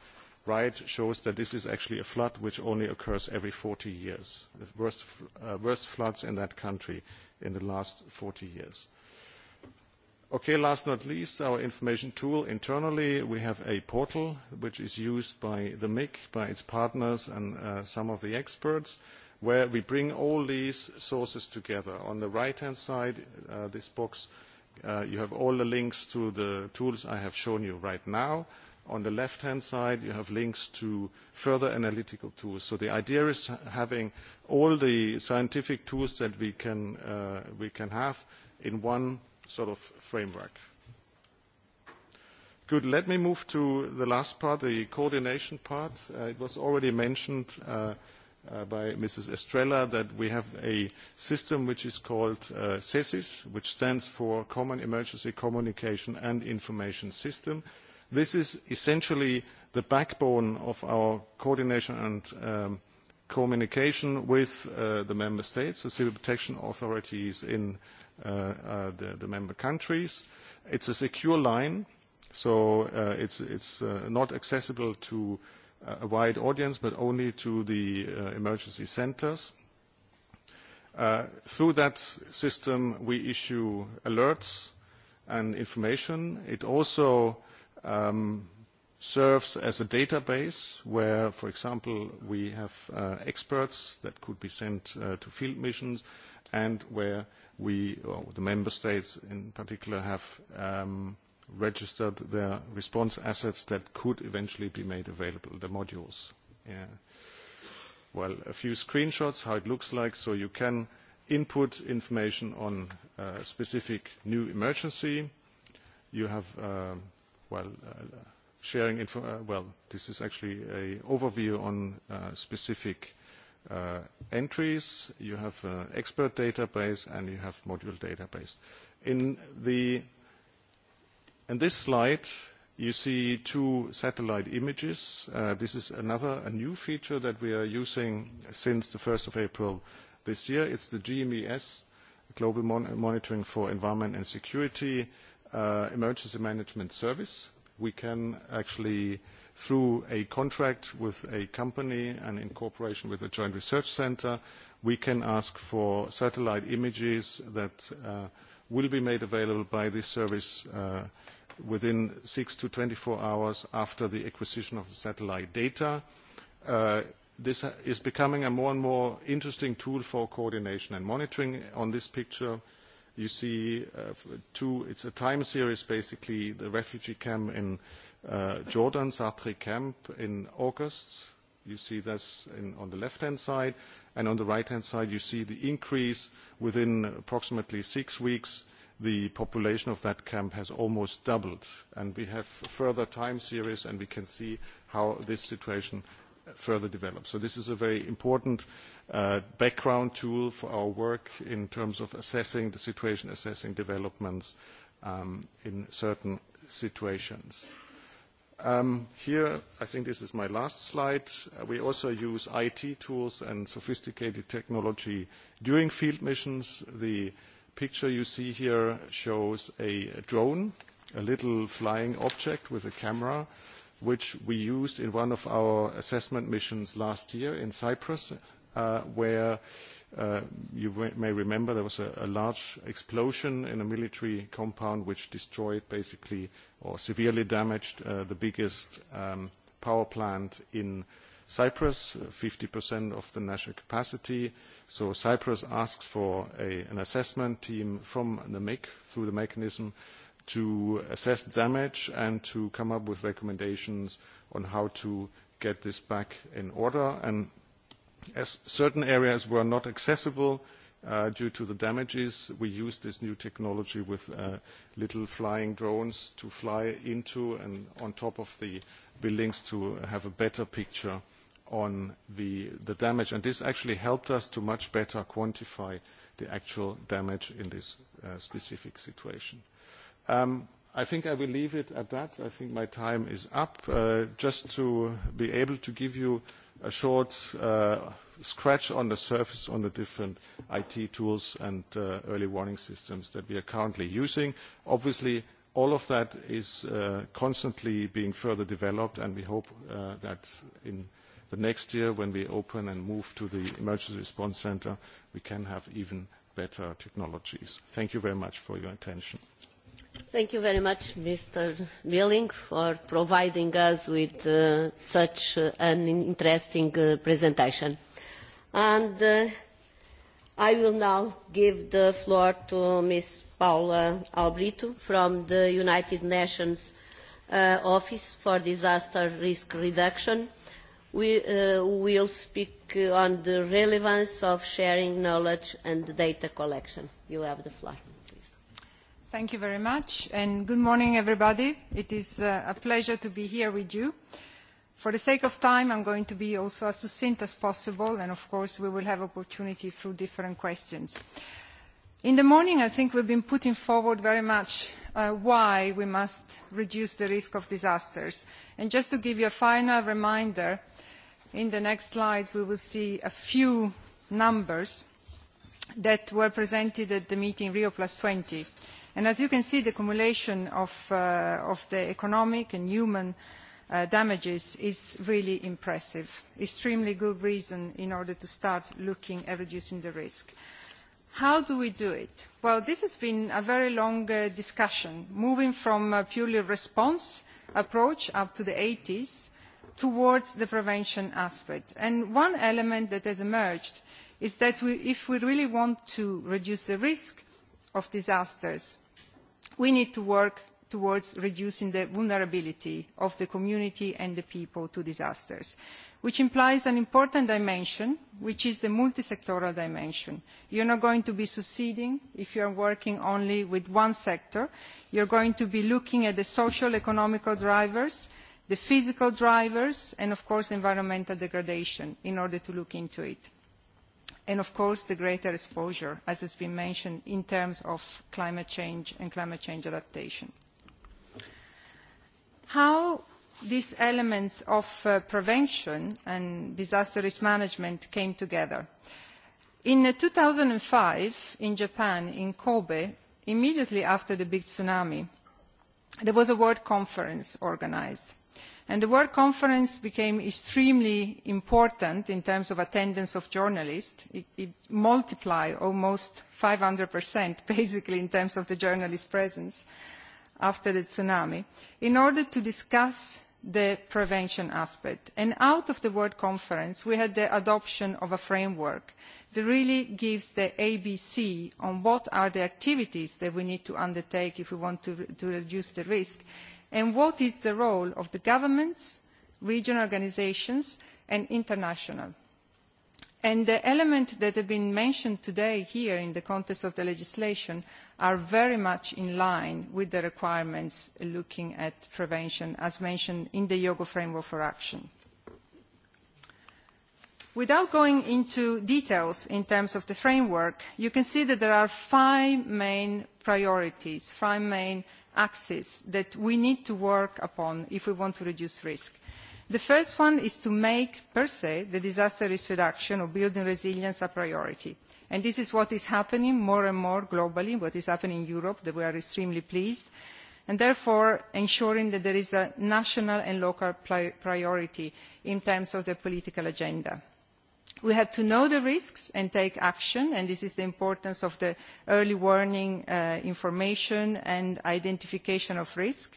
right shows that this is actually a flood which only occurs every 40 years, the worst, uh, worst floods in that country in the last 40 years. Okay, last not least, our information tool. Internally, we have a portal which is used by the MIC, by its partners, and uh, some of the experts, where we bring all these sources together. On the right-hand side, uh, this box Uh, you have all the links to the tools I have shown you right now. On the left-hand side, you have links to further analytical tools. So the idea is having all the scientific tools that we can, uh, we can have in one sort of framework. Good. Let me move to the last part, the coordination part. Uh, it was already mentioned uh, Uh, by Mrs. Estrella that we have a system which is called uh, CESIS, which stands for Common Emergency Communication and Information System. This is essentially the backbone of our coordination and um, communication with uh, the member states, the civil protection authorities in uh, uh the, the, member countries. It's a secure line, so uh, it's, it's not accessible to uh, a wide audience, but only to the uh, emergency centers. Uh, through that system, we issue alerts and information. It also um, serves as a database where, for example, we have uh, experts that could be sent uh, to field missions and where we, or the member states in particular, have um, uh, registered their response assets that could eventually be made available, the modules. Yeah. Well, a few screenshots, how it looks like, so you can input information on a specific new emergency. You have, uh, well, uh, sharing info, uh, well, this is actually an overview on uh, specific uh, entries. You have an uh, expert database, and you have module database. In the In this slide, you see two satellite images. Uh, this is another, a new feature that we are using since the 1st of April this year. It's the GMES, Global Mon Monitoring for Environment and Security uh, Emergency Management Service. We can actually, through a contract with a company and in cooperation with a joint research center, we can ask for satellite images that uh, will be made available by this service uh, within 6 to 24 hours after the acquisition of the satellite data. Uh, this is becoming a more and more interesting tool for coordination and monitoring. On this picture, you see uh, two, it's a time series basically, the refugee camp in uh, Jordan, Sartre camp in August. You see this in, on the left-hand side. And on the right-hand side, you see the increase within approximately six weeks the population of that camp has almost doubled. And we have further time series, and we can see how this situation further develops. So this is a very important uh, background tool for our work in terms of assessing the situation, assessing developments um, in certain situations. Um, here, I think this is my last slide. Uh, we also use IT tools and sophisticated technology during field missions. The uh, picture you see here shows a drone, a little flying object with a camera, which we used in one of our assessment missions last year in Cyprus, uh, where uh, you may remember there was a, a large explosion in a military compound which destroyed basically or severely damaged uh, the biggest um, power plant in Cyprus Cyprus, 50% uh, of the national capacity. So Cyprus asks for a, an assessment team from the MIC through the mechanism to assess damage and to come up with recommendations on how to get this back in order. And as certain areas were not accessible uh, due to the damages, we used this new technology with uh, little flying drones to fly into and on top of the buildings to have a better picture on the, the damage, and this actually helped us to much better quantify the actual damage in this uh, specific situation. Um, I think I will leave it at that. I think my time is up. Uh, just to be able to give you a short uh, scratch on the surface on the different IT tools and uh, early warning systems that we are currently using. Obviously, all of that is uh, constantly being further developed, and we hope uh, that in the next year when we open and move to the emergency response center, we can have even better technologies. Thank you very much for your attention. Thank you very much, Mr. Milling, for providing us with uh, such uh, an interesting uh, presentation. And uh, I will now give the floor to Ms. Paula Albrito from the United Nations uh, Office for Disaster Risk Reduction we uh, will speak uh, on the relevance of sharing knowledge and data collection. You have the floor. Thank you very much, and good morning, everybody. It is uh, a pleasure to be here with you. For the sake of time, I'm going to be also as succinct as possible, and of course, we will have opportunity through different questions. In the morning, I think we've been putting forward very much uh, why we must reduce the risk of disasters. And just to give you a final reminder, in the next slides we will see a few numbers that were presented at the meeting Rio Plus And as you can see, the accumulation of, uh, of the economic and human uh, damages is really impressive. Extremely good reason in order to start looking at reducing the risk. How do we do it? Well, this has been a very long uh, discussion, moving from a purely response approach up to the 80s, towards the prevention aspect. And one element that has emerged is that we, if we really want to reduce the risk of disasters, we need to work towards reducing the vulnerability of the community and the people to disasters which implies an important dimension which is the multisectoral dimension. you are not going to be succeeding if you are working only with one sector you are going to be looking at the social economical economic drivers the physical drivers and of course environmental degradation in order to look into it and of course the greater exposure as has been mentioned in terms of climate change and climate change adaptation. How these elements of uh, prevention and disaster risk management came together. In uh, two thousand and five in Japan, in Kobe, immediately after the big tsunami, there was a world conference organised And the world conference became extremely important in terms of attendance of journalists. It, multiplied almost 500%, basically, in terms of the journalist presence after the tsunami, in order to discuss the prevention aspect. And out of the World Conference, we had the adoption of a framework that really gives the ABC on what are the activities that we need to undertake if we want to, to reduce the risk and what is the role of the governments regional organisations and international. And the elements that have been mentioned today here in the context of the legislation are very much in line with the requirements looking at prevention as mentioned in the Yogo Framework for Action. Without going into details in terms of the framework, you can see that there are five main priorities, five main axes that we need to work upon if we want to reduce risk. The first one is to make, per se, the disaster risk reduction or building resilience a priority. And this is what is happening more and more globally, what is happening in Europe, that we are extremely pleased, and therefore ensuring that there is a national and local priority in terms of the political agenda we have to know the risks and take action and this is the importance of the early warning uh, information and identification of risk.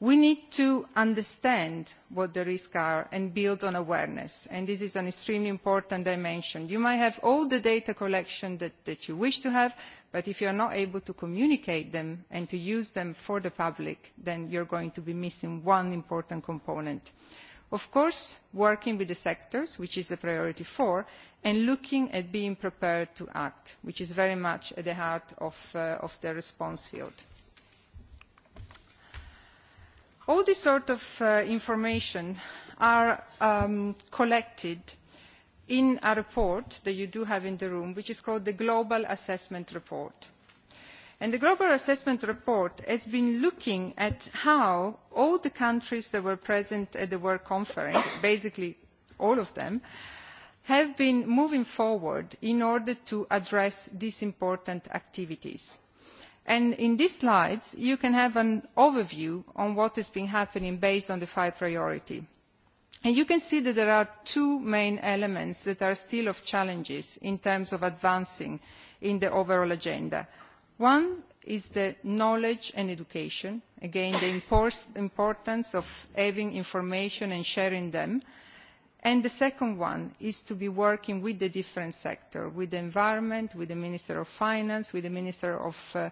we need to understand what the risks are and build on awareness and this is an extremely important dimension. you might have all the data collection that, that you wish to have but if you are not able to communicate them and to use them for the public then you are going to be missing one important component. Uh, Of course, working with the sectors, which is the priority four, and looking at being prepared to act, which is very much at the heart of, uh, of the response field. All this sort of uh, information are um, collected in a report that you do have in the room, which is called the Global Assessment Report the global assessment report has been looking at how all the countries that were present at the world conference basically all of them have been moving forward in order to address these important activities. in these slides you can have an overview on what has been happening based on the five priorities. you can see that there are two main elements that are still of challenges in terms of advancing in the overall agenda one is the knowledge and education again the importance of having information and sharing them and the second one is to be working with the different sectors with the environment with the minister of finance with the minister of uh,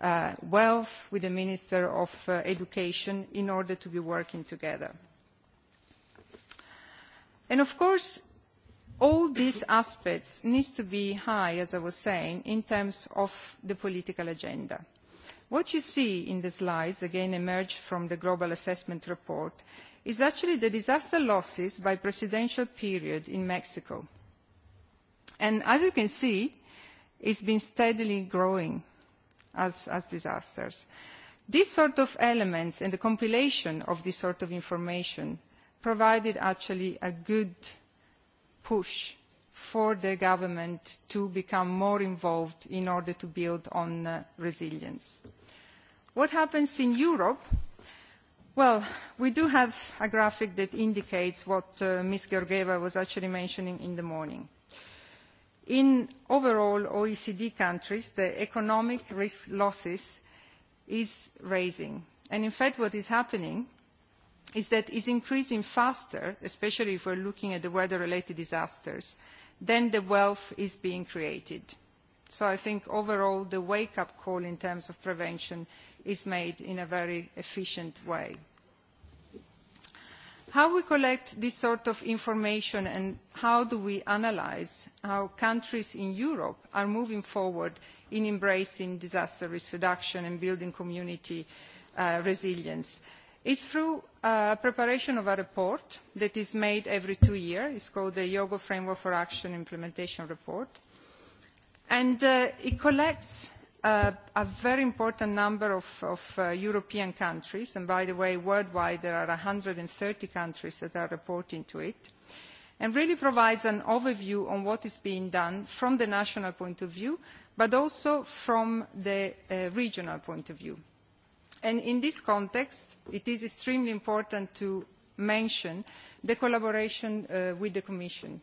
uh, wealth with the minister of uh, education in order to be working together. And of course all these aspects need to be high, as I was saying, in terms of the political agenda. What you see in the slides, again emerged from the Global Assessment Report, is actually the disaster losses by presidential period in Mexico. And as you can see, it's been steadily growing as, as disasters. These sort of elements and the compilation of this sort of information provided actually a good push for the government to become more involved in order to build on uh, resilience. What happens in Europe? Well, we do have a graphic that indicates what uh, Ms. Georgieva was actually mentioning in the morning. In overall OECD countries, the economic risk losses is raising. And in fact, what is happening is that it is increasing faster, especially if we are looking at the weather-related disasters, than the wealth is being created. So I think overall the wake-up call in terms of prevention is made in a very efficient way. How we collect this sort of information and how do we analyse how countries in Europe are moving forward in embracing disaster risk reduction and building community uh, resilience? it is through the uh, preparation of a report that is made every two years it is called the yogo framework for action implementation report and uh, it collects uh, a very important number of, of uh, european countries and by the way worldwide there are one hundred and thirty countries that are reporting to it and really provides an overview on what is being done from the national point of view but also from the regional point of view And in this context, it is extremely important to mention the collaboration uh, with the Commission.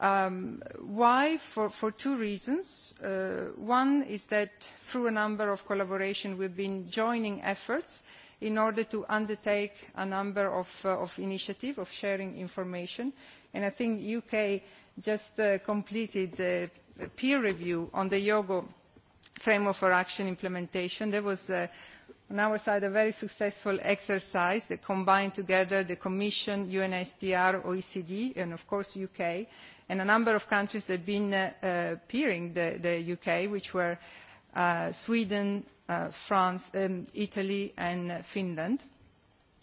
Um, why? For, for, two reasons. Uh, one is that through a number of collaboration, we've been joining efforts in order to undertake a number of, uh, of initiatives of sharing information. And I think UK just uh, completed the peer review on the Yogo framework for action implementation. There was uh, on our side a very successful exercise that combined together the commission unhcr oecd and of course the uk and a number of countries that have been uh, peering the, uk which were uh, sweden uh, france um, italy and finland.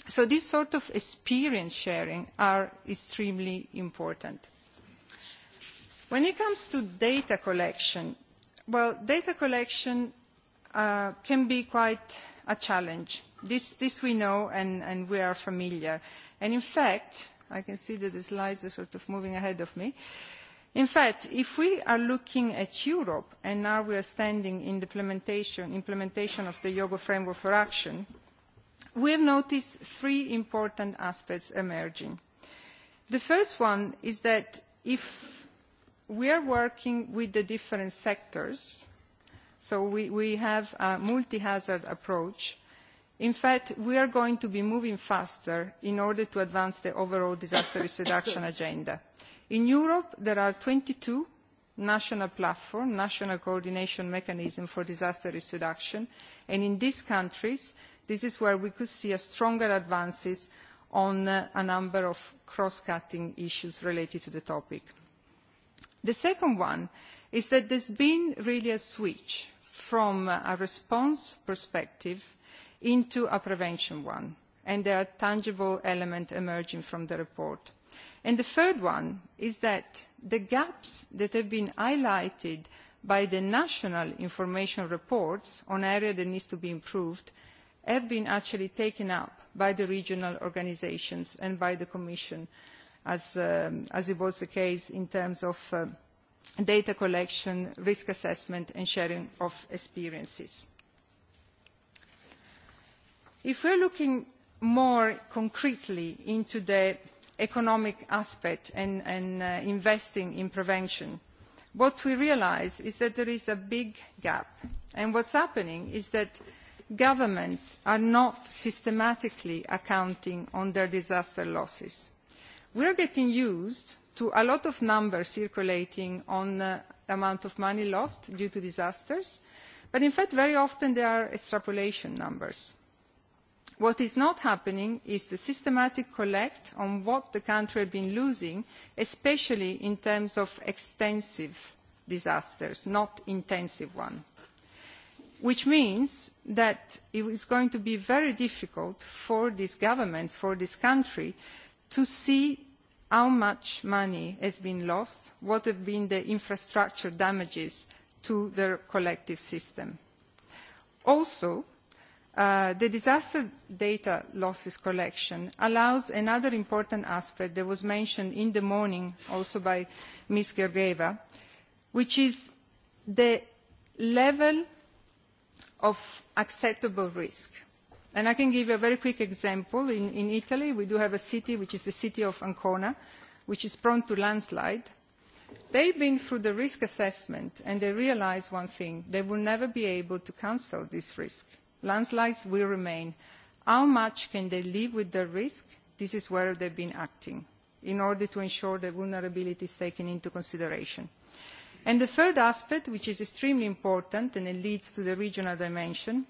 so this sort of experience sharing are extremely important. when it comes to data collection well data collection can be quite a challenge. This, this we know and, and we are familiar. And in fact, I can see that the slides are sort of moving ahead of me. In fact, if we are looking at Europe and now we are standing in the implementation, implementation of the Yoga Framework for Action, we have noticed three important aspects emerging. The first one is that if we are working with the different sectors, So we, we have a multi-hazard approach. In fact, we are going to be moving faster in order to advance the overall disaster risk reduction agenda. In Europe, there are 22 national platforms, national coordination mechanism for disaster risk reduction, and in these countries, this is where we could see stronger advances on uh, a number of cross-cutting issues related to the topic. The second one is that there's been really a switch from a response perspective into a prevention one and there are tangible elements emerging from the report. And the third one is that the gaps that have been highlighted by the national information reports on areas that need to be improved have been actually taken up by the regional organisations and by the commission as, um, as was the case in terms of uh, data collection, risk assessment and sharing of experiences. If we are looking more concretely into the economic aspect and, and uh, investing in prevention, what we realise is that there is a big gap. And what's happening is that governments are not systematically accounting on their disaster losses. We are getting used to a lot of numbers circulating on uh, the amount of money lost due to disasters but in fact very often they are extrapolation numbers. what is not happening is the systematic collect on what the country has been losing especially in terms of extensive disasters not intensive ones which means that it is going to be very difficult for these governments for this country to see how much money has been lost what have been the infrastructure damages to their collective system. also uh, the disaster data losses collection allows another important aspect that was mentioned in the morning also by ms georgieva which is the level of acceptable risk And i can give you a very quick example in, italy we do have a city which is the city of ancona which is prone to landslides. they have been through the risk assessment and they realise one thing they will never be able to cancel this risk. landslides will remain. how much can they live with the risk? this is where they have been acting in order to ensure that vulnerability is taken into consideration. And the third aspect which is extremely important and it leads to the regional dimension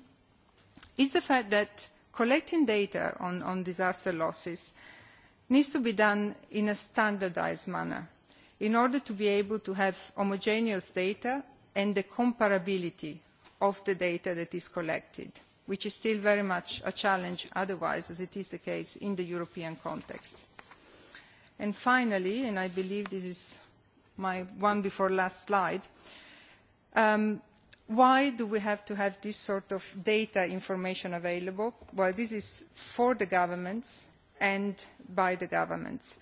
is the fact that collecting data on, on disaster losses needs to be done in a standardised manner in order to be able to have homogeneous data and the comparability of the data that is collected which is still very much a challenge otherwise as it is the case in the european context. And finally and i believe this is my one before last slide um, why do we have to have this sort of data information available? well this is for the governments and by the governments.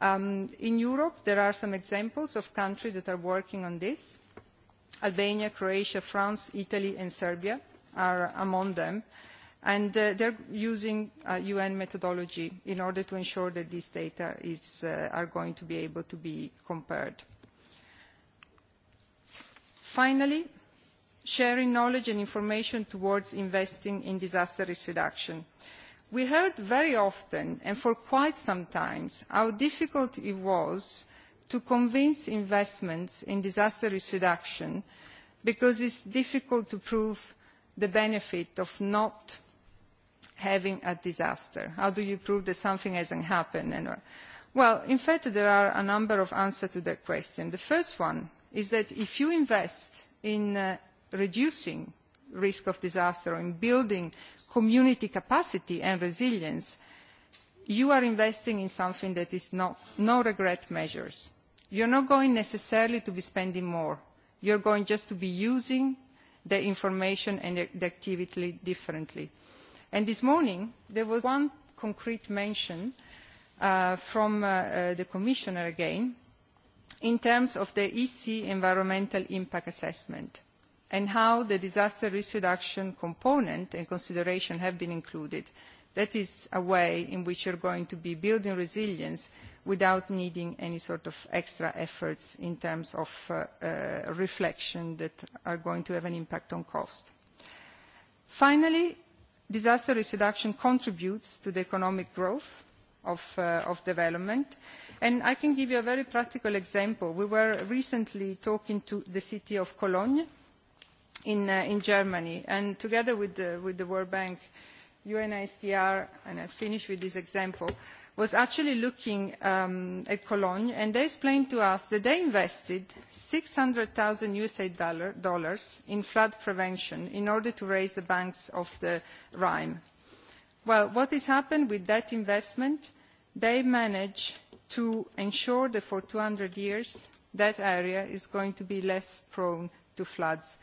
Um, in europe there are some examples of countries that are working on this albania croatia france italy and serbia are among them and uh, they are using uh, un methodology in order to ensure that these data is, uh, are going to be able to be compared. finally sharing knowledge and information towards investing in disaster risk reduction. We heard very often and for quite some time how difficult it was to convince investments in disaster risk reduction because it is difficult to prove the benefit of not having a disaster. How do you prove that something hasn't happened? Uh, well, in fact, there are a number of answers to that question. The first one is that if you invest in uh, reducing risk of disaster or in building community capacity and resilience, you are investing in something that is not, no regret measures. You're not going necessarily to be spending more. You're going just to be using the information and the activity differently. And this morning, there was one concrete mention uh, from uh, uh, the Commissioner again in terms of the EC environmental impact assessment and how the disaster risk reduction component and consideration have been included. That is a way in which you are going to be building resilience without needing any sort of extra efforts in terms of uh, uh, reflection that are going to have an impact on cost. Finally, disaster risk reduction contributes to the economic growth of, uh, of development. And I can give you a very practical example. We were recently talking to the city of Cologne, Uh, in, Germany. And together with the, with the World Bank, UNHCR, and I finish with this example, was actually looking um, at Cologne, and they explained to us that they invested 600,000 USAID dollar, dollars in flood prevention in order to raise the banks of the Rhine. Well, what has happened with that investment? They managed to ensure that for 200 years, that area is going to be less prone to floods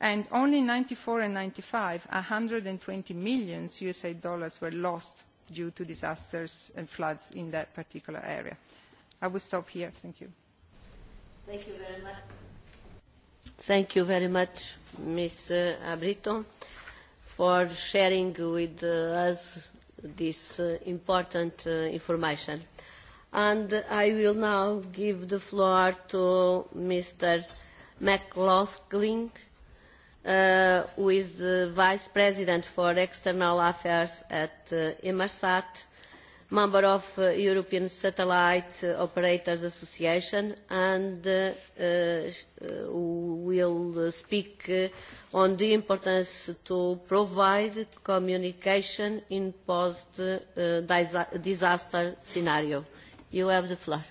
and only in ninety four and ninety five one hundred and twenty million usa dollars were lost due to disasters and floods in that particular area. i will stop here. thank you. Thank you very much. Thank you very much, Ms. Uh, Abrito, for sharing with uh, us this uh, important information. And I will now give the floor to Mr. McLaughlin, uh, who is the Vice President for External Affairs at uh, Emersat, member of uh, European Satellite Operators Association, and uh, uh, will speak uh, on the importance to provide communication in post-disaster uh, scenario. You have the floor.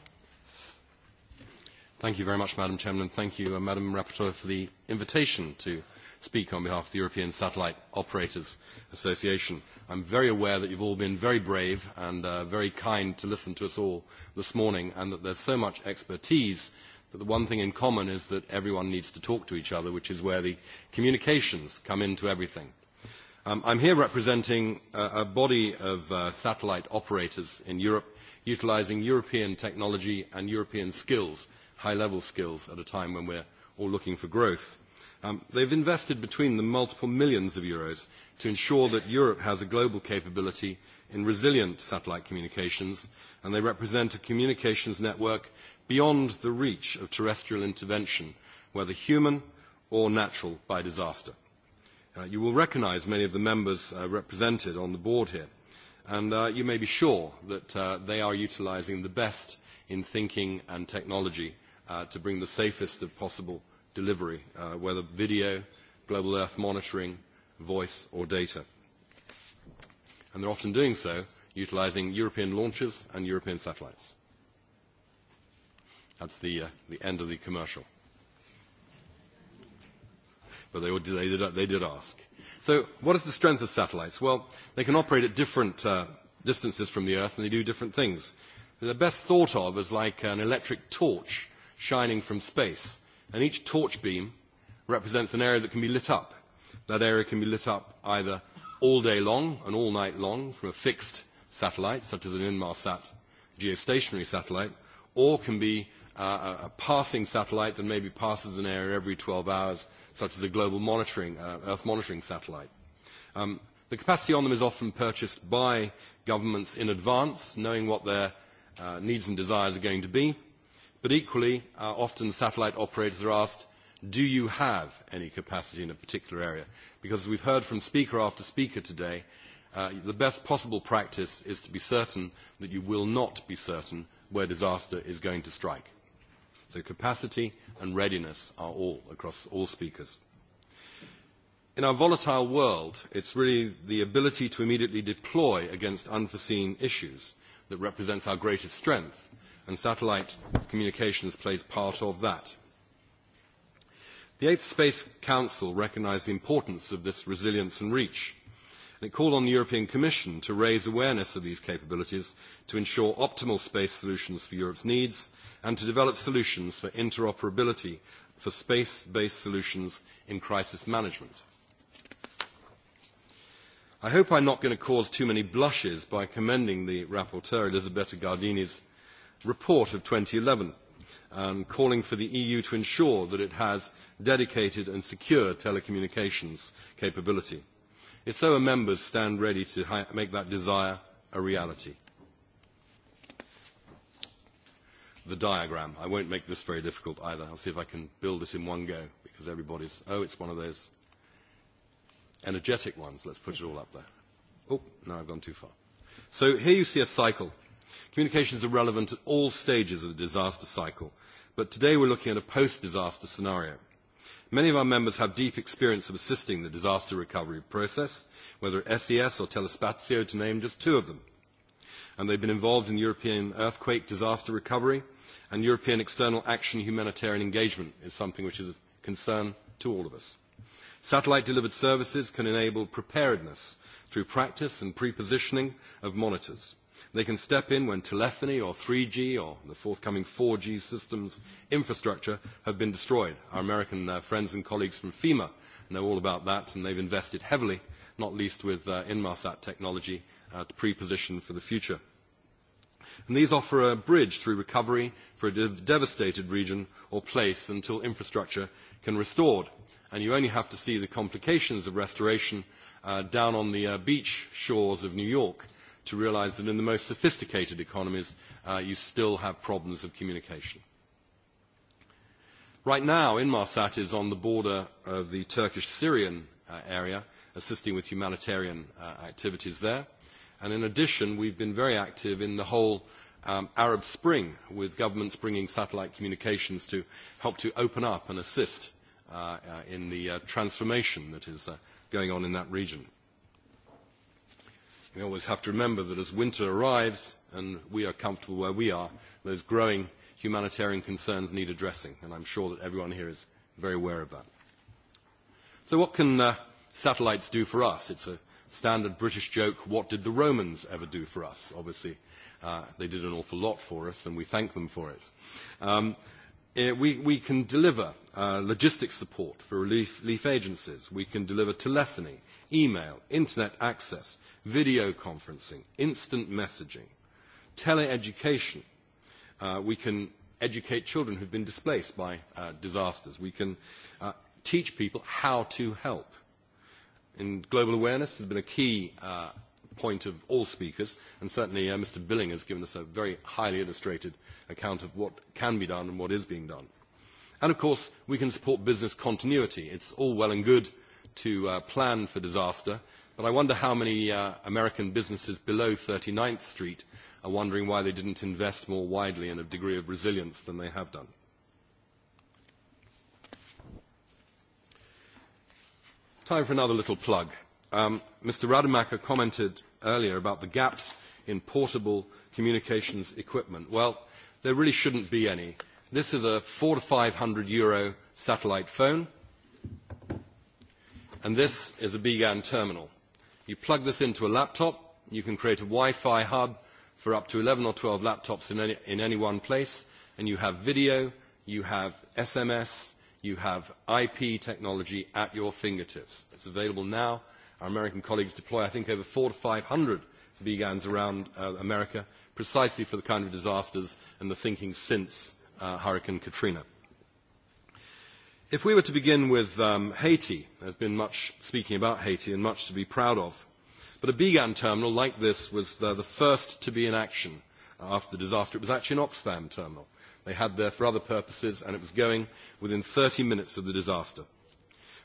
Thank you very much, Madam Chairman, and thank you, uh, Madam Rapporteur, for the invitation to speak on behalf of the European Satellite Operators Association. I'm very aware that you've all been very brave and uh, very kind to listen to us all this morning and that there's so much expertise that the one thing in common is that everyone needs to talk to each other, which is where the communications come into everything. Um, I'm here representing a, a body of uh, satellite operators in Europe utilising European technology and European skills, high-level skills, at a time when we're all looking for growth. Um, they've invested between them multiple millions of euros to ensure that Europe has a global capability in resilient satellite communications, and they represent a communications network beyond the reach of terrestrial intervention, whether human or natural by disaster. Uh, you will recognise many of the members uh, represented on the board here, and uh, you may be sure that uh, they are utilising the best in thinking and technology uh, to bring the safest of possible delivery, uh, whether video, global earth monitoring, voice or data. And they're often doing so utilising European launches and European satellites. That's the, uh, the end of the commercial. But they, they, did, they did ask. So what is the strength of satellites? Well, they can operate at different uh, distances from the Earth and they do different things. They're best thought of as like an electric torch shining from space And each torch beam represents an area that can be lit up. That area can be lit up either all day long and all night long from a fixed satellite, such as an Inmarsat geostationary satellite, or can be uh, a, a passing satellite that maybe passes an area every 12 hours, such as a global monitoring, uh, Earth monitoring satellite. Um, the capacity on them is often purchased by governments in advance, knowing what their uh, needs and desires are going to be, But equally, uh, often satellite operators are asked, do you have any capacity in a particular area? Because as we've heard from speaker after speaker today, uh, the best possible practice is to be certain that you will not be certain where disaster is going to strike. So capacity and readiness are all across all speakers. In our volatile world, it's really the ability to immediately deploy against unforeseen issues that represents our greatest strength and satellite communications plays part of that. The Eighth Space Council recognised the importance of this resilience and reach, and it called on the European Commission to raise awareness of these capabilities to ensure optimal space solutions for Europe's needs and to develop solutions for interoperability for space-based solutions in crisis management. I hope I'm not going to cause too many blushes by commending the rapporteur, Elisabetta Gardini's report of 2011 and um, calling for the EU to ensure that it has dedicated and secure telecommunications capability. If so, our members stand ready to make that desire a reality. The diagram. I won't make this very difficult either. I'll see if I can build it in one go because everybody's, oh, it's one of those energetic ones. Let's put it all up there. Oh, no, I've gone too far. So here you see a cycle Communications are relevant at all stages of the disaster cycle, but today we're looking at a post-disaster scenario. Many of our members have deep experience of assisting the disaster recovery process, whether at SES or Telespazio, to name just two of them. And they've been involved in European earthquake disaster recovery, and European external action humanitarian engagement is something which is of concern to all of us. Satellite-delivered services can enable preparedness through practice and pre-positioning of monitors. They can step in when telephony or 3G or the forthcoming 4G systems infrastructure have been destroyed. Our American uh, friends and colleagues from FEMA know all about that, and they've invested heavily, not least with uh, Inmarsat technology, uh, to pre-position for the future. And these offer a bridge through recovery for a de- devastated region or place until infrastructure can be restored. And you only have to see the complications of restoration uh, down on the uh, beach shores of New York to realise that in the most sophisticated economies, uh, you still have problems of communication. Right now, Inmarsat is on the border of the Turkish-Syrian uh, area, assisting with humanitarian uh, activities there. And in addition, we've been very active in the whole um, Arab Spring, with governments bringing satellite communications to help to open up and assist uh, uh in the uh, transformation that is uh, going on in that region. We always have to remember that as winter arrives and we are comfortable where we are, those growing humanitarian concerns need addressing, and I'm sure that everyone here is very aware of that. So what can uh, satellites do for us? It's a standard British joke, what did the Romans ever do for us? Obviously, uh, they did an awful lot for us, and we thank them for it. Um, it eh, we, we can deliver uh, logistic support for relief, relief agencies. We can deliver telephony, email, internet access, video conferencing, instant messaging, teleeducation. Uh, we can educate children who've been displaced by uh, disasters. We can uh, teach people how to help. And global awareness has been a key uh, point of all speakers, and certainly uh, Mr. Billing has given us a very highly illustrated account of what can be done and what is being done. And of course, we can support business continuity. It's all well and good to uh, plan for disaster, But I wonder how many uh, American businesses below 39th Street are wondering why they didn't invest more widely in a degree of resilience than they have done. Time for another little plug. Um, Mr. Rademacher commented earlier about the gaps in portable communications equipment. Well, there really shouldn't be any. This is a four to five hundred euro satellite phone, and this is a BeGAN terminal. You plug this into a laptop, you can create a Wi-Fi hub for up to 11 or 12 laptops in any, in any one place, and you have video, you have SMS, you have IP technology at your fingertips. It's available now. Our American colleagues deploy, I think, over four to 500 VGANs around uh, America, precisely for the kind of disasters and the thinking since uh, Hurricane Katrina. If we were to begin with um, Haiti, there's been much speaking about Haiti and much to be proud of. But a BGAN terminal like this was the, the first to be in action after the disaster. It was actually an Oxfam terminal. They had there for other purposes, and it was going within 30 minutes of the disaster.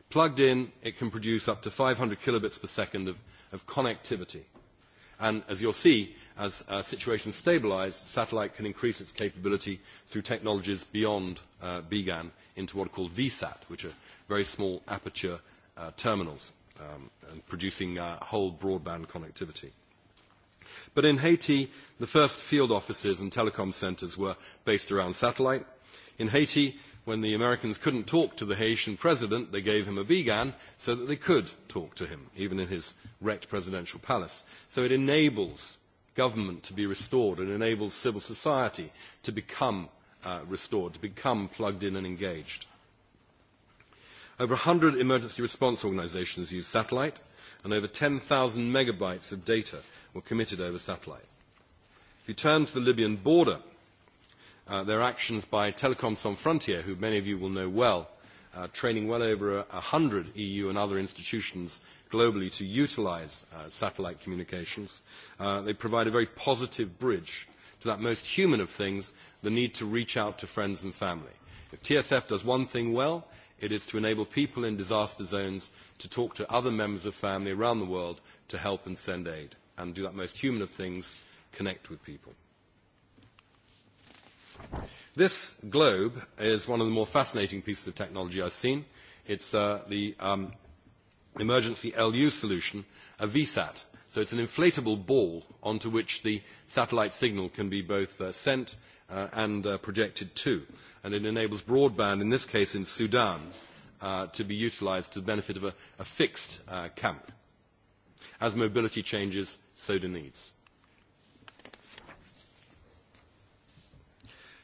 Plugged in, it can produce up to 500 kilobits per second of, of connectivity. And as you'll see, as uh, situations stabilise, satellite can increase its capability through technologies beyond uh, BGAN into what are called VSAT, which are very small aperture uh, terminals, um, and producing uh, whole broadband connectivity. But in Haiti, the first field offices and telecom centres were based around satellite. In Haiti, when the Americans couldn't talk to the Haitian president, they gave him a vegan so that they could talk to him, even in his wrecked presidential palace. So it enables government to be restored and enables civil society to become uh, restored, to become plugged in and engaged. Over 100 emergency response organizations use satellite, and over 10,000 megabytes of data were committed over satellite. If you turn to the Libyan border, Uh, their actions by Telecom Sans Frontier, who many of you will know well, uh, training well over a hundred EU and other institutions globally to utilise uh, satellite communications. Uh, they provide a very positive bridge to that most human of things, the need to reach out to friends and family. If TSF does one thing well, it is to enable people in disaster zones to talk to other members of family around the world to help and send aid and do that most human of things, connect with people. This globe is one of the more fascinating pieces of technology I've seen. It's uh, the um, emergency LU solution, a VSAT. So it's an inflatable ball onto which the satellite signal can be both uh, sent uh, and uh, projected to. And it enables broadband, in this case in Sudan, uh, to be utilized to the benefit of a, a fixed uh, camp. As mobility changes, so do needs.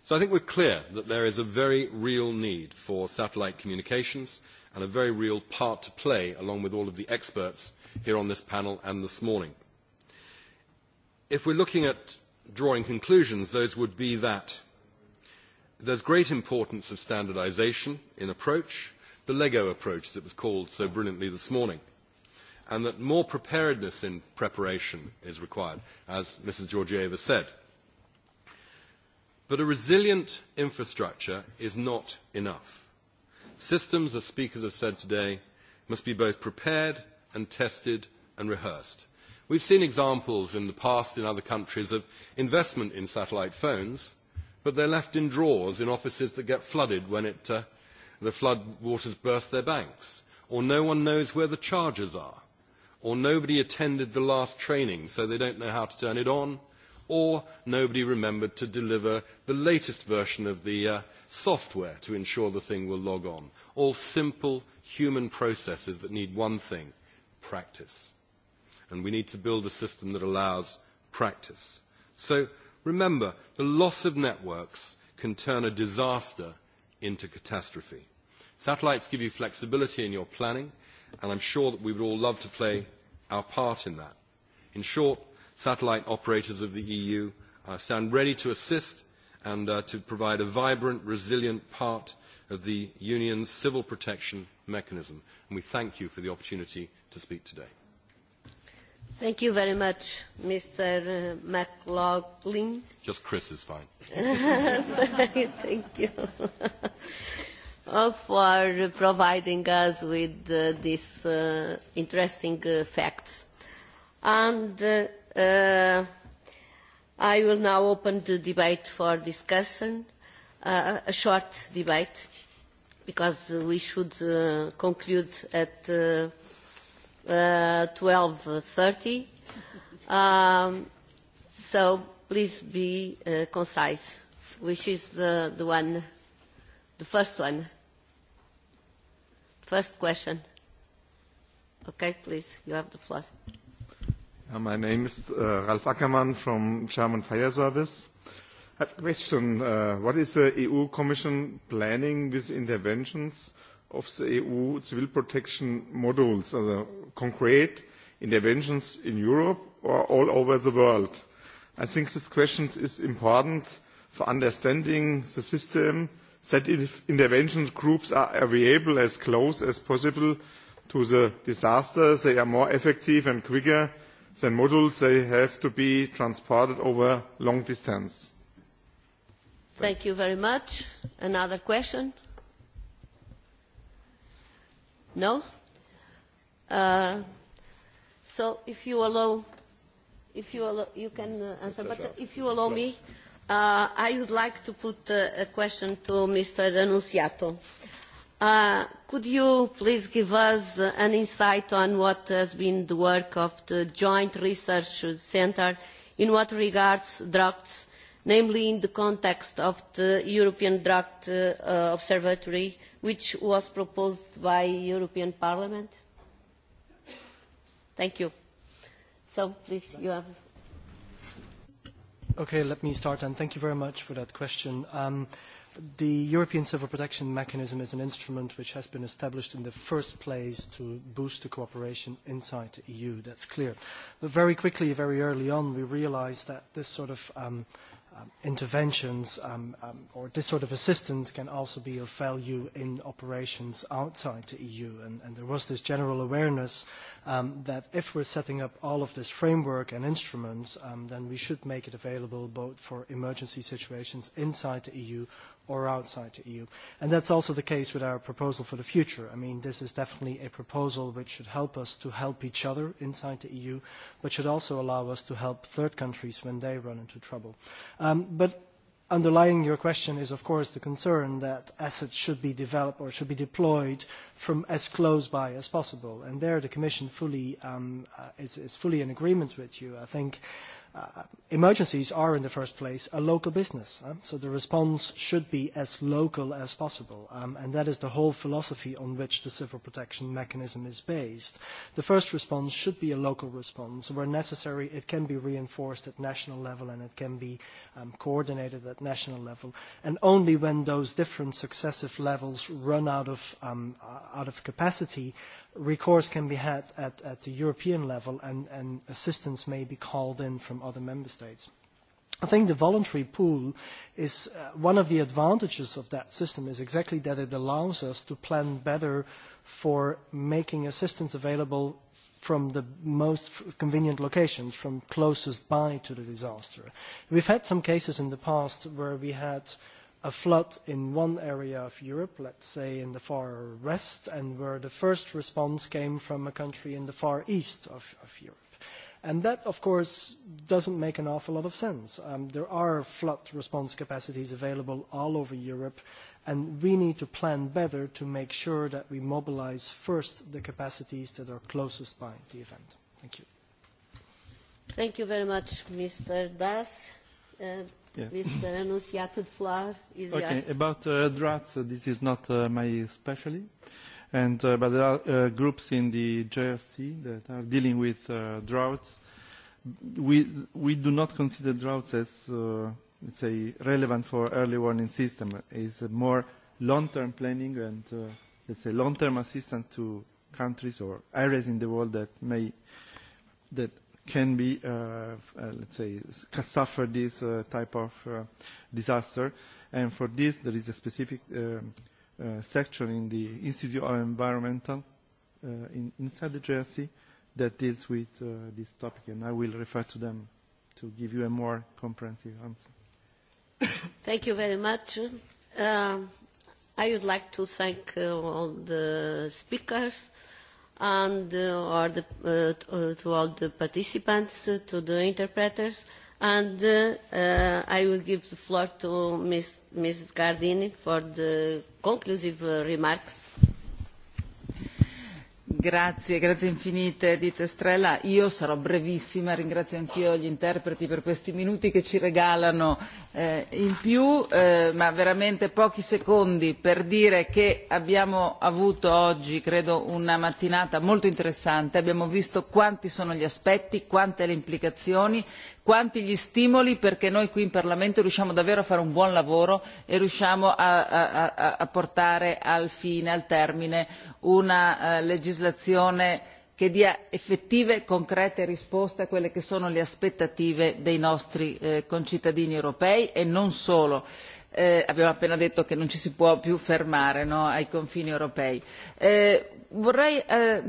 So I think we're clear that there is a very real need for satellite communications and a very real part to play along with all of the experts here on this panel and this morning. If we're looking at drawing conclusions, those would be that there's great importance of standardisation in approach, the Lego approach as it was called so brilliantly this morning, and that more preparedness in preparation is required, as Mrs. Georgieva said But a resilient infrastructure is not enough. Systems, as speakers have said today, must be both prepared and tested and rehearsed. We've seen examples in the past in other countries of investment in satellite phones, but they're left in drawers in offices that get flooded when it, uh, the flood waters burst their banks, or no one knows where the chargers are, or nobody attended the last training so they don't know how to turn it on, or nobody remembered to deliver the latest version of the uh, software to ensure the thing will log on. All simple human processes that need one thing, practice. And we need to build a system that allows practice. So remember, the loss of networks can turn a disaster into catastrophe. Satellites give you flexibility in your planning, and I'm sure that we would all love to play our part in that. In short, satellite operators of the EU uh, stand ready to assist and uh, to provide a vibrant, resilient part of the Union's civil protection mechanism. And we thank you for the opportunity to speak today. Thank you very much, Mr. Uh, McLaughlin. Just Chris is fine. Thank you for providing us with uh, these uh, interesting uh, facts. And Uh, I will now open the debate for discussion, uh, a short debate, because we should uh, conclude at uh, uh, 12.30. Um, so please be concise. Which is the one, the first one? First question. Okay, please, you have the floor. Uh, my name is uh, Ralf Ackermann from German Fire Service. I have a question. Uh, what is the EU Commission planning with interventions of the EU civil protection modules, also uh, concrete interventions in Europe or all over the world? I think this question is important for understanding the system, that if intervention groups are available as close as possible to the disaster, they are more effective and quicker than modules. They have to be transported over long distance. Thanks. Thank you very much. Another question? No? Uh, so if you allow, if you allow, you can uh, answer, Mr. but if you allow me, uh, I would like to put uh, a question to Mr. Annunziato. Uh, could you please give us uh, an insight on what has been the work of the Joint Research Centre in what regards drugs, namely in the context of the European Drug uh, uh, Observatory, which was proposed by European Parliament? Thank you. So, please, you have Okay, let me start, and thank you very much for that question. Um, the European Civil Protection Mechanism is an instrument which has been established in the first place to boost the cooperation inside the EU. That's clear. But very quickly, very early on, we realized that this sort of um, um, interventions um, um, or this sort of assistance can also be of value in operations outside the EU. And, and there was this general awareness um, that if we're setting up all of this framework and instruments, um, then we should make it available both for emergency situations inside the EU or outside the EU. And that's also the case with our proposal for the future. I mean, this is definitely a proposal which should help us to help each other inside the EU, but should also allow us to help third countries when they run into trouble. Um, but underlying your question is, of course, the concern that assets should be developed or should be deployed from as close by as possible. And there the Commission fully, um, uh, is, is fully in agreement with you. I think Uh, emergencies are in the first place a local business, uh, so the response should be as local as possible, um, and that is the whole philosophy on which the civil protection mechanism is based. The first response should be a local response. Where necessary, it can be reinforced at national level and it can be um, coordinated at national level, and only when those different successive levels run out of, um, uh, out of capacity recourse can be had at, at the European level and, and assistance may be called in from other member states. I think the voluntary pool is uh, one of the advantages of that system is exactly that it allows us to plan better for making assistance available from the most convenient locations, from closest by to the disaster. We've had some cases in the past where we had uh, a flood in one area of Europe, let's say in the far west, and where the first response came from a country in the far east of, of Europe. And that, of course, doesn't make an awful lot of sense. Um, there are flood response capacities available all over Europe, and we need to plan better to make sure that we mobilize first the capacities that are closest by the event. Thank you. Thank you very much, Mr. Das. Uh, Yeah. Mr. okay. About uh, drugs, uh, this is not uh, my specialty. And, uh, but there are uh, groups in the JRC that are dealing with uh, droughts. We, we do not consider droughts as, uh, let's say, relevant for early warning system. It's more long-term planning and, uh, let's say, long-term assistance to countries or areas in the world that may, that can be, uh, uh, let's say, can suffer this uh, type of uh, disaster. And for this, there is a specific um, uh, section in the Institute of Environmental uh, in, inside the JRC that deals with uh, this topic, and I will refer to them to give you a more comprehensive answer. Thank you very much. Uh, I would like to thank uh, all the speakers and uh, or the, uh, uh, to all the participants, uh, to the interpreters, and uh, uh I will give the floor to Ms. Mrs. Gardini for the conclusive uh, remarks. Grazie, grazie infinite Edith Estrella. Io sarò brevissima, ringrazio anch'io gli interpreti per questi minuti che ci regalano Eh, in più eh, ma veramente pochi secondi per dire che abbiamo avuto oggi credo una mattinata molto interessante abbiamo visto quanti sono gli aspetti quante le implicazioni quanti gli stimoli perché noi qui in parlamento riusciamo davvero a fare un buon lavoro e riusciamo a, portare al fine al termine una eh, legislazione che dia effettive e concrete risposte a quelle che sono le aspettative dei nostri eh, concittadini europei e non solo. Eh, abbiamo appena detto che non ci si può più fermare ai confini europei. Eh, vorrei eh,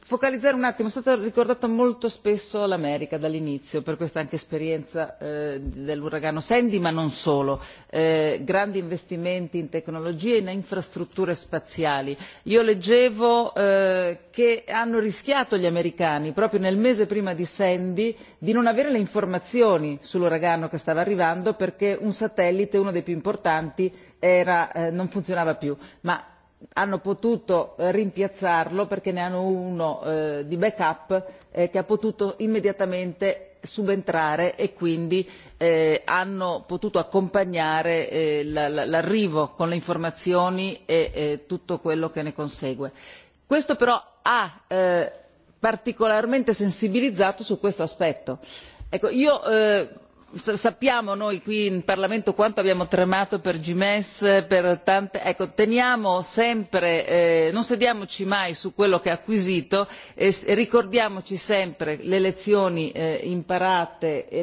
focalizzare un attimo è stata ricordata molto spesso l'america dall'inizio per questa anche esperienza eh, dell'uragano sandy ma non solo eh, grandi investimenti in tecnologie e in infrastrutture spaziali. io leggevo eh, che hanno rischiato gli americani proprio nel mese prima di sandy di non avere le informazioni sull'uragano che stava arrivando perché un satellite uno dei più importanti era, eh, non funzionava più ma hanno potuto eh, rimpiazzarlo perché ne hanno uno eh, di backup eh, che ha potuto immediatamente subentrare e quindi eh, hanno potuto accompagnare eh, l'arrivo con le informazioni e eh, tutto quello che ne consegue. Questo però ha eh, particolarmente sensibilizzato su questo aspetto. Ecco, io eh, sappiamo noi qui in parlamento quanto abbiamo tremato per gmes per tante ecco teniamo sempre eh, non sediamoci mai su quello che è acquisito e ricordiamoci sempre le lezioni eh, imparate